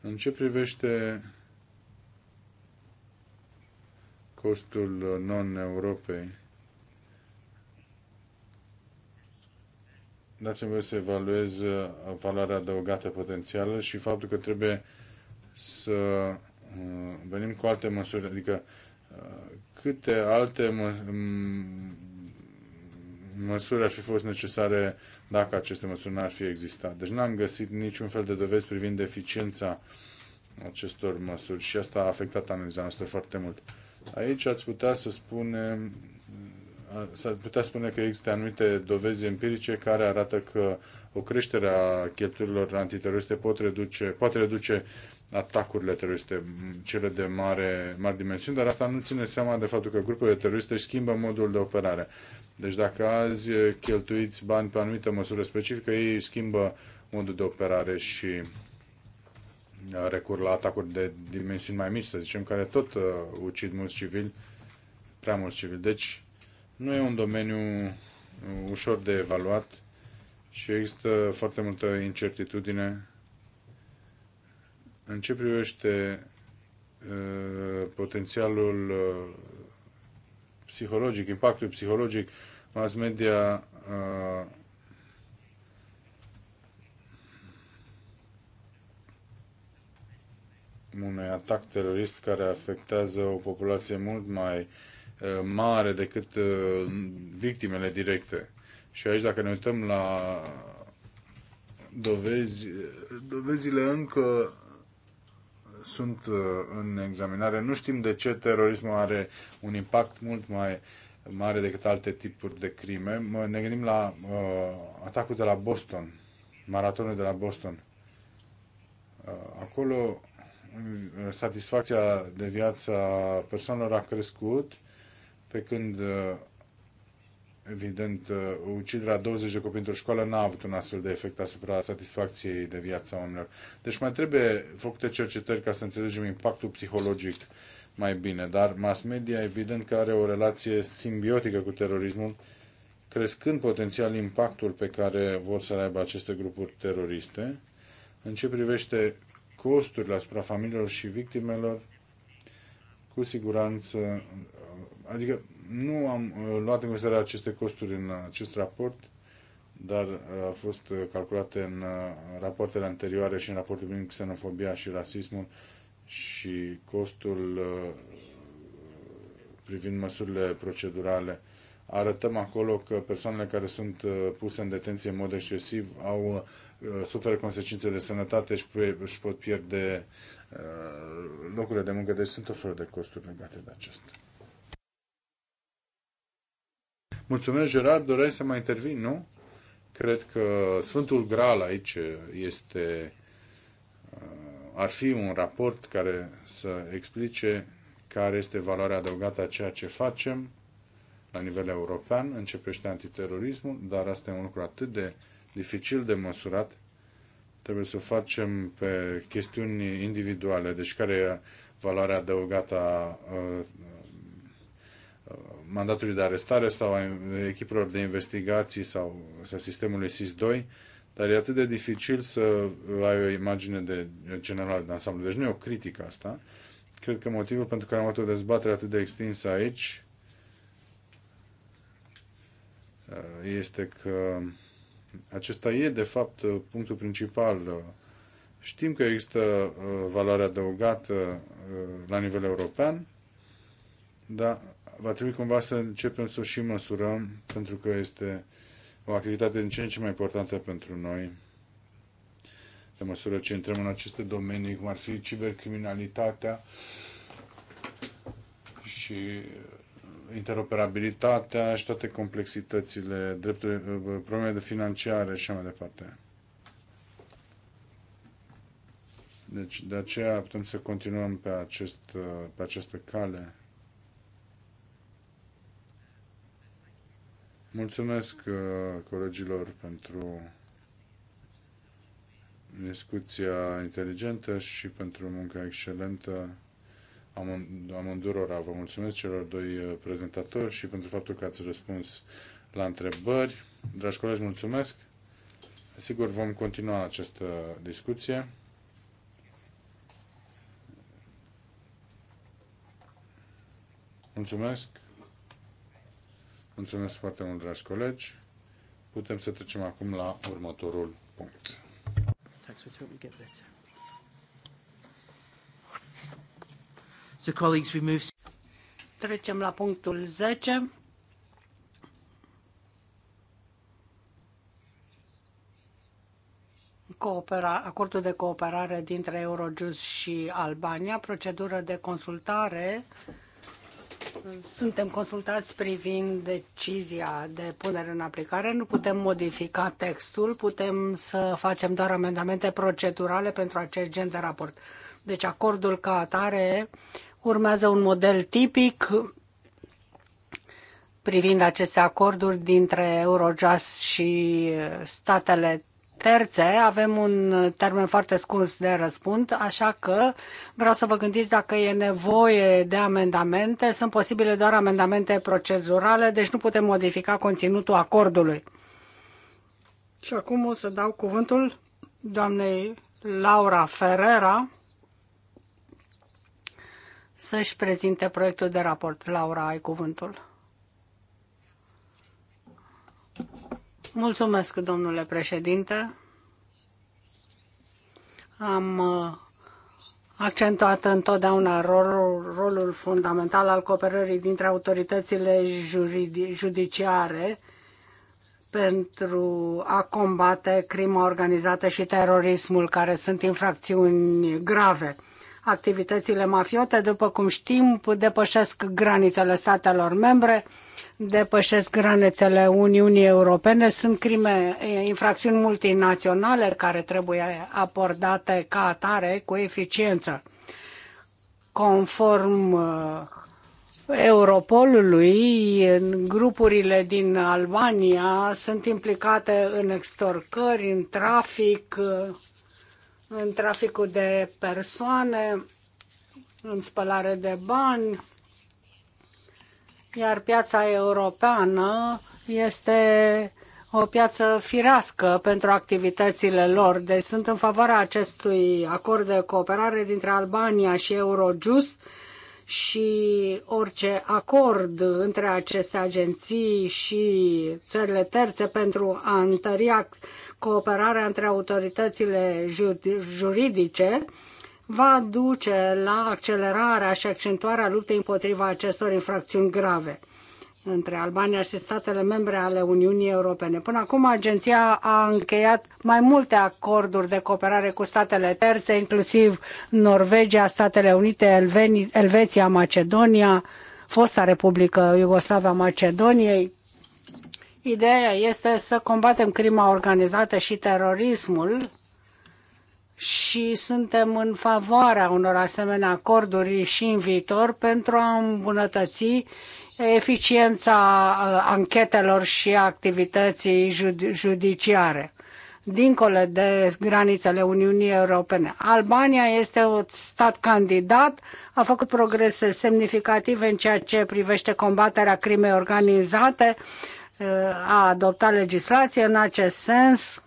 În ce privește costul non-Europei, dați-mi voie să evaluez uh, valoarea adăugată potențială și faptul că trebuie să uh, venim cu alte măsuri, adică uh, câte alte mă, măsuri ar fi fost necesare dacă aceste măsuri n-ar fi existat. Deci n-am găsit niciun fel de dovezi privind eficiența acestor măsuri și asta a afectat analiza noastră foarte mult. Aici ați putea să spunem s-ar putea spune că există anumite dovezi empirice care arată că o creștere a cheltuielor antiteroriste pot reduce, poate reduce atacurile teroriste, cele de mare, mari dimensiuni, dar asta nu ține seama de faptul că grupurile teroriste își schimbă modul de operare. Deci dacă azi cheltuiți bani pe anumită măsură specifică, ei schimbă modul de operare și uh, recur la atacuri de dimensiuni mai mici, să zicem, care tot uh, ucid mulți civili, prea mulți civili. Deci, nu e un domeniu uh, ușor de evaluat și există foarte multă incertitudine în ce privește uh, potențialul uh, psihologic, impactul psihologic, mass media unui atac terorist care afectează o populație mult mai Uh, mare decât uh, victimele directe. Și aici, dacă ne uităm la dovezi, dovezile încă sunt uh, în examinare. Nu știm de ce terorismul are un impact mult mai mare decât alte tipuri de crime. Ne gândim la uh, atacul de la Boston, maratonul de la Boston. Uh, acolo satisfacția de viață a persoanelor a crescut pe când, uh, evident, uh, uciderea 20 de copii într-o școală n-a avut un astfel de efect asupra satisfacției de viața oamenilor. Deci mai trebuie făcute cercetări ca să înțelegem impactul psihologic mai bine, dar mass media evident că are o relație simbiotică cu terorismul, crescând potențial impactul pe care vor să-l aibă aceste grupuri teroriste. În ce privește costurile asupra familiilor și victimelor, cu siguranță Adică nu am uh, luat în considerare aceste costuri în acest raport, dar uh, au fost uh, calculate în rapoartele anterioare și în raportul privind xenofobia și rasismul și costul privind măsurile procedurale. Arătăm acolo că persoanele care sunt puse în detenție în mod excesiv au suferă consecințe de sănătate și își pot pierde locurile de muncă, deci sunt o fel de costuri legate de acestea. Mulțumesc, Gerard. Doreai să mai intervin, nu? Cred că Sfântul Graal aici este uh, ar fi un raport care să explice care este valoarea adăugată a ceea ce facem la nivel european, începește antiterorismul, dar asta e un lucru atât de dificil de măsurat. Trebuie să o facem pe chestiuni individuale, deci care e valoarea adăugată a uh, mandatului de arestare sau a echipelor de investigații sau a sistemului SIS-2, dar e atât de dificil să ai o imagine de general de ansamblu. Deci nu e o critică asta. Cred că motivul pentru care am avut o dezbatere atât de extinsă aici uh, este că acesta e, de fapt, punctul principal. Știm că există uh, valoare adăugată uh, la nivel european, dar va trebui cumva să începem să o și măsurăm, pentru că este o activitate din ce în ce mai importantă pentru noi, pe măsură ce intrăm în aceste domenii, cum ar fi cibercriminalitatea și uh, interoperabilitatea și toate complexitățile, drepturi, uh, uh, probleme de financiare și așa mai departe. Deci, de aceea putem să continuăm pe, acest, pe această cale. Mulțumesc uh, colegilor pentru discuția inteligentă și pentru munca excelentă amândurora. Vă mulțumesc celor doi uh, prezentatori și pentru faptul că ați răspuns la întrebări. Dragi colegi, mulțumesc. Sigur, vom continua această discuție. Mulțumesc. Mulțumesc foarte mult, dragi colegi. Putem să trecem acum la următorul punct. So, colleagues, we move... Trecem la punctul 10. coopera, acordul de cooperare dintre Eurojust și Albania, procedură de consultare uh, suntem consultați privind decizia de punere în aplicare, nu putem modifica textul, putem să facem doar amendamente procedurale pentru acest gen de raport. Deci acordul ca atare urmează un model tipic privind aceste acorduri dintre Eurojust și statele terțe avem un termen foarte scurs de răspund, așa că vreau să vă gândiți dacă e nevoie de amendamente. Sunt posibile doar amendamente procedurale, deci nu putem modifica conținutul acordului. Și acum o să dau cuvântul doamnei Laura Ferrera să-și prezinte proiectul de raport. Laura, ai cuvântul. Mulțumesc, domnule președinte. Am uh, accentuat întotdeauna rolul, rolul fundamental al cooperării dintre autoritățile judiciare pentru a combate crima organizată și terorismul, care sunt infracțiuni grave. Activitățile mafiote, după cum știm, depășesc granițele statelor membre, depășesc granițele Uniunii Europene. Sunt crime, infracțiuni multinaționale care trebuie abordate ca atare cu eficiență. Conform uh, Europolului, grupurile din Albania sunt implicate în extorcări, în trafic, uh, în traficul de persoane, în spălare de bani iar piața europeană este o piață firească pentru activitățile lor. Deci sunt în favoarea acestui acord de cooperare dintre Albania și Eurojust și orice acord între aceste agenții și țările terțe pentru a întări cooperarea între autoritățile juridice va duce la accelerarea și accentuarea luptei împotriva acestor infracțiuni grave între Albania și statele membre ale Uniunii Europene. Până acum, agenția a încheiat mai multe acorduri de cooperare cu statele terțe, inclusiv Norvegia, Statele Unite, Elveni, Elveția, Macedonia, fosta Republică Iugoslavia Macedoniei. Ideea este să combatem crima organizată și terorismul și suntem în favoarea unor asemenea acorduri și în viitor pentru a îmbunătăți eficiența uh, anchetelor și activității judiciare, dincolo de granițele Uniunii Europene. Albania este un stat candidat, a făcut progrese semnificative în ceea ce privește combaterea crimei organizate, uh, a adoptat legislație în acest sens,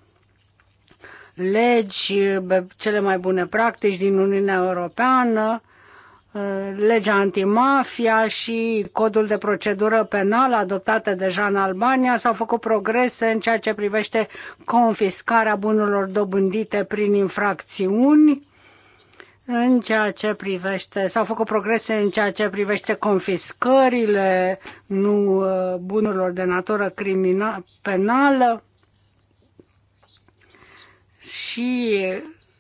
legi, cele mai bune practici din Uniunea Europeană, uh, legea antimafia și codul de procedură penală adoptată deja în Albania s-au făcut progrese în ceea ce privește confiscarea bunurilor dobândite prin infracțiuni în ceea ce privește, s-au făcut progrese în ceea ce privește confiscările, nu uh, bunurilor de natură criminală, penală și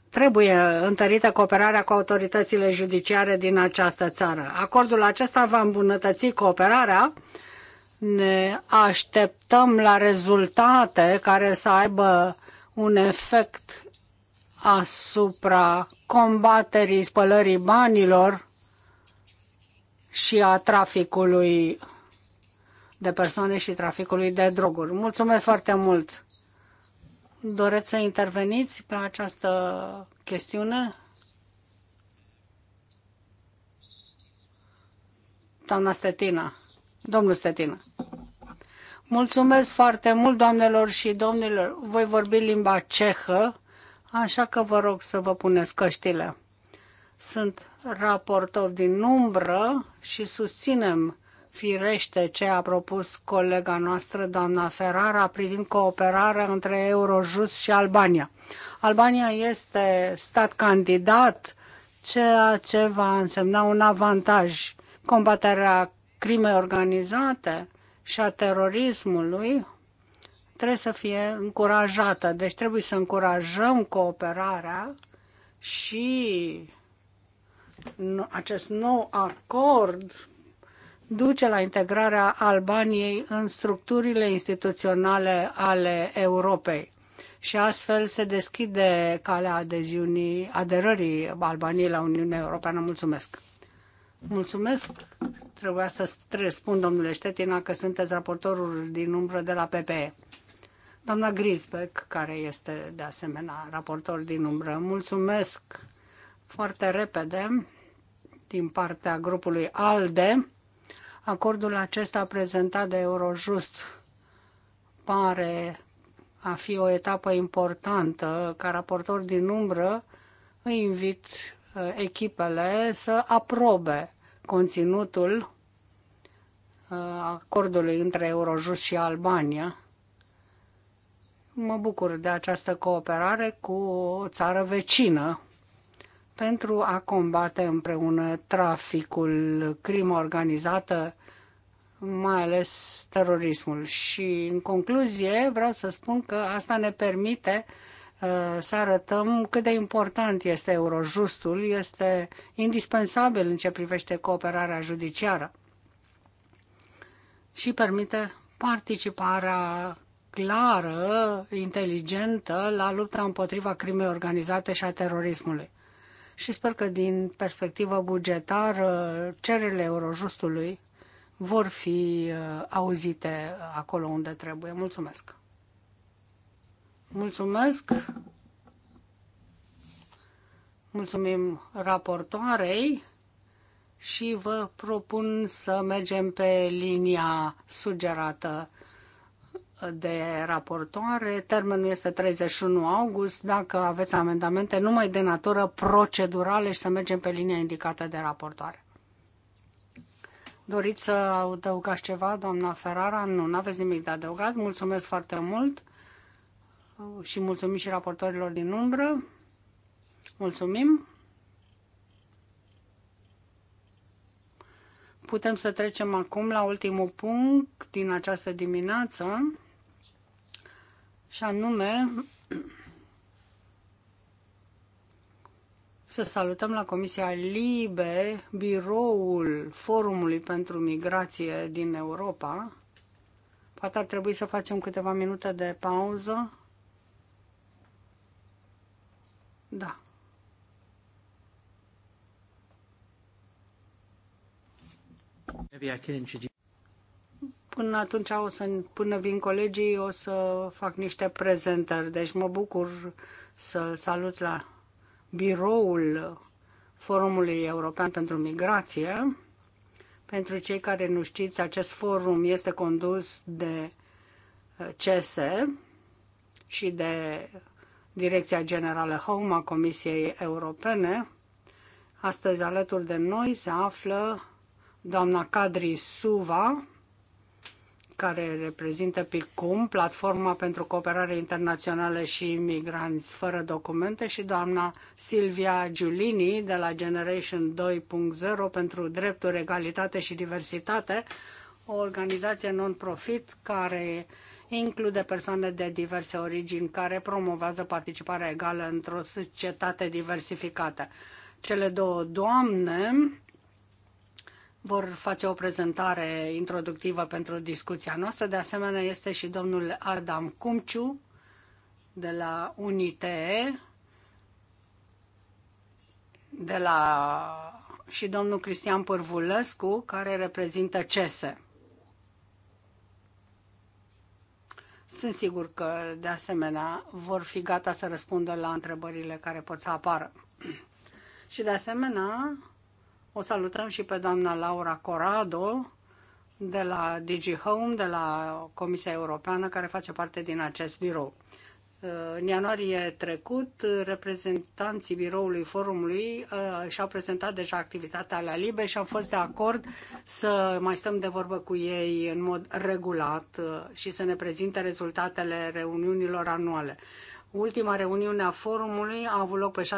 trebuie întărită cooperarea cu autoritățile judiciare din această țară. Acordul acesta va îmbunătăți cooperarea. Ne așteptăm la rezultate care să aibă un efect asupra combaterii spălării banilor și a traficului de persoane și traficului de droguri. Mulțumesc foarte mult! Doreți să interveniți pe această chestiune? Doamna Stetina. Domnul Stetina. Mulțumesc foarte mult, doamnelor și domnilor. Voi vorbi limba cehă, așa că vă rog să vă puneți căștile. Sunt raportor din umbră și susținem firește ce a propus colega noastră, doamna Ferrara, privind cooperarea între Eurojust și Albania. Albania este stat candidat, ceea ce va însemna un avantaj. Combaterea crimei organizate și a terorismului trebuie să fie încurajată. Deci trebuie să încurajăm cooperarea și acest nou acord duce la integrarea Albaniei în structurile instituționale ale Europei și astfel se deschide calea adeziunii, aderării Albaniei la Uniunea Europeană. Mulțumesc! Mulțumesc! Trebuia să răspund, domnule Ștetina, că sunteți raportorul din umbră de la PPE. Doamna Grisbeck, care este de asemenea raportor din umbră, mulțumesc foarte repede din partea grupului ALDE Acordul acesta prezentat de Eurojust pare a fi o etapă importantă. Ca raportor din umbră îi invit uh, echipele să aprobe conținutul uh, acordului între Eurojust și Albania. Mă bucur de această cooperare cu o țară vecină pentru a combate împreună traficul, crima organizată, mai ales terorismul. Și în concluzie vreau să spun că asta ne permite uh, să arătăm cât de important este Eurojustul, este indispensabil în ce privește cooperarea judiciară și permite participarea clară, inteligentă la lupta împotriva crimei organizate și a terorismului și sper că din perspectivă bugetară cererile Eurojustului vor fi uh, auzite acolo unde trebuie. Mulțumesc! Mulțumesc! Mulțumim raportoarei și vă propun să mergem pe linia sugerată de raportoare. Termenul este 31 august. Dacă aveți amendamente numai de natură procedurale și să mergem pe linia indicată de raportoare. Doriți să adăugați ceva, doamna Ferrara? Nu, nu aveți nimic de adăugat. Mulțumesc foarte mult și mulțumim și raportorilor din umbră. Mulțumim. Putem să trecem acum la ultimul punct din această dimineață și anume să salutăm la Comisia Libe biroul Forumului pentru Migrație din Europa. Poate ar trebui să facem câteva minute de pauză. Da. Maybe I can introduce Până atunci, o să, până vin colegii, o să fac niște prezentări. Deci mă bucur să salut la biroul Forumului European pentru Migrație. Pentru cei care nu știți, acest forum este condus de uh, CESE și de Direcția Generală Home a Comisiei Europene. Astăzi alături de noi se află doamna Kadri Suva, care reprezintă PICUM, Platforma pentru Cooperare Internațională și Imigranți fără documente, și doamna Silvia Giulini de la Generation 2.0 pentru Drepturi, Egalitate și Diversitate, o organizație non-profit care include persoane de diverse origini care promovează participarea egală într-o societate diversificată. Cele două doamne vor face o prezentare introductivă pentru discuția noastră. De asemenea, este și domnul Adam Cumciu de la UNITE, de la și domnul Cristian Pârvulescu, care reprezintă CESE. Sunt sigur că, de asemenea, vor fi gata să răspundă la întrebările care pot să apară. Și, de asemenea, o salutăm și pe doamna Laura Corado de la Digihome, Home, de la Comisia Europeană, care face parte din acest birou. În ianuarie trecut, reprezentanții biroului forumului uh, și-au prezentat deja activitatea la LIBE și am fost de acord să mai stăm de vorbă cu ei în mod regulat uh, și să ne prezinte rezultatele reuniunilor anuale. Ultima reuniune a forumului a avut loc pe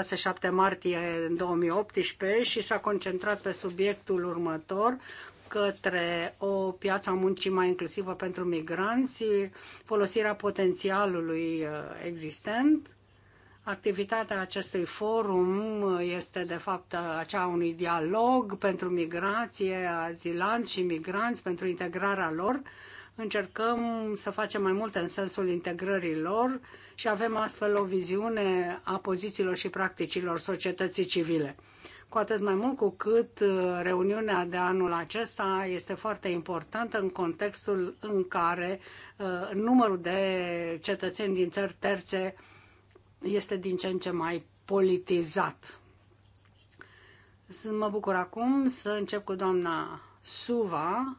6-7 martie 2018 și s-a concentrat pe subiectul următor, către o piață a muncii mai inclusivă pentru migranți, folosirea potențialului uh, existent. Activitatea acestui forum uh, este, de fapt, uh, acea unui dialog pentru migrație, azilanți și migranți, pentru integrarea lor Încercăm să facem mai multe în sensul integrării lor și avem astfel o viziune a pozițiilor și practicilor societății civile. Cu atât mai mult cu cât uh, reuniunea de anul acesta este foarte importantă în contextul în care uh, numărul de cetățeni din țări terțe este din ce în ce mai politizat. Mă bucur acum să încep cu doamna Suva,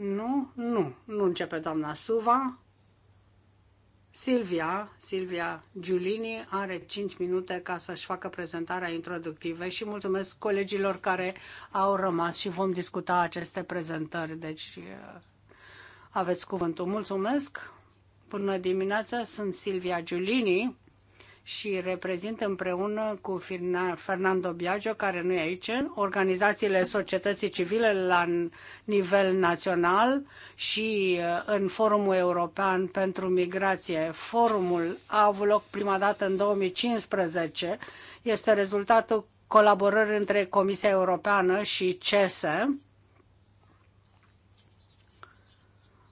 nu, nu, nu începe doamna Suva. Silvia, Silvia Giulini are 5 minute ca să-și facă prezentarea introductivă și mulțumesc colegilor care au rămas și vom discuta aceste prezentări. Deci uh, aveți cuvântul. Mulțumesc! Bună dimineața, sunt Silvia Giulini și reprezint împreună cu Fernando Biagio, care nu e aici, organizațiile societății civile la nivel național și uh, în Forumul European pentru Migrație. Forumul a avut loc prima dată în 2015. Este rezultatul colaborări între Comisia Europeană și CESE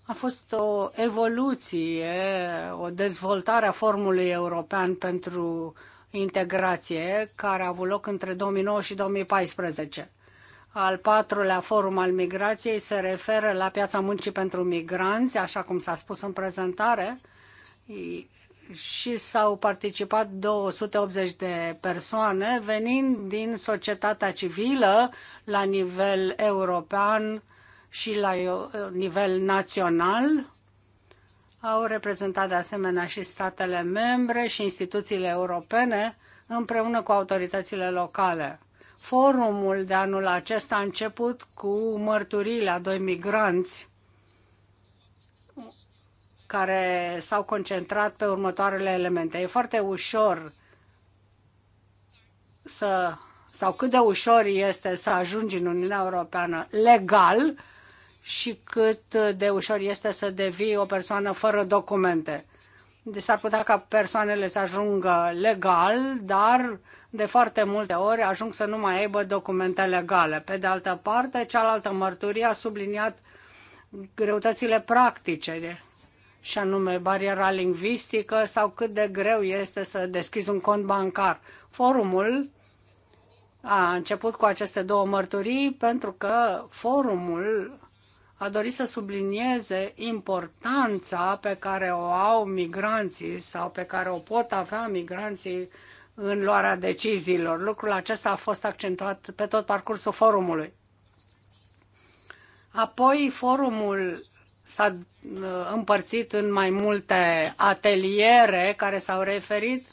A fost o evoluție, o dezvoltare a formului european pentru integrație care a avut loc între 2009 și 2014. Al patrulea forum al migrației se referă la piața muncii pentru migranți, așa cum s-a spus în prezentare, și s-au participat 280 de persoane venind din societatea civilă la nivel european, și la uh, nivel național. Au reprezentat de asemenea și statele membre și instituțiile europene împreună cu autoritățile locale. Forumul de anul acesta a început cu mărturii a doi migranți care s-au concentrat pe următoarele elemente. E foarte ușor să, sau cât de ușor este să ajungi în Uniunea Europeană legal, și cât de ușor este să devii o persoană fără documente. Deci s-ar putea ca persoanele să ajungă legal, dar de foarte multe ori ajung să nu mai aibă documente legale. Pe de altă parte, cealaltă mărturie a subliniat greutățile practice, și anume bariera lingvistică sau cât de greu este să deschizi un cont bancar. Forumul a început cu aceste două mărturii pentru că forumul a dorit să sublinieze importanța pe care o au migranții sau pe care o pot avea migranții în luarea deciziilor. Lucrul acesta a fost accentuat pe tot parcursul forumului. Apoi forumul s-a uh, împărțit în mai multe ateliere care s-au referit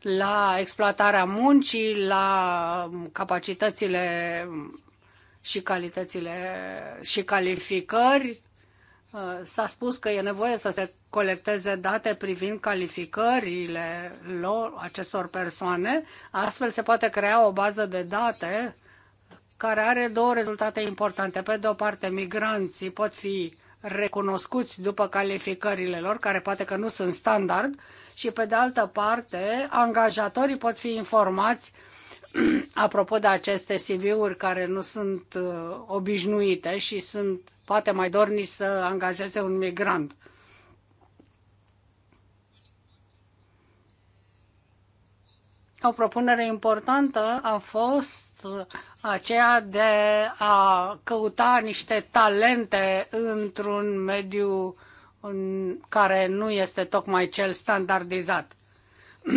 la exploatarea muncii, la capacitățile și calitățile și calificări. Uh, s-a spus că e nevoie să se colecteze date privind calificările lor, acestor persoane. Astfel se poate crea o bază de date care are două rezultate importante. Pe de o parte, migranții pot fi recunoscuți după calificările lor, care poate că nu sunt standard, și pe de altă parte, angajatorii pot fi informați apropo de aceste CV-uri care nu sunt uh, obișnuite și sunt poate mai dornici să angajeze un migrant. O propunere importantă a fost aceea de a căuta niște talente într-un mediu în care nu este tocmai cel standardizat. *clears throat*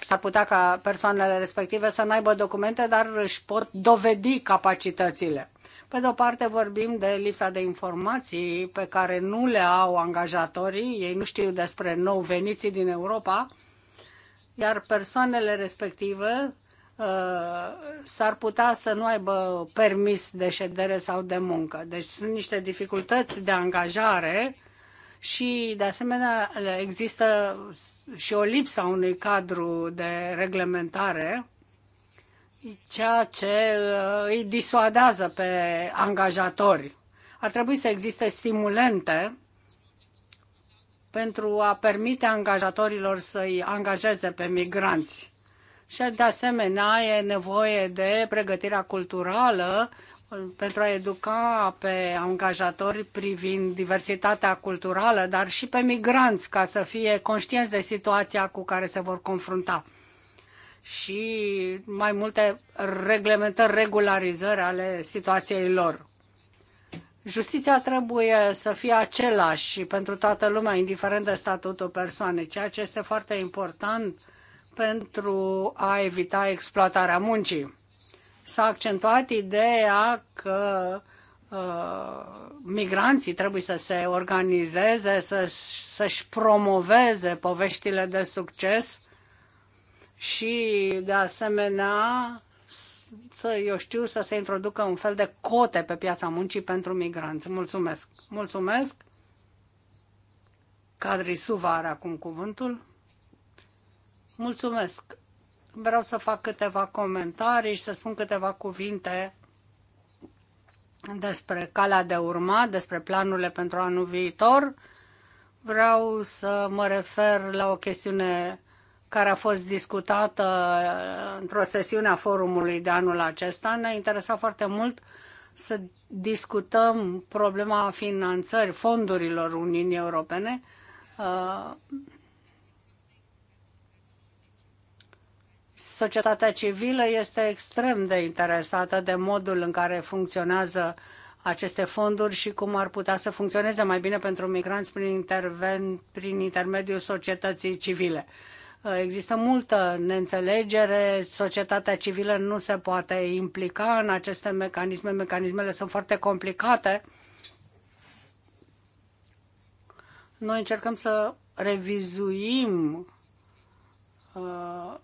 s-ar putea ca persoanele respective să n-aibă documente, dar își pot dovedi capacitățile. Pe de o parte vorbim de lipsa de informații pe care nu le au angajatorii, ei nu știu despre nou veniții din Europa, iar persoanele respective uh, s-ar putea să nu aibă permis de ședere sau de muncă. Deci sunt niște dificultăți de angajare și, de asemenea, există și o lipsă a unui cadru de reglementare, ceea ce uh, îi disuadează pe angajatori. Ar trebui să existe stimulente pentru a permite angajatorilor să-i angajeze pe migranți. Și, de asemenea, e nevoie de pregătirea culturală pentru a educa pe angajatori privind diversitatea culturală, dar și pe migranți, ca să fie conștienți de situația cu care se vor confrunta. Și mai multe reglementări, regularizări ale situației lor. Justiția trebuie să fie același pentru toată lumea, indiferent de statutul persoanei, ceea ce este foarte important pentru a evita exploatarea muncii S-a accentuat ideea că uh, migranții trebuie să se organizeze, să, să-și promoveze poveștile de succes și, de asemenea, să, eu știu, să se introducă un fel de cote pe piața muncii pentru migranți. Mulțumesc! Mulțumesc! Cadri Suva are acum cuvântul. Mulțumesc! Vreau să fac câteva comentarii și să spun câteva cuvinte despre calea de urmat, despre planurile pentru anul viitor. Vreau să mă refer la o chestiune care a fost discutată într-o sesiune a forumului de anul acesta. Ne-a interesat foarte mult să discutăm problema finanțării fondurilor Uniunii Europene. Uh, Societatea civilă este extrem de interesată de modul în care funcționează aceste fonduri și cum ar putea să funcționeze mai bine pentru migranți prin, interven, prin intermediul societății civile. Există multă neînțelegere, societatea civilă nu se poate implica în aceste mecanisme, mecanismele sunt foarte complicate. Noi încercăm să revizuim uh,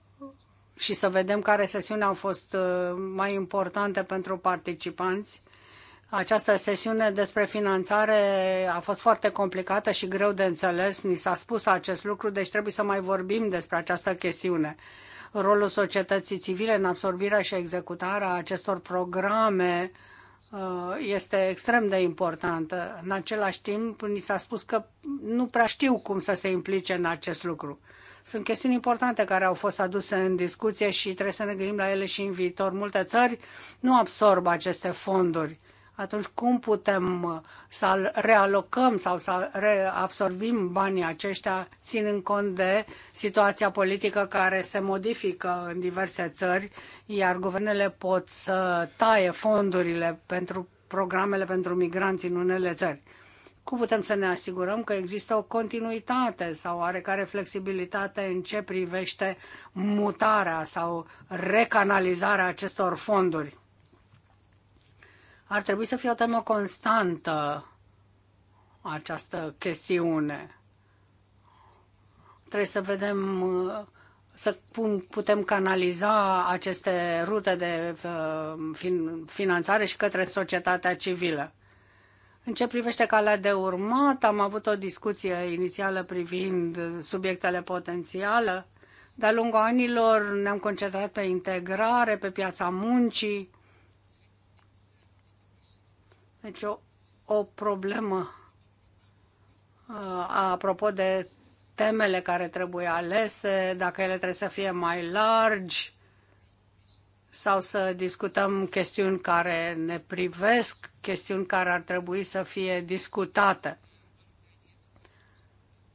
și să vedem care sesiuni au fost uh, mai importante pentru participanți. Această sesiune despre finanțare a fost foarte complicată și greu de înțeles. Ni s-a spus acest lucru, deci trebuie să mai vorbim despre această chestiune. Rolul societății civile în absorbirea și executarea acestor programe uh, este extrem de importantă. În același timp, ni s-a spus că nu prea știu cum să se implice în acest lucru. Sunt chestiuni importante care au fost aduse în discuție și trebuie să ne gândim la ele și în viitor. Multe țări nu absorb aceste fonduri. Atunci cum putem uh, să realocăm sau să reabsorbim banii aceștia, ținând cont de situația politică care se modifică în diverse țări, iar guvernele pot să taie fondurile pentru programele pentru migranți în unele țări. Cum putem să ne asigurăm că există o continuitate sau oarecare flexibilitate în ce privește mutarea sau recanalizarea acestor fonduri? Ar trebui să fie o temă constantă această chestiune. Trebuie să vedem, să putem canaliza aceste rute de uh, finanțare și către societatea civilă. În ce privește calea de urmat, am avut o discuție inițială privind subiectele potențiale. De-a lungul anilor ne-am concentrat pe integrare, pe piața muncii. Deci o, o problemă uh, apropo de temele care trebuie alese, dacă ele trebuie să fie mai largi, sau să discutăm chestiuni care ne privesc, chestiuni care ar trebui să fie discutate.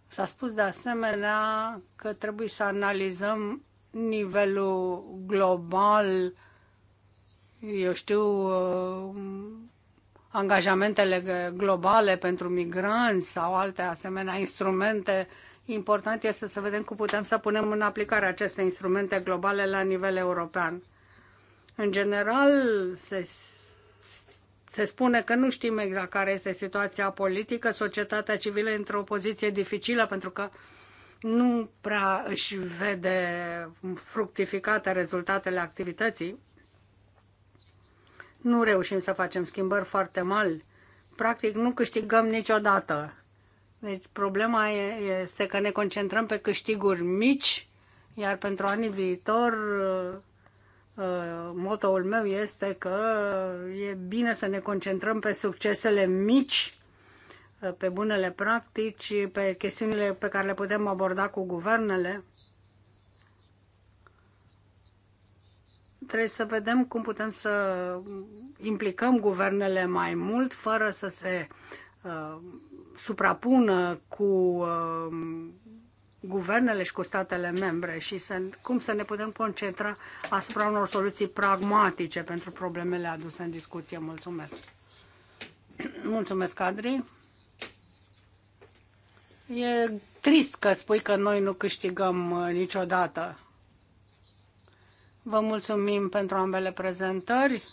S-a spus de asemenea că trebuie să analizăm nivelul global, eu știu, uh, angajamentele globale pentru migranți sau alte asemenea instrumente. Important este să vedem cum putem să punem în aplicare aceste instrumente globale la nivel european. În general, se, se spune că nu știm exact care este situația politică, societatea civilă într-o poziție dificilă pentru că nu prea își vede fructificate rezultatele activității. Nu reușim să facem schimbări foarte mari. Practic nu câștigăm niciodată. Deci problema este că ne concentrăm pe câștiguri mici, iar pentru anii viitor Uh, motoul meu este că e bine să ne concentrăm pe succesele mici, uh, pe bunele practici, pe chestiunile pe care le putem aborda cu guvernele. Trebuie să vedem cum putem să implicăm guvernele mai mult fără să se uh, suprapună cu uh, guvernele și cu statele membre și să, cum să ne putem concentra asupra unor soluții pragmatice pentru problemele aduse în discuție. Mulțumesc! Mulțumesc, Adri! E trist că spui că noi nu câștigăm uh, niciodată. Vă mulțumim pentru ambele prezentări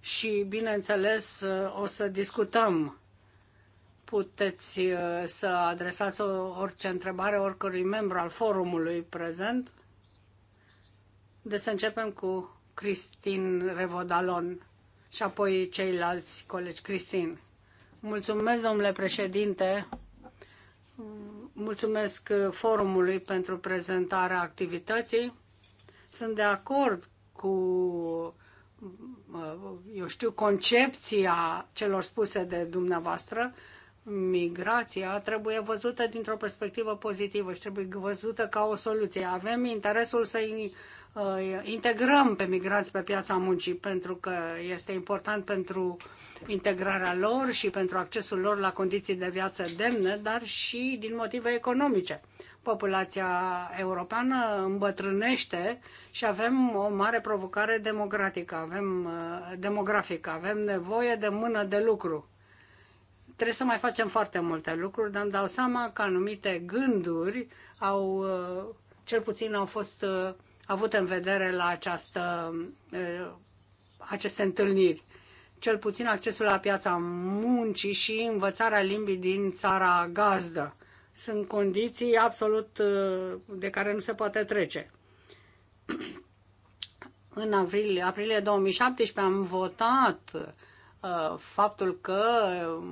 și, bineînțeles, uh, o să discutăm puteți uh, să adresați orice întrebare oricărui membru al forumului prezent. De să începem cu Cristin Revodalon și apoi ceilalți colegi. Cristin. Mulțumesc, domnule președinte. Mulțumesc forumului pentru prezentarea activității. Sunt de acord cu uh, eu știu, concepția celor spuse de dumneavoastră, migrația trebuie văzută dintr-o perspectivă pozitivă și trebuie văzută ca o soluție. Avem interesul să uh, integrăm pe migranți pe piața muncii pentru că este important pentru integrarea lor și pentru accesul lor la condiții de viață demne, dar și din motive economice. Populația europeană îmbătrânește și avem o mare provocare democratică, avem uh, demografică, avem nevoie de mână de lucru Trebuie să mai facem foarte multe lucruri, dar îmi dau seama că anumite gânduri au, uh, cel puțin au fost uh, avute în vedere la această, uh, aceste întâlniri cel puțin accesul la piața muncii și învățarea limbii din țara gazdă. Sunt condiții absolut de care nu se poate trece. În aprilie, aprilie 2017 am votat Uh, faptul că uh,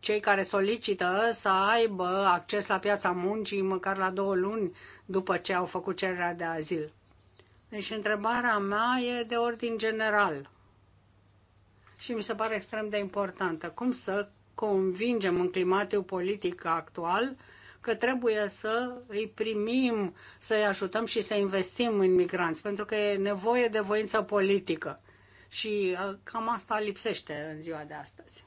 cei care solicită să aibă acces la piața muncii măcar la două luni după ce au făcut cererea de azil. Deci întrebarea mea e de ordin general și mi se pare extrem de importantă. Cum să convingem în climatul politic actual că trebuie să îi primim, să-i ajutăm și să investim în migranți, pentru că e nevoie de voință politică. Și uh, cam asta lipsește în ziua de astăzi.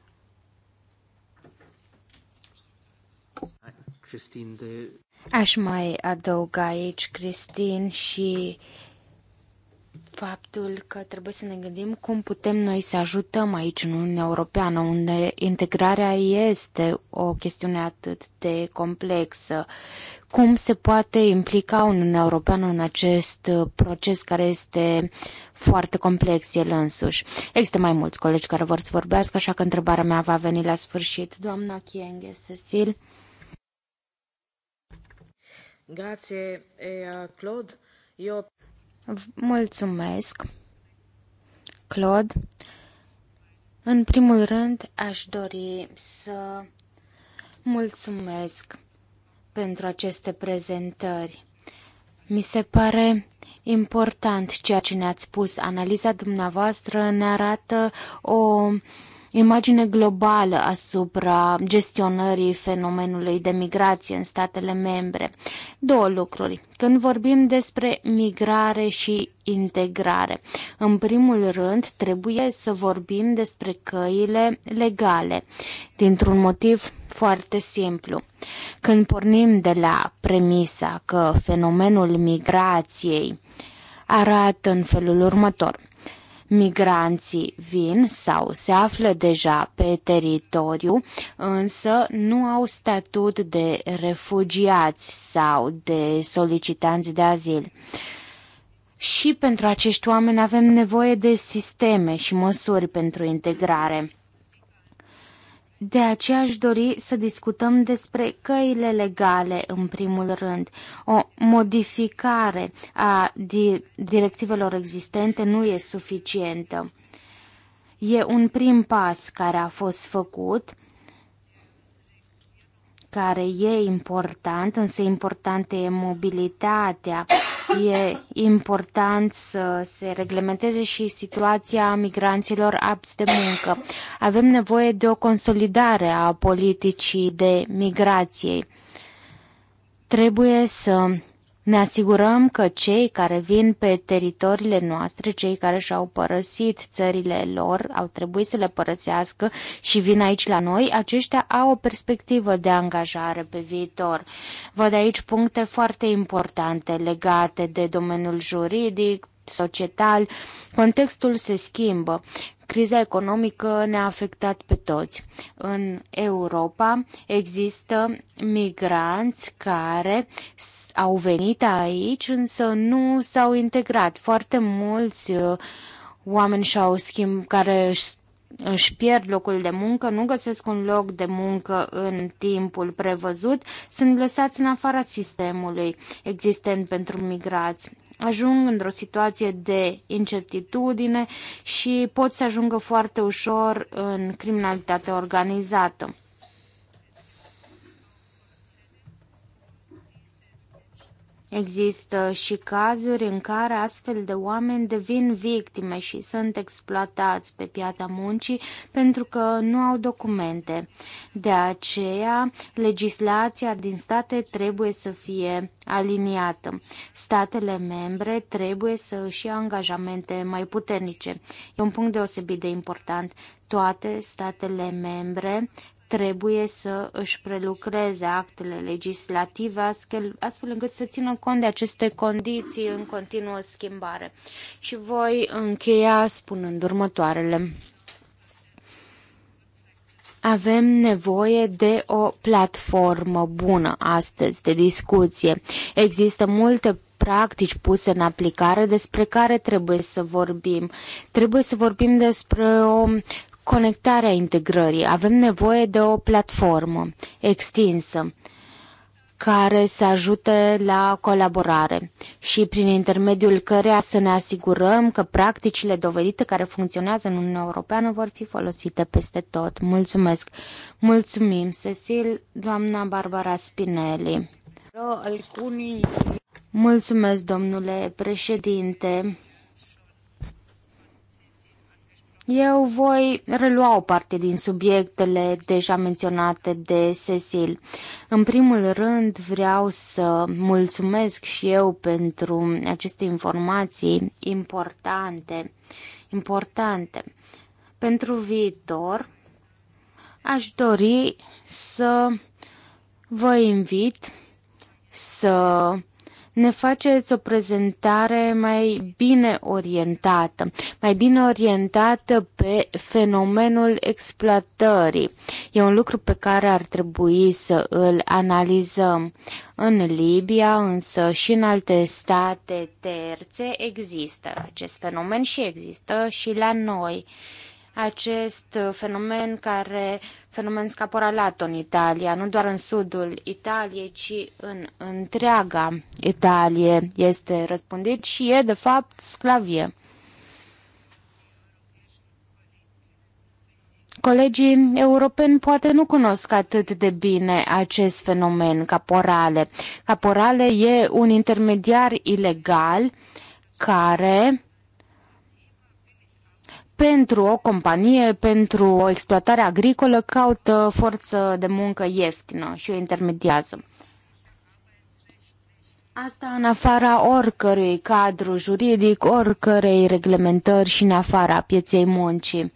Christine, Aș mai adăuga aici, Cristin, și faptul că trebuie să ne gândim cum putem noi să ajutăm aici în Uniunea Europeană, unde integrarea este o chestiune atât de complexă. Cum se poate implica Uniunea Europeană în acest proces care este uh, foarte complex el însuși. Există mai mulți colegi care vor să vorbească, așa că întrebarea mea va veni la sfârșit. Doamna Chienghe, Cecil. Grație, Claude. Eu... Mulțumesc, Claude. În primul rând, aș dori să mulțumesc pentru aceste prezentări. Mi se pare important ceea ce ne-ați spus. Analiza dumneavoastră ne arată o imagine globală asupra gestionării fenomenului de migrație în statele membre. Două lucruri. Când vorbim despre migrare și integrare, în primul rând trebuie să vorbim despre căile legale, dintr-un motiv foarte simplu. Când pornim de la premisa că fenomenul migrației arată în felul următor. Migranții vin sau se află deja pe teritoriu, însă nu au statut de refugiați sau de solicitanți de azil. Și pentru acești oameni avem nevoie de sisteme și măsuri pentru integrare. De aceea aș dori să discutăm despre căile legale, în primul rând. O modificare a directivelor existente nu e suficientă. E un prim pas care a fost făcut, care e important, însă importantă e mobilitatea E important să se reglementeze și situația migranților apți de muncă. Avem nevoie de o consolidare a politicii de migrație. Trebuie să ne asigurăm că cei care vin pe teritoriile noastre, cei care și-au părăsit țările lor, au trebuit să le părăsească și vin aici la noi, aceștia au o perspectivă de angajare pe viitor. Văd aici puncte foarte importante legate de domeniul juridic, societal, contextul se schimbă. Criza economică ne-a afectat pe toți. În Europa există migranți care au venit aici, însă nu s-au integrat. Foarte mulți uh, oameni și-au schimb, care își pierd locul de muncă, nu găsesc un loc de muncă în timpul prevăzut, sunt lăsați în afara sistemului existent pentru migrați ajung într-o situație de incertitudine și pot să ajungă foarte ușor în criminalitatea organizată. Există și cazuri în care astfel de oameni devin victime și sunt exploatați pe piața muncii pentru că nu au documente. De aceea, legislația din state trebuie să fie aliniată. Statele membre trebuie să își ia angajamente mai puternice. E un punct deosebit de important. Toate statele membre trebuie să își prelucreze actele legislative astfel încât să țină cont de aceste condiții în continuă schimbare. Și voi încheia spunând următoarele. Avem nevoie de o platformă bună astăzi de discuție. Există multe practici puse în aplicare despre care trebuie să vorbim. Trebuie să vorbim despre o conectarea integrării. Avem nevoie de o platformă extinsă care să ajute la colaborare și prin intermediul căreia să ne asigurăm că practicile dovedite care funcționează în Uniunea Europeană vor fi folosite peste tot. Mulțumesc! Mulțumim, Cecil, doamna Barbara Spinelli. Mulțumesc, domnule președinte. Eu voi relua o parte din subiectele deja menționate de Cecil. În primul rând vreau să mulțumesc și eu pentru aceste informații importante, importante. Pentru viitor aș dori să vă invit să ne faceți o prezentare mai bine orientată, mai bine orientată pe fenomenul exploatării. E un lucru pe care ar trebui să îl analizăm. În Libia, însă și în alte state terțe există acest fenomen și există și la noi acest uh, fenomen care, fenomen scaporalat în Italia, nu doar în sudul Italiei, ci în întreaga Italie este răspândit și e de fapt sclavie. Colegii europeni poate nu cunosc atât de bine acest fenomen, caporale. Caporale e un intermediar ilegal care pentru o companie, pentru o exploatare agricolă, caută forță de muncă ieftină și o intermediază. Asta în afara oricărui cadru juridic, oricărei reglementări și în afara pieței muncii.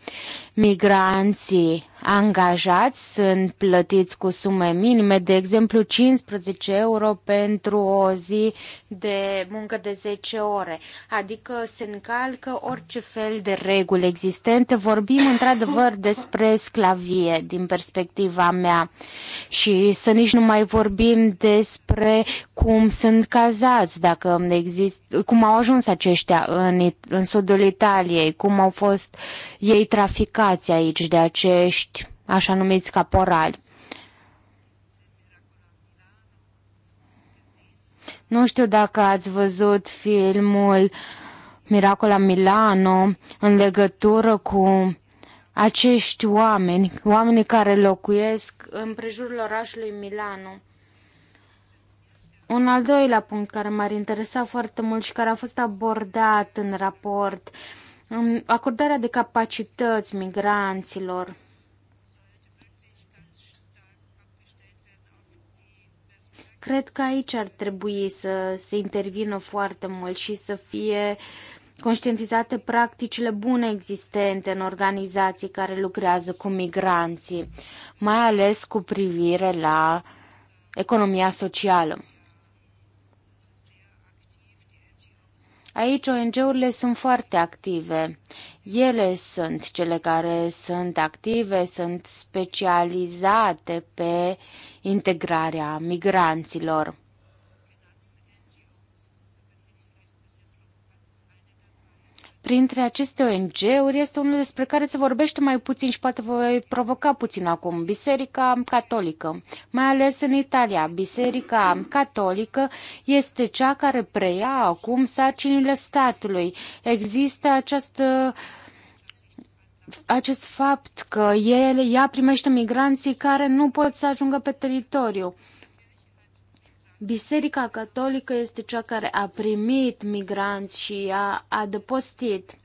Migranții angajați sunt plătiți cu sume minime, de exemplu 15 euro pentru o zi de muncă de 10 ore, adică se încalcă orice fel de reguli existente. Vorbim într-adevăr *laughs* despre sclavie din perspectiva mea și să nici nu mai vorbim despre cum sunt cazați, dacă exist, cum au ajuns aceștia în, în sudul Italiei, cum au fost ei traficați aici de acești așa numiți caporali. Nu știu dacă ați văzut filmul Miracola Milano în legătură cu acești oameni, oamenii care locuiesc în prejurul orașului Milano. Un al doilea punct care m-ar interesa foarte mult și care a fost abordat în raport, acordarea de capacități migranților. Cred că aici ar trebui să se intervină foarte mult și să fie conștientizate practicile bune existente în organizații care lucrează cu migranții, mai ales cu privire la economia socială. Aici ONG-urile sunt foarte active. Ele sunt cele care sunt active, sunt specializate pe integrarea migranților. printre aceste ONG-uri este unul despre care se vorbește mai puțin și poate voi provoca puțin acum, Biserica Catolică. Mai ales în Italia, Biserica Catolică este cea care preia acum sarcinile statului. Există această acest fapt că ele, ea primește migranții care nu pot să ajungă pe teritoriu. Biserica Catolică este cea care a primit migranți și a adăpostit.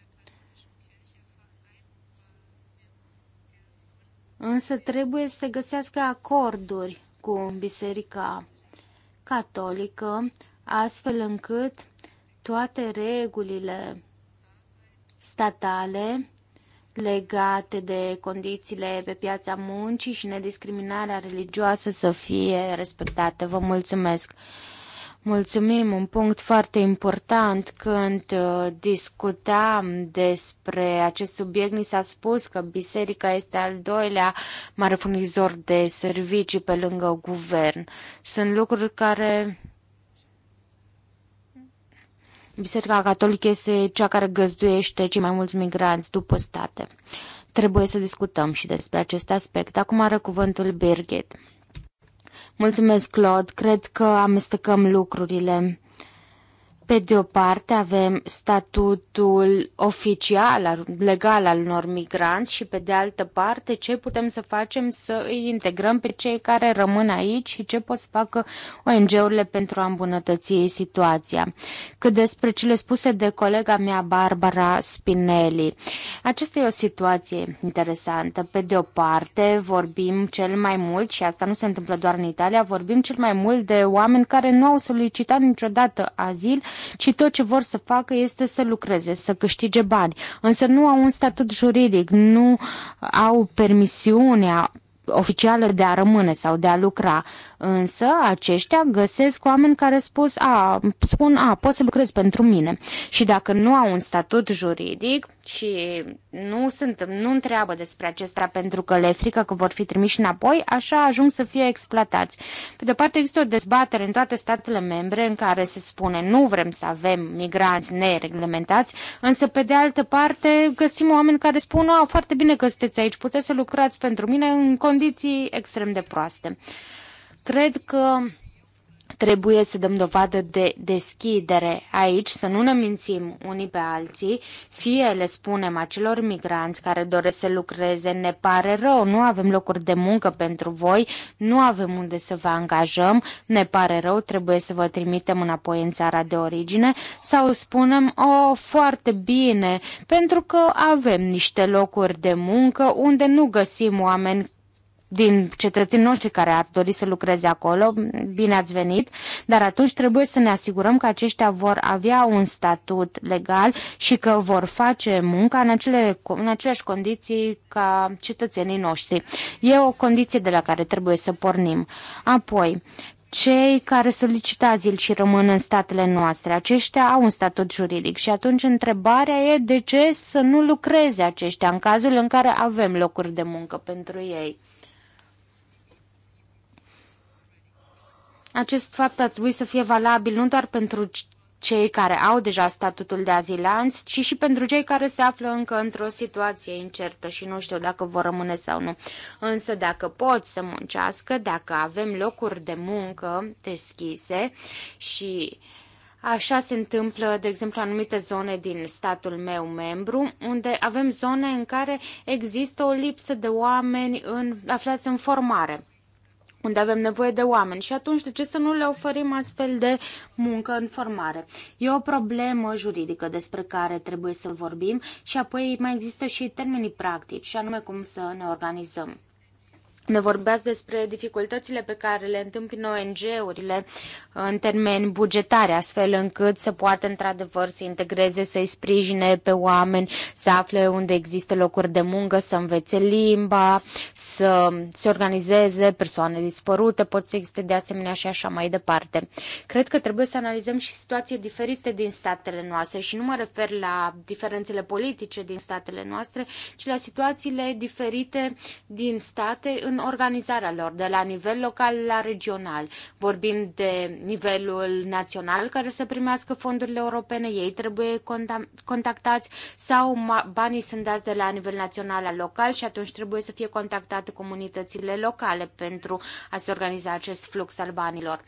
Însă trebuie să găsească acorduri cu Biserica Catolică, astfel încât toate regulile statale legate de condițiile pe piața muncii și nediscriminarea religioasă să fie respectate. Vă mulțumesc! Mulțumim, un punct foarte important când uh, discutam despre acest subiect, ni s-a spus că biserica este al doilea mare furnizor de servicii pe lângă guvern. Sunt lucruri care Biserica Catolică este cea care găzduiește cei mai mulți migranți după state. Trebuie să discutăm și despre acest aspect. Acum are cuvântul Birgit. Mulțumesc, Claude. Cred că amestecăm lucrurile. Pe de o parte avem statutul oficial, legal al unor migranți și pe de altă parte ce putem să facem să îi integrăm pe cei care rămân aici și ce pot să facă ONG-urile pentru a îmbunătăți situația. Cât despre cele spuse de colega mea Barbara Spinelli, aceasta e o situație interesantă. Pe de o parte vorbim cel mai mult, și asta nu se întâmplă doar în Italia, vorbim cel mai mult de oameni care nu au solicitat niciodată azil, ci tot ce vor să facă este să lucreze, să câștige bani. Însă nu au un statut juridic, nu au permisiunea oficială de a rămâne sau de a lucra. Însă aceștia găsesc oameni care spus, a, spun, a, poți să lucrezi pentru mine. Și dacă nu au un statut juridic și nu sunt, nu întreabă despre acesta pentru că le frică că vor fi trimiși înapoi, așa ajung să fie exploatați. Pe de parte există o dezbatere în toate statele membre în care se spune nu vrem să avem migranți nereglementați, însă pe de altă parte găsim oameni care spun, a, foarte bine că sunteți aici, puteți să lucrați pentru mine în condiții extrem de proaste. Cred că trebuie să dăm dovadă de deschidere aici, să nu ne mințim unii pe alții, fie le spunem acelor migranți care doresc să lucreze, ne pare rău, nu avem locuri de muncă pentru voi, nu avem unde să vă angajăm, ne pare rău, trebuie să vă trimitem înapoi în țara de origine, sau spunem, o, oh, foarte bine, pentru că avem niște locuri de muncă unde nu găsim oameni din cetățenii noștri care ar dori să lucreze acolo, bine ați venit, dar atunci trebuie să ne asigurăm că aceștia vor avea un statut legal și că vor face munca în, acele, în aceleași condiții ca cetățenii noștri. E o condiție de la care trebuie să pornim. Apoi, cei care solicită azil și rămân în statele noastre, aceștia au un statut juridic și atunci întrebarea e de ce să nu lucreze aceștia în cazul în care avem locuri de muncă pentru ei. Acest fapt ar trebui să fie valabil nu doar pentru cei care au deja statutul de azilanți, ci și pentru cei care se află încă într-o situație incertă și nu știu dacă vor rămâne sau nu. Însă dacă pot să muncească, dacă avem locuri de muncă deschise și Așa se întâmplă, de exemplu, anumite zone din statul meu membru, unde avem zone în care există o lipsă de oameni în, aflați în formare unde avem nevoie de oameni și atunci de ce să nu le oferim astfel de muncă în formare? E o problemă juridică despre care trebuie să vorbim și apoi mai există și termenii practici și anume cum să ne organizăm ne vorbeați despre dificultățile pe care le întâmpină ONG-urile uh, în termeni bugetare, astfel încât să poată într-adevăr să integreze, să-i sprijine pe oameni, să afle unde există locuri de muncă, să învețe limba, să se organizeze persoane dispărute, pot să existe de asemenea și așa mai departe. Cred că trebuie să analizăm și situații diferite din statele noastre și nu mă refer la diferențele politice din statele noastre, ci la situațiile diferite din state în în organizarea lor, de la nivel local la regional. Vorbim de nivelul național care să primească fondurile europene, ei trebuie contactați sau banii sunt dați de la nivel național la local și atunci trebuie să fie contactate comunitățile locale pentru a se organiza acest flux al banilor.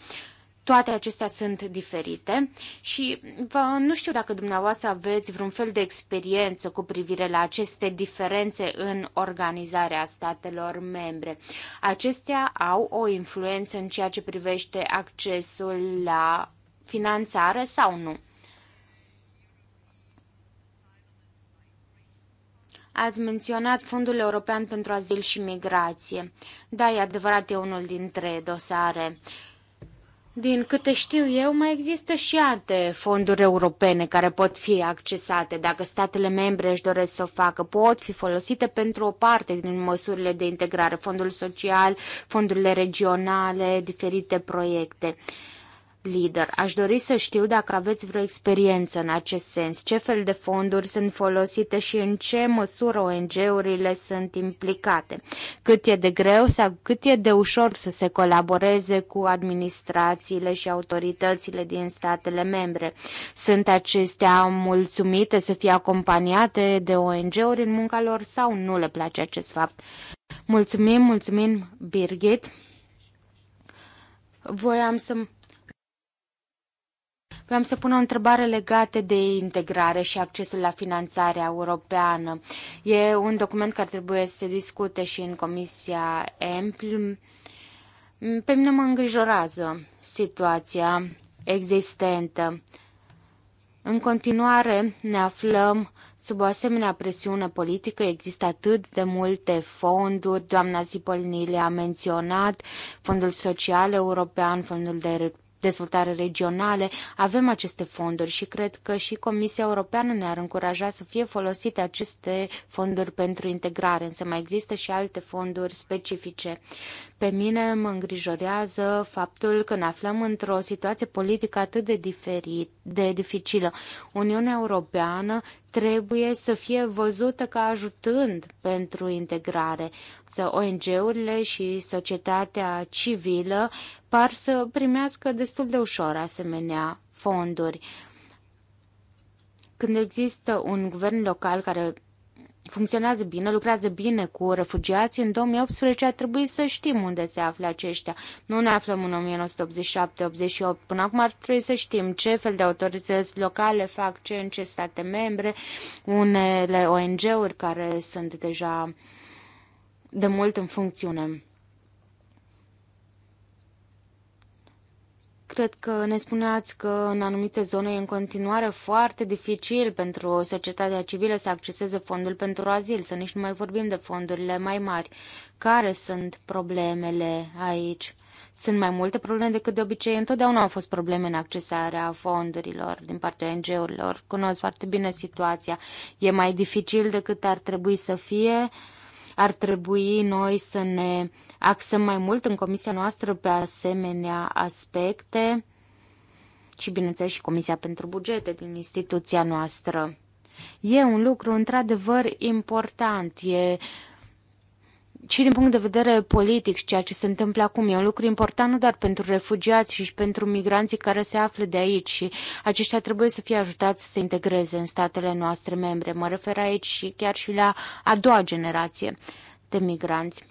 Toate acestea sunt diferite și vă, nu știu dacă dumneavoastră aveți vreun fel de experiență cu privire la aceste diferențe în organizarea statelor membre. Acestea au o influență în ceea ce privește accesul la finanțare sau nu? Ați menționat Fondul European pentru Azil și Migrație. Da, e adevărat, e unul dintre dosare. Uh, din câte știu eu, mai există și alte fonduri europene care pot fi accesate. Dacă statele membre își doresc să o facă, pot fi folosite pentru o parte din măsurile de integrare, fondul social, fondurile regionale, diferite proiecte. Uh, lider. Aș dori să știu dacă aveți vreo experiență în acest sens, ce fel de fonduri sunt folosite și în ce măsură ONG-urile sunt implicate, cât e de greu sau cât e de ușor să se colaboreze cu administrațiile și autoritățile din statele membre. Sunt acestea mulțumite să fie acompaniate de ONG-uri în munca lor sau nu le place acest fapt? Mulțumim, mulțumim, Birgit. Voiam să Vreau să pun o întrebare legată de integrare și accesul la finanțarea europeană. E un document care trebuie să se discute și în Comisia EMPL. Pe mine mă îngrijorează situația existentă. În continuare ne aflăm sub o asemenea presiune politică. Există atât de multe fonduri, doamna Zipolini le-a menționat, Fondul Social European, Fondul de dezvoltare regionale, avem aceste fonduri și cred că și Comisia Europeană ne-ar încuraja să fie folosite aceste fonduri pentru integrare, însă mai există și alte fonduri specifice. Pe mine mă îngrijorează faptul că ne aflăm într-o situație politică atât de, diferit, de dificilă. Uniunea Europeană trebuie să fie văzută ca ajutând pentru integrare. Să ONG-urile și societatea civilă par să primească destul de ușor asemenea fonduri. Când există un guvern local care funcționează bine, lucrează bine cu refugiații. În 2018 a trebuit să știm unde se află aceștia. Nu ne aflăm în 1987-88. Până acum ar trebui să știm ce fel de autorități locale fac ce în ce state membre, unele ONG-uri care sunt deja de mult în funcțiune. Cred că ne spuneați că în anumite zone e în continuare foarte dificil pentru societatea civilă să acceseze fondul pentru azil, să nici nu mai vorbim de fondurile mai mari. Care sunt problemele aici? Sunt mai multe probleme decât de obicei. Întotdeauna au fost probleme în accesarea fondurilor din partea ONG-urilor. Cunosc foarte bine situația. E mai dificil decât ar trebui să fie. Uh, ar trebui noi să ne axăm mai mult în comisia noastră pe asemenea aspecte și, bineînțeles, și Comisia pentru Bugete din instituția noastră. E un lucru într-adevăr important, e uh, și din punct de vedere politic, ceea ce se întâmplă acum e un lucru important nu doar pentru refugiați, și pentru migranții care se află de aici și aceștia trebuie să fie ajutați să se integreze în statele noastre membre. Mă refer aici și chiar și la a doua generație de migranți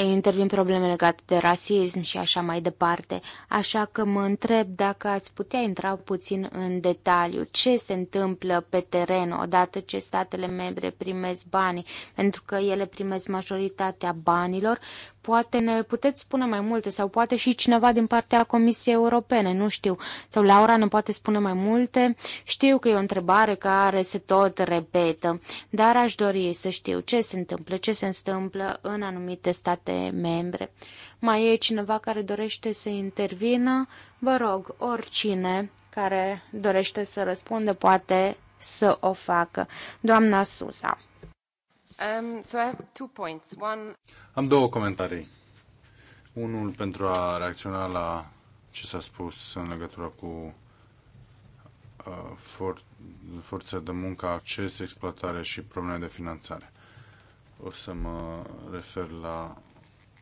intervin probleme legate de rasism și așa mai departe. Așa că mă întreb dacă ați putea intra puțin în detaliu ce se întâmplă pe teren odată ce statele membre primesc banii, pentru că ele primesc majoritatea banilor, Poate ne puteți spune mai multe sau poate și cineva din partea Comisiei Europene, nu știu. Sau Laura ne poate spune mai multe. Știu că e o întrebare care se tot repetă, dar aș dori să știu ce se întâmplă, ce se întâmplă în anumite state membre. Mai e cineva care dorește să intervină? Vă rog, oricine care dorește să răspundă poate să o facă. Doamna Susa. Um, Am două comentarii. Unul pentru a reacționa la ce s-a spus în legătură cu uh, for, forță de muncă, acces, exploatare și probleme de finanțare. O să mă refer la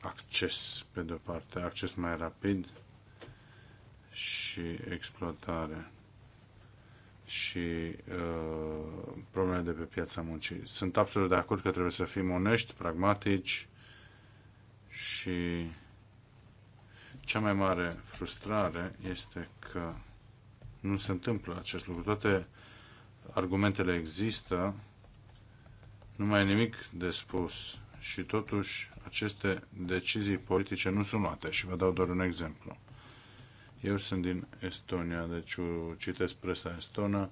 acces, pe de-o parte, acces mai rapid și exploatare și uh, problemele de pe piața muncii. Sunt absolut de acord că trebuie să fim onești, pragmatici și cea mai mare frustrare este că nu se întâmplă acest lucru. Toate argumentele există, nu mai e nimic de spus și totuși aceste decizii politice nu sunt luate și vă dau doar un exemplu. Eu sunt din Estonia, deci citesc presa estonă.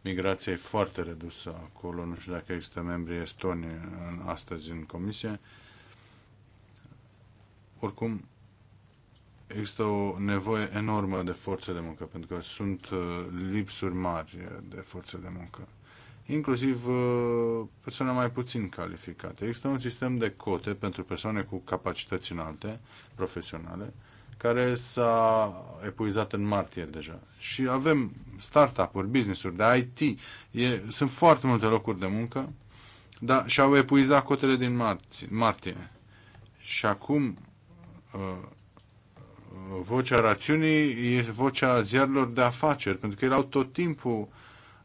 Migrația e foarte redusă acolo. Nu știu dacă există membrii în astăzi în comisie. Oricum, există o nevoie enormă de forță de muncă, pentru că sunt uh, lipsuri mari de forță de muncă. Inclusiv uh, persoane mai puțin calificate. Există un sistem de cote pentru persoane cu capacități înalte, profesionale, care s-a epuizat în martie deja. Și avem startup-uri, business-uri de IT. E, sunt foarte multe locuri de muncă, dar și-au epuizat cotele din martie. martie. Și acum uh, vocea rațiunii e vocea ziarilor de afaceri, pentru că erau tot timpul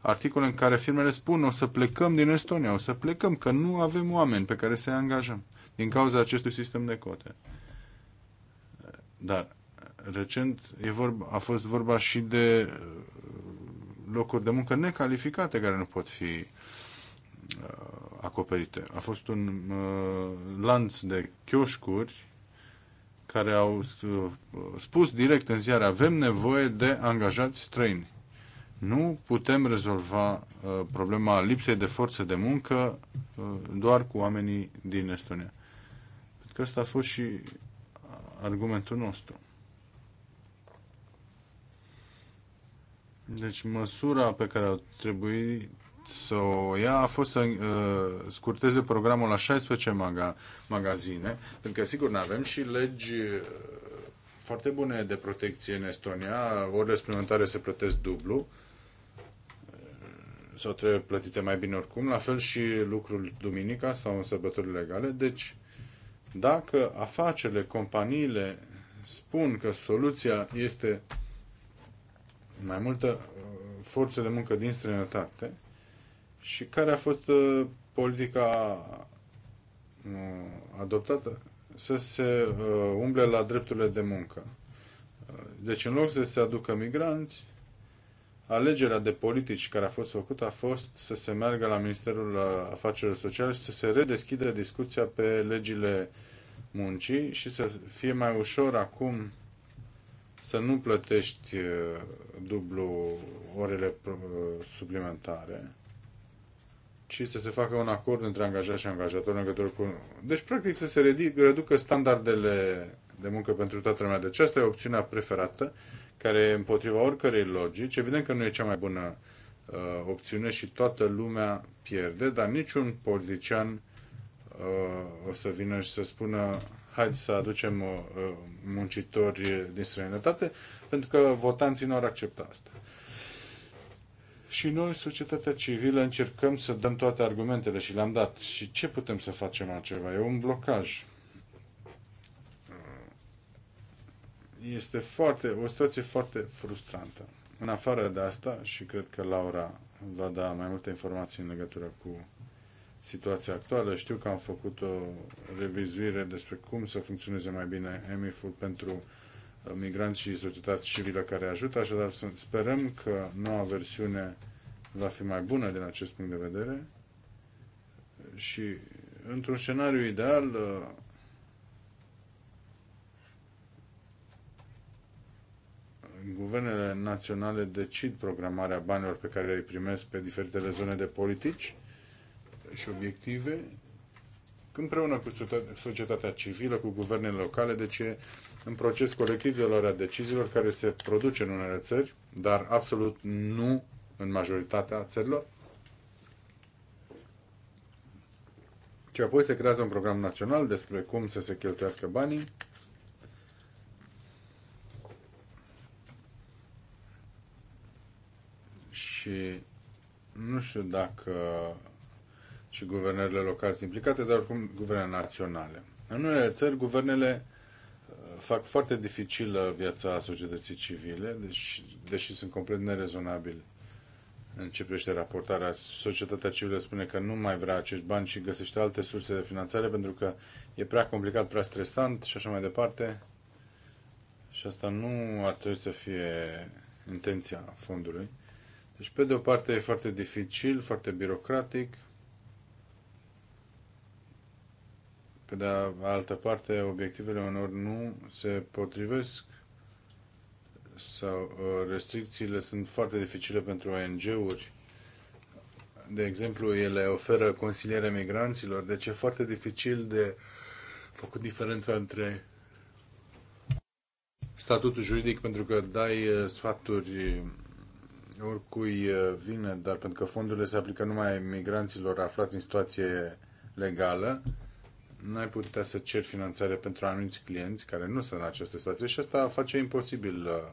articole în care firmele spun o să plecăm din Estonia, o să plecăm, că nu avem oameni pe care să-i angajăm din cauza acestui sistem de cote. Dar uh, recent e vorba, a fost vorba și de uh, locuri de muncă necalificate care nu pot fi uh, acoperite. A fost un uh, lanț de chioșcuri care au uh, spus direct în ziare avem nevoie de angajați străini. Nu putem rezolva uh, problema lipsei de forță de muncă uh, doar cu oamenii din Estonia. Pentru că asta a fost și argumentul nostru. Deci măsura pe care au trebuit să o ia a fost să uh, scurteze programul la 16 maga- magazine, pentru că sigur nu avem și legi uh, foarte bune de protecție în Estonia, orele suplimentare se plătesc dublu uh, sau trebuie plătite mai bine oricum, la fel și lucrul duminica sau în sărbători legale, deci dacă afacerile, companiile spun că soluția este mai multă uh, forță de muncă din străinătate și care a fost uh, politica uh, adoptată să se umble la drepturile de muncă. Deci în loc să se aducă migranți, alegerea de politici care a fost făcută a fost să se meargă la Ministerul Afacerilor Sociale și să se redeschidă discuția pe legile muncii și să fie mai ușor acum să nu plătești uh, dublu orele uh, suplimentare, ci să se facă un acord între angajat și angajator în legătură cu... Deci, practic, să se reducă standardele de muncă pentru toată lumea. Deci asta e opțiunea preferată care e împotriva oricărei logici. Evident că nu e cea mai bună uh, opțiune și toată lumea pierde, dar niciun politician uh, o să vină și să spună „Hai să aducem uh, uh muncitori din străinătate, pentru că votanții nu ar accepta asta. Și noi, societatea civilă, încercăm să dăm toate argumentele și le-am dat. Și ce putem să facem altceva? E un blocaj. este foarte, o situație foarte frustrantă. În afară de asta, și cred că Laura va da mai multe informații în legătură cu situația actuală, știu că am făcut o revizuire despre cum să funcționeze mai bine EMIF-ul pentru uh, migranți și societatea civilă care ajută, așadar sperăm că noua versiune va fi mai bună din acest punct de vedere și într-un scenariu ideal uh, guvernele naționale decid programarea banilor pe care le primesc pe diferitele zone de politici și obiective, împreună cu societatea civilă, cu guvernele locale, deci e în proces colectiv de luarea deciziilor care se produce în unele țări, dar absolut nu în majoritatea țărilor. Și apoi se creează un program național despre cum să se cheltuiască banii și nu știu dacă și guvernele locale sunt implicate, dar oricum guvernele naționale. În unele țări, guvernele uh, fac foarte dificilă viața societății civile, deși, deși sunt complet nerezonabil în ce privește raportarea. Societatea civilă spune că nu mai vrea acești bani și găsește alte surse de finanțare pentru că e prea complicat, prea stresant și așa mai departe. Și asta nu ar trebui să fie intenția fondului. Deci, pe de o parte, e foarte dificil, foarte birocratic. Pe de altă parte, obiectivele unor nu se potrivesc sau uh, restricțiile sunt foarte dificile pentru ONG-uri. De exemplu, ele oferă consiliere migranților, deci e foarte dificil de făcut diferența între statutul juridic pentru că dai uh, sfaturi oricui uh, vine, dar pentru că fondurile se aplică numai migranților aflați în situație legală, n-ai putea să ceri finanțare pentru anumiți clienți care nu sunt în această situație și asta face imposibil uh,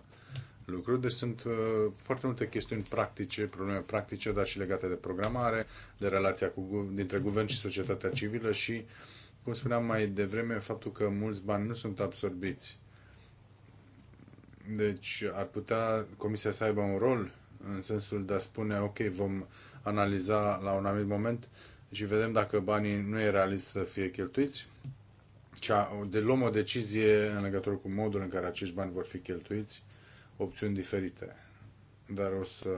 lucru. Deci sunt uh, foarte multe chestiuni practice, probleme practice, dar și legate de programare, de relația cu, dintre guvern și societatea civilă și, cum spuneam mai devreme, faptul că mulți bani nu sunt absorbiți. Deci ar putea Comisia să aibă un rol în sensul de a spune, ok, vom analiza la un anumit moment și vedem dacă banii nu e realist să fie cheltuiți, ci de luăm o decizie în legătură cu modul în care acești bani vor fi cheltuiți, opțiuni diferite. Dar o să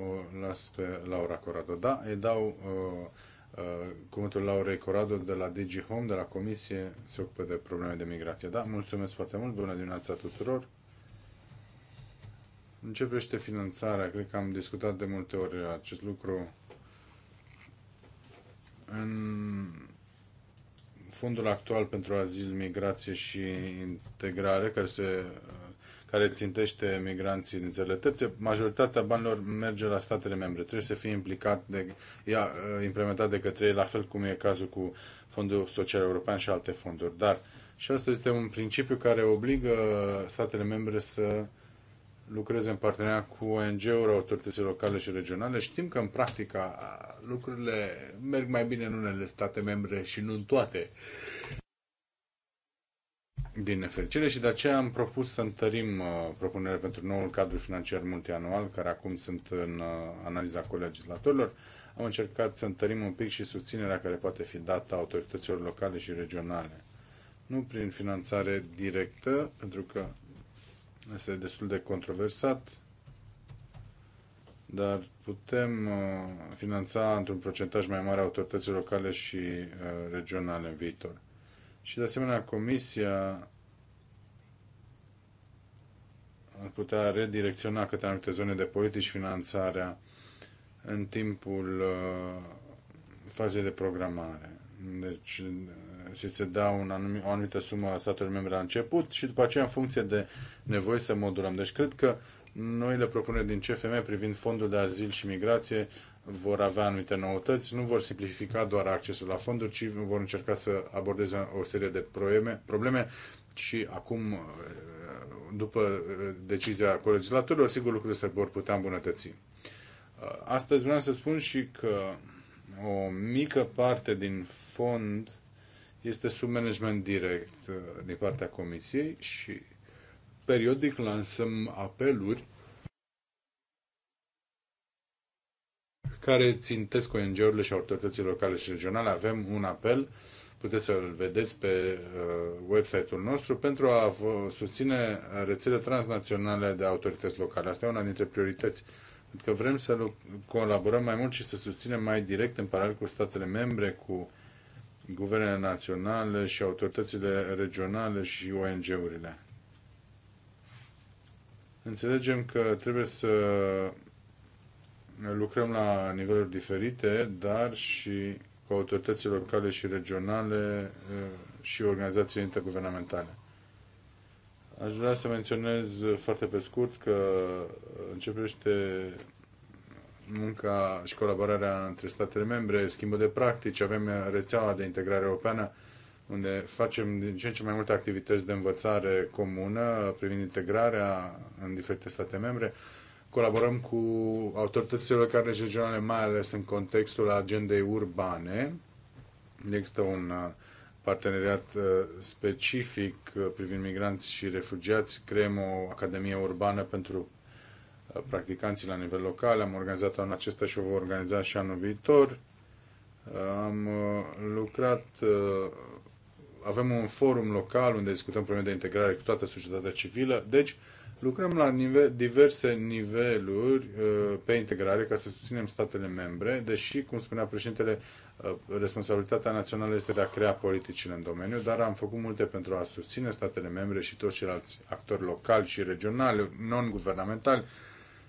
o las pe Laura Corado. Da, îi dau uh, uh, cuvântul Laura Corado de la DG Home, de la Comisie, se ocupă de probleme de migrație. Da, mulțumesc foarte mult, bună dimineața tuturor! Începește finanțarea, cred că am discutat de multe ori acest lucru. În fondul actual pentru azil, migrație și integrare, care, se, care țintește migranții din țările terțe, majoritatea banilor merge la statele membre. Trebuie să fie implicat de, ia, implementat de către ei, la fel cum e cazul cu Fondul Social European și alte fonduri. Dar și asta este un principiu care obligă statele membre să lucreze în parteneriat cu ONG-uri, autoritățile locale și regionale. Știm că în practica lucrurile merg mai bine în unele state membre și nu în toate. Din nefericire și de aceea am propus să întărim uh, propunerea pentru noul cadru financiar multianual, care acum sunt în uh, analiza colegislatorilor. Am încercat să întărim un pic și susținerea care poate fi dată autorităților locale și regionale. Nu prin finanțare directă, pentru că este destul de controversat, dar putem uh, finanța într-un procentaj mai mare autorității locale și uh, regionale în viitor. Și de asemenea, Comisia ar putea redirecționa către anumite zone de politici finanțarea în timpul uh, fazei de programare. Deci și se dă un anum, o anumită sumă statelor membre la început și după aceea în funcție de nevoi să modulăm. Deci cred că noile propuneri din CFM privind fondul de azil și migrație vor avea anumite noutăți, nu vor simplifica doar accesul la fonduri, ci vor încerca să abordeze o serie de probleme, probleme și acum, după decizia colegislatorilor, sigur lucrurile se vor putea îmbunătăți. Astăzi vreau să spun și că o mică parte din fond este sub management direct uh, din partea Comisiei și periodic lansăm apeluri care țintesc ONG-urile și autoritățile locale și regionale. Avem un apel, puteți să-l vedeți pe uh, website-ul nostru, pentru a susține rețele transnaționale de autorități locale. Asta e una dintre priorități. Pentru că vrem să colaborăm mai mult și să susținem mai direct în paralel cu statele membre, cu guvernele naționale și autoritățile regionale și ONG-urile. Înțelegem că trebuie să lucrăm la niveluri diferite, dar și cu autoritățile locale și regionale eh, și organizații interguvernamentale. Aș vrea să menționez foarte pe scurt că începește munca și colaborarea între statele membre, schimbul de practici, avem rețeaua de integrare europeană, unde facem din ce în ce mai multe activități de învățare comună privind integrarea în diferite state membre. Colaborăm cu autoritățile locale și regionale, mai ales în contextul agendei urbane. Există un uh, parteneriat uh, specific uh, privind migranți și refugiați. Creăm o academie urbană pentru practicanții la nivel local. Am organizat anul acesta și o vom organiza și anul viitor. Am uh, lucrat, uh, avem un forum local unde discutăm probleme de integrare cu toată societatea civilă. Deci, lucrăm la nive- diverse niveluri uh, pe integrare ca să susținem statele membre, deși, cum spunea președintele, responsabilitatea națională este de a crea politicile în domeniu, dar am făcut multe pentru a susține statele membre și toți ceilalți actori locali și regionali, non-guvernamentali,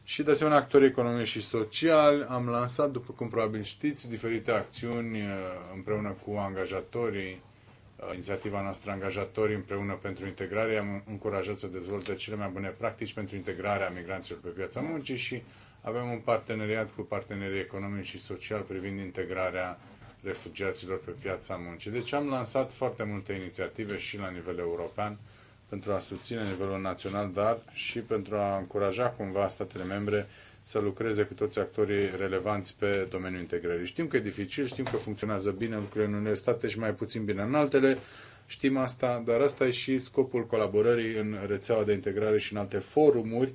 și de asemenea actori economici și sociali. Am lansat, după cum probabil știți, diferite acțiuni uh, împreună cu angajatorii, uh, inițiativa noastră Angajatorii împreună pentru integrare. Am încurajat să dezvolte cele mai bune practici pentru integrarea migranților pe piața muncii și avem un parteneriat cu partenerii economici și sociali privind integrarea refugiaților pe piața muncii. Deci am lansat foarte multe inițiative și la nivel european pentru a susține nivelul național, dar și pentru a încuraja cumva statele membre să lucreze cu toți actorii relevanți pe domeniul integrării. Știm că e dificil, știm că funcționează bine lucrurile în unele state și mai puțin bine în altele, știm asta, dar asta e și scopul colaborării în rețeaua de integrare și în alte forumuri.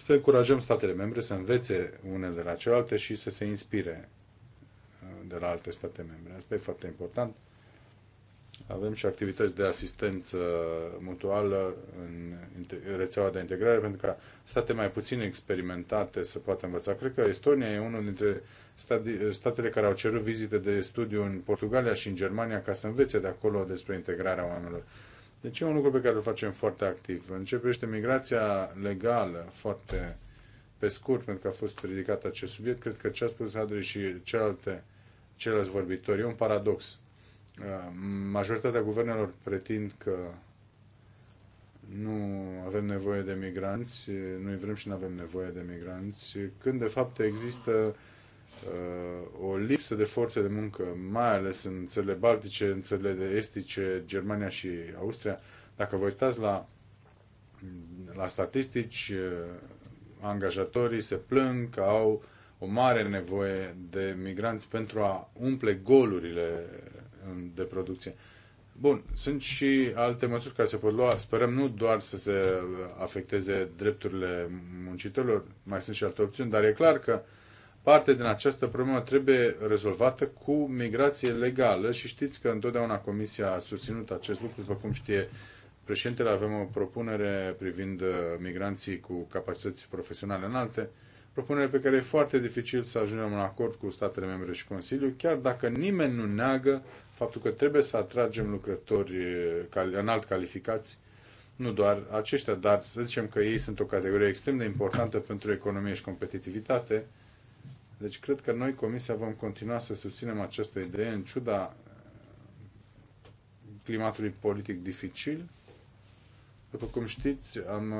Să încurajăm statele membre să învețe unele de la celelalte și să se inspire uh, de la alte state membre. Asta e foarte important. Avem și activități de asistență mutuală în rețeaua de integrare pentru ca state mai puțin experimentate să poată învăța. Cred că Estonia e unul dintre statele care au cerut vizite de studiu în Portugalia și în Germania ca să învețe de acolo despre integrarea oamenilor. Deci e un lucru pe care îl facem foarte activ. Începește migrația legală, foarte pe scurt, pentru că a fost ridicat acest subiect, cred că ce a spus Adri și celelalte, celelalte vorbitori, e un paradox. Uh, majoritatea guvernelor pretind că nu avem nevoie de migranți, nu vrem și nu avem nevoie de migranți, când de fapt există uh, o lipsă de forțe de muncă, mai ales în țările baltice, în țările de estice, Germania și Austria. Dacă vă uitați la, la statistici, uh, angajatorii se plâng că au o mare nevoie de migranți pentru a umple golurile de producție. Bun, sunt și alte măsuri care se pot lua. Sperăm nu doar să se afecteze drepturile muncitorilor, mai sunt și alte opțiuni, dar e clar că parte din această problemă trebuie rezolvată cu migrație legală și știți că întotdeauna Comisia a susținut acest lucru, după cum știe președintele, avem o propunere privind migranții cu capacități profesionale înalte propunere pe care e foarte dificil să ajungem la acord cu statele membre și Consiliul, chiar dacă nimeni nu neagă faptul că trebuie să atragem lucrători eh, înalt calificați, nu doar aceștia, dar să zicem că ei sunt o categorie extrem de importantă pentru economie și competitivitate. Deci cred că noi, Comisia, vom continua să susținem această idee în ciuda climatului politic dificil. După cum știți, am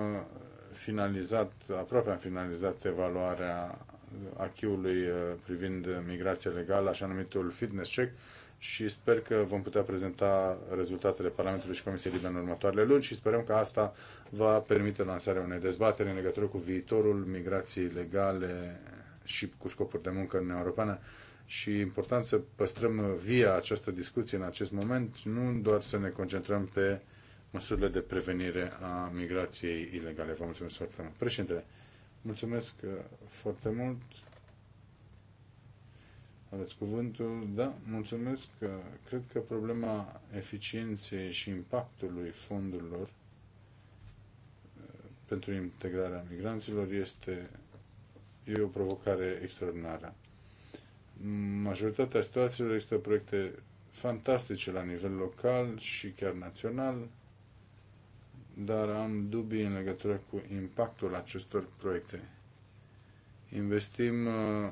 finalizat, aproape am finalizat evaluarea achiului uh, privind migrația legală, așa numitul fitness check, și sper că vom putea prezenta rezultatele Parlamentului și Comisiei Libe în următoarele luni și sperăm că asta va permite lansarea unei dezbateri în legătură cu viitorul migrației legale și cu scopuri de muncă în Europeană și e important să păstrăm via această discuție în acest moment, nu doar să ne concentrăm pe uh, măsurile de prevenire a migrației ilegale. Vă mulțumesc foarte mult. Președintele, mulțumesc uh, foarte mult. Aveți cuvântul? Da, mulțumesc. Uh, cred că problema eficienței și impactului fondurilor uh, pentru integrarea migranților este e o provocare extraordinară. Majoritatea situațiilor există proiecte fantastice la nivel local și chiar național, dar am dubii în legătură cu impactul acestor proiecte. Investim uh,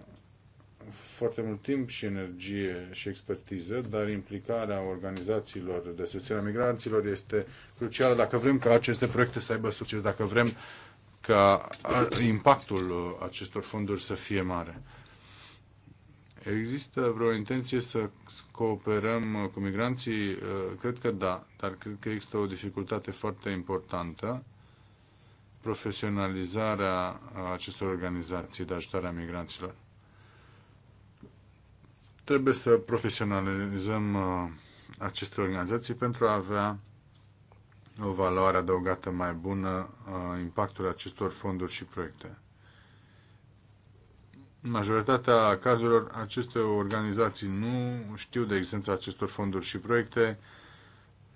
foarte mult timp și energie și expertiză, dar implicarea organizațiilor de susținere a migranților este crucială dacă vrem ca aceste proiecte să aibă succes, dacă vrem ca uh, impactul uh, acestor fonduri să fie mare. Există vreo intenție să cooperăm uh, cu migranții? Uh, cred că da, dar cred că există o dificultate foarte importantă profesionalizarea uh, acestor organizații de ajutare a migranților. Trebuie să profesionalizăm aceste organizații pentru a avea o valoare adăugată mai bună a impactului acestor fonduri și proiecte. În majoritatea cazurilor, aceste organizații nu știu de existența acestor fonduri și proiecte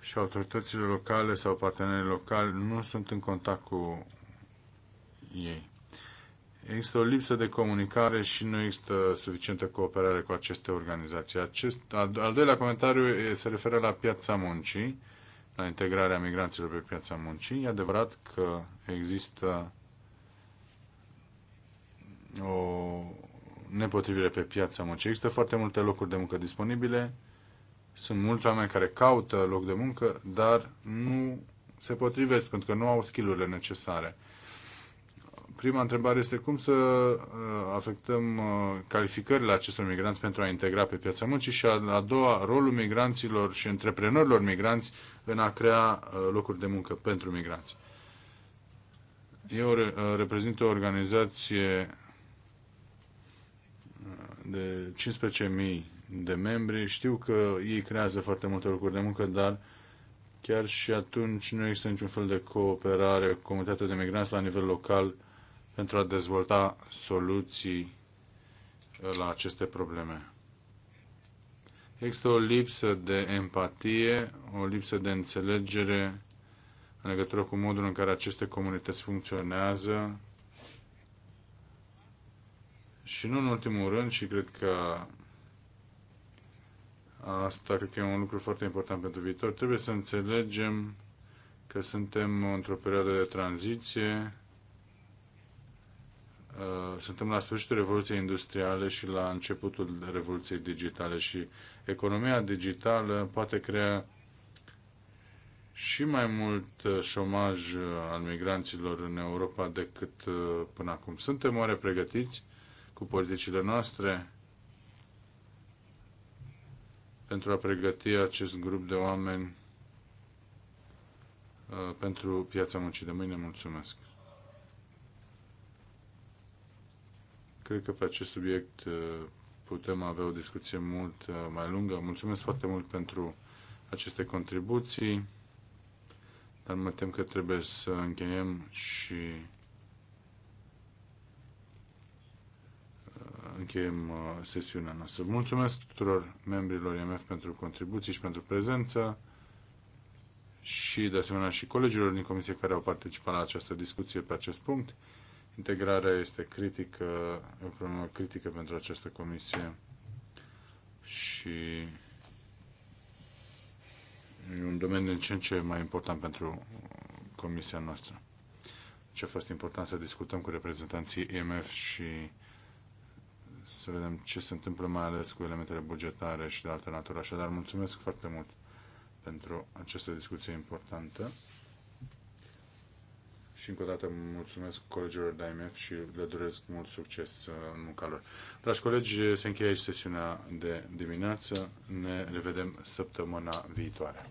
și autoritățile locale sau partenerii locali nu sunt în contact cu ei. Există o lipsă de comunicare și nu există suficientă cooperare cu aceste organizații. Acest, al doilea comentariu se referă la piața muncii, la integrarea migranților pe piața muncii. E adevărat că există o nepotrivire pe piața muncii. Există foarte multe locuri de muncă disponibile, sunt mulți oameni care caută loc de muncă, dar nu se potrivesc pentru că nu au skillurile necesare. Prima întrebare este cum să uh, afectăm uh, calificările acestor migranți pentru a integra pe piața muncii și a doua, rolul migranților și antreprenorilor migranți în a crea uh, locuri de muncă pentru migranți. Eu reprezint o organizație de 15.000 de membri. Știu că ei creează foarte multe locuri de muncă, dar chiar și atunci nu există niciun fel de cooperare cu comunitatea de migranți la nivel local pentru a dezvolta soluții la aceste probleme. Există o lipsă de empatie, o lipsă de înțelegere în legătură cu modul în care aceste comunități funcționează și nu în ultimul rând, și cred că asta cred că e un lucru foarte important pentru viitor, trebuie să înțelegem că suntem într-o perioadă de tranziție, uh, suntem la sfârșitul Revoluției Industriale și la începutul Revoluției Digitale și economia digitală poate crea și mai mult uh, șomaj uh, al migranților în Europa decât până acum. Suntem oare pregătiți? cu politicile noastre pentru a pregăti acest grup de oameni uh, pentru piața muncii de mâine. Mulțumesc! Cred că pe acest subiect uh, putem avea o discuție mult uh, mai lungă. Mulțumesc foarte mult pentru aceste contribuții, dar mă tem că trebuie să încheiem și încheiem uh, sesiunea noastră. Mulțumesc tuturor membrilor IMF pentru contribuții și pentru prezență și de asemenea și colegilor din comisie care au participat la această discuție pe acest punct. Integrarea este critică, e o problemă critică pentru această comisie și e un domeniu în ce în ce mai important pentru comisia noastră. Ce a fost important să discutăm cu reprezentanții IMF și să vedem ce se întâmplă mai ales cu elementele bugetare și de altă natură. Așadar, mulțumesc foarte mult pentru această discuție importantă. Și încă o dată mulțumesc colegilor de IMF și le doresc mult succes uh, în munca lor. Dragi colegi, se încheie aici sesiunea de dimineață. Ne revedem săptămâna viitoare.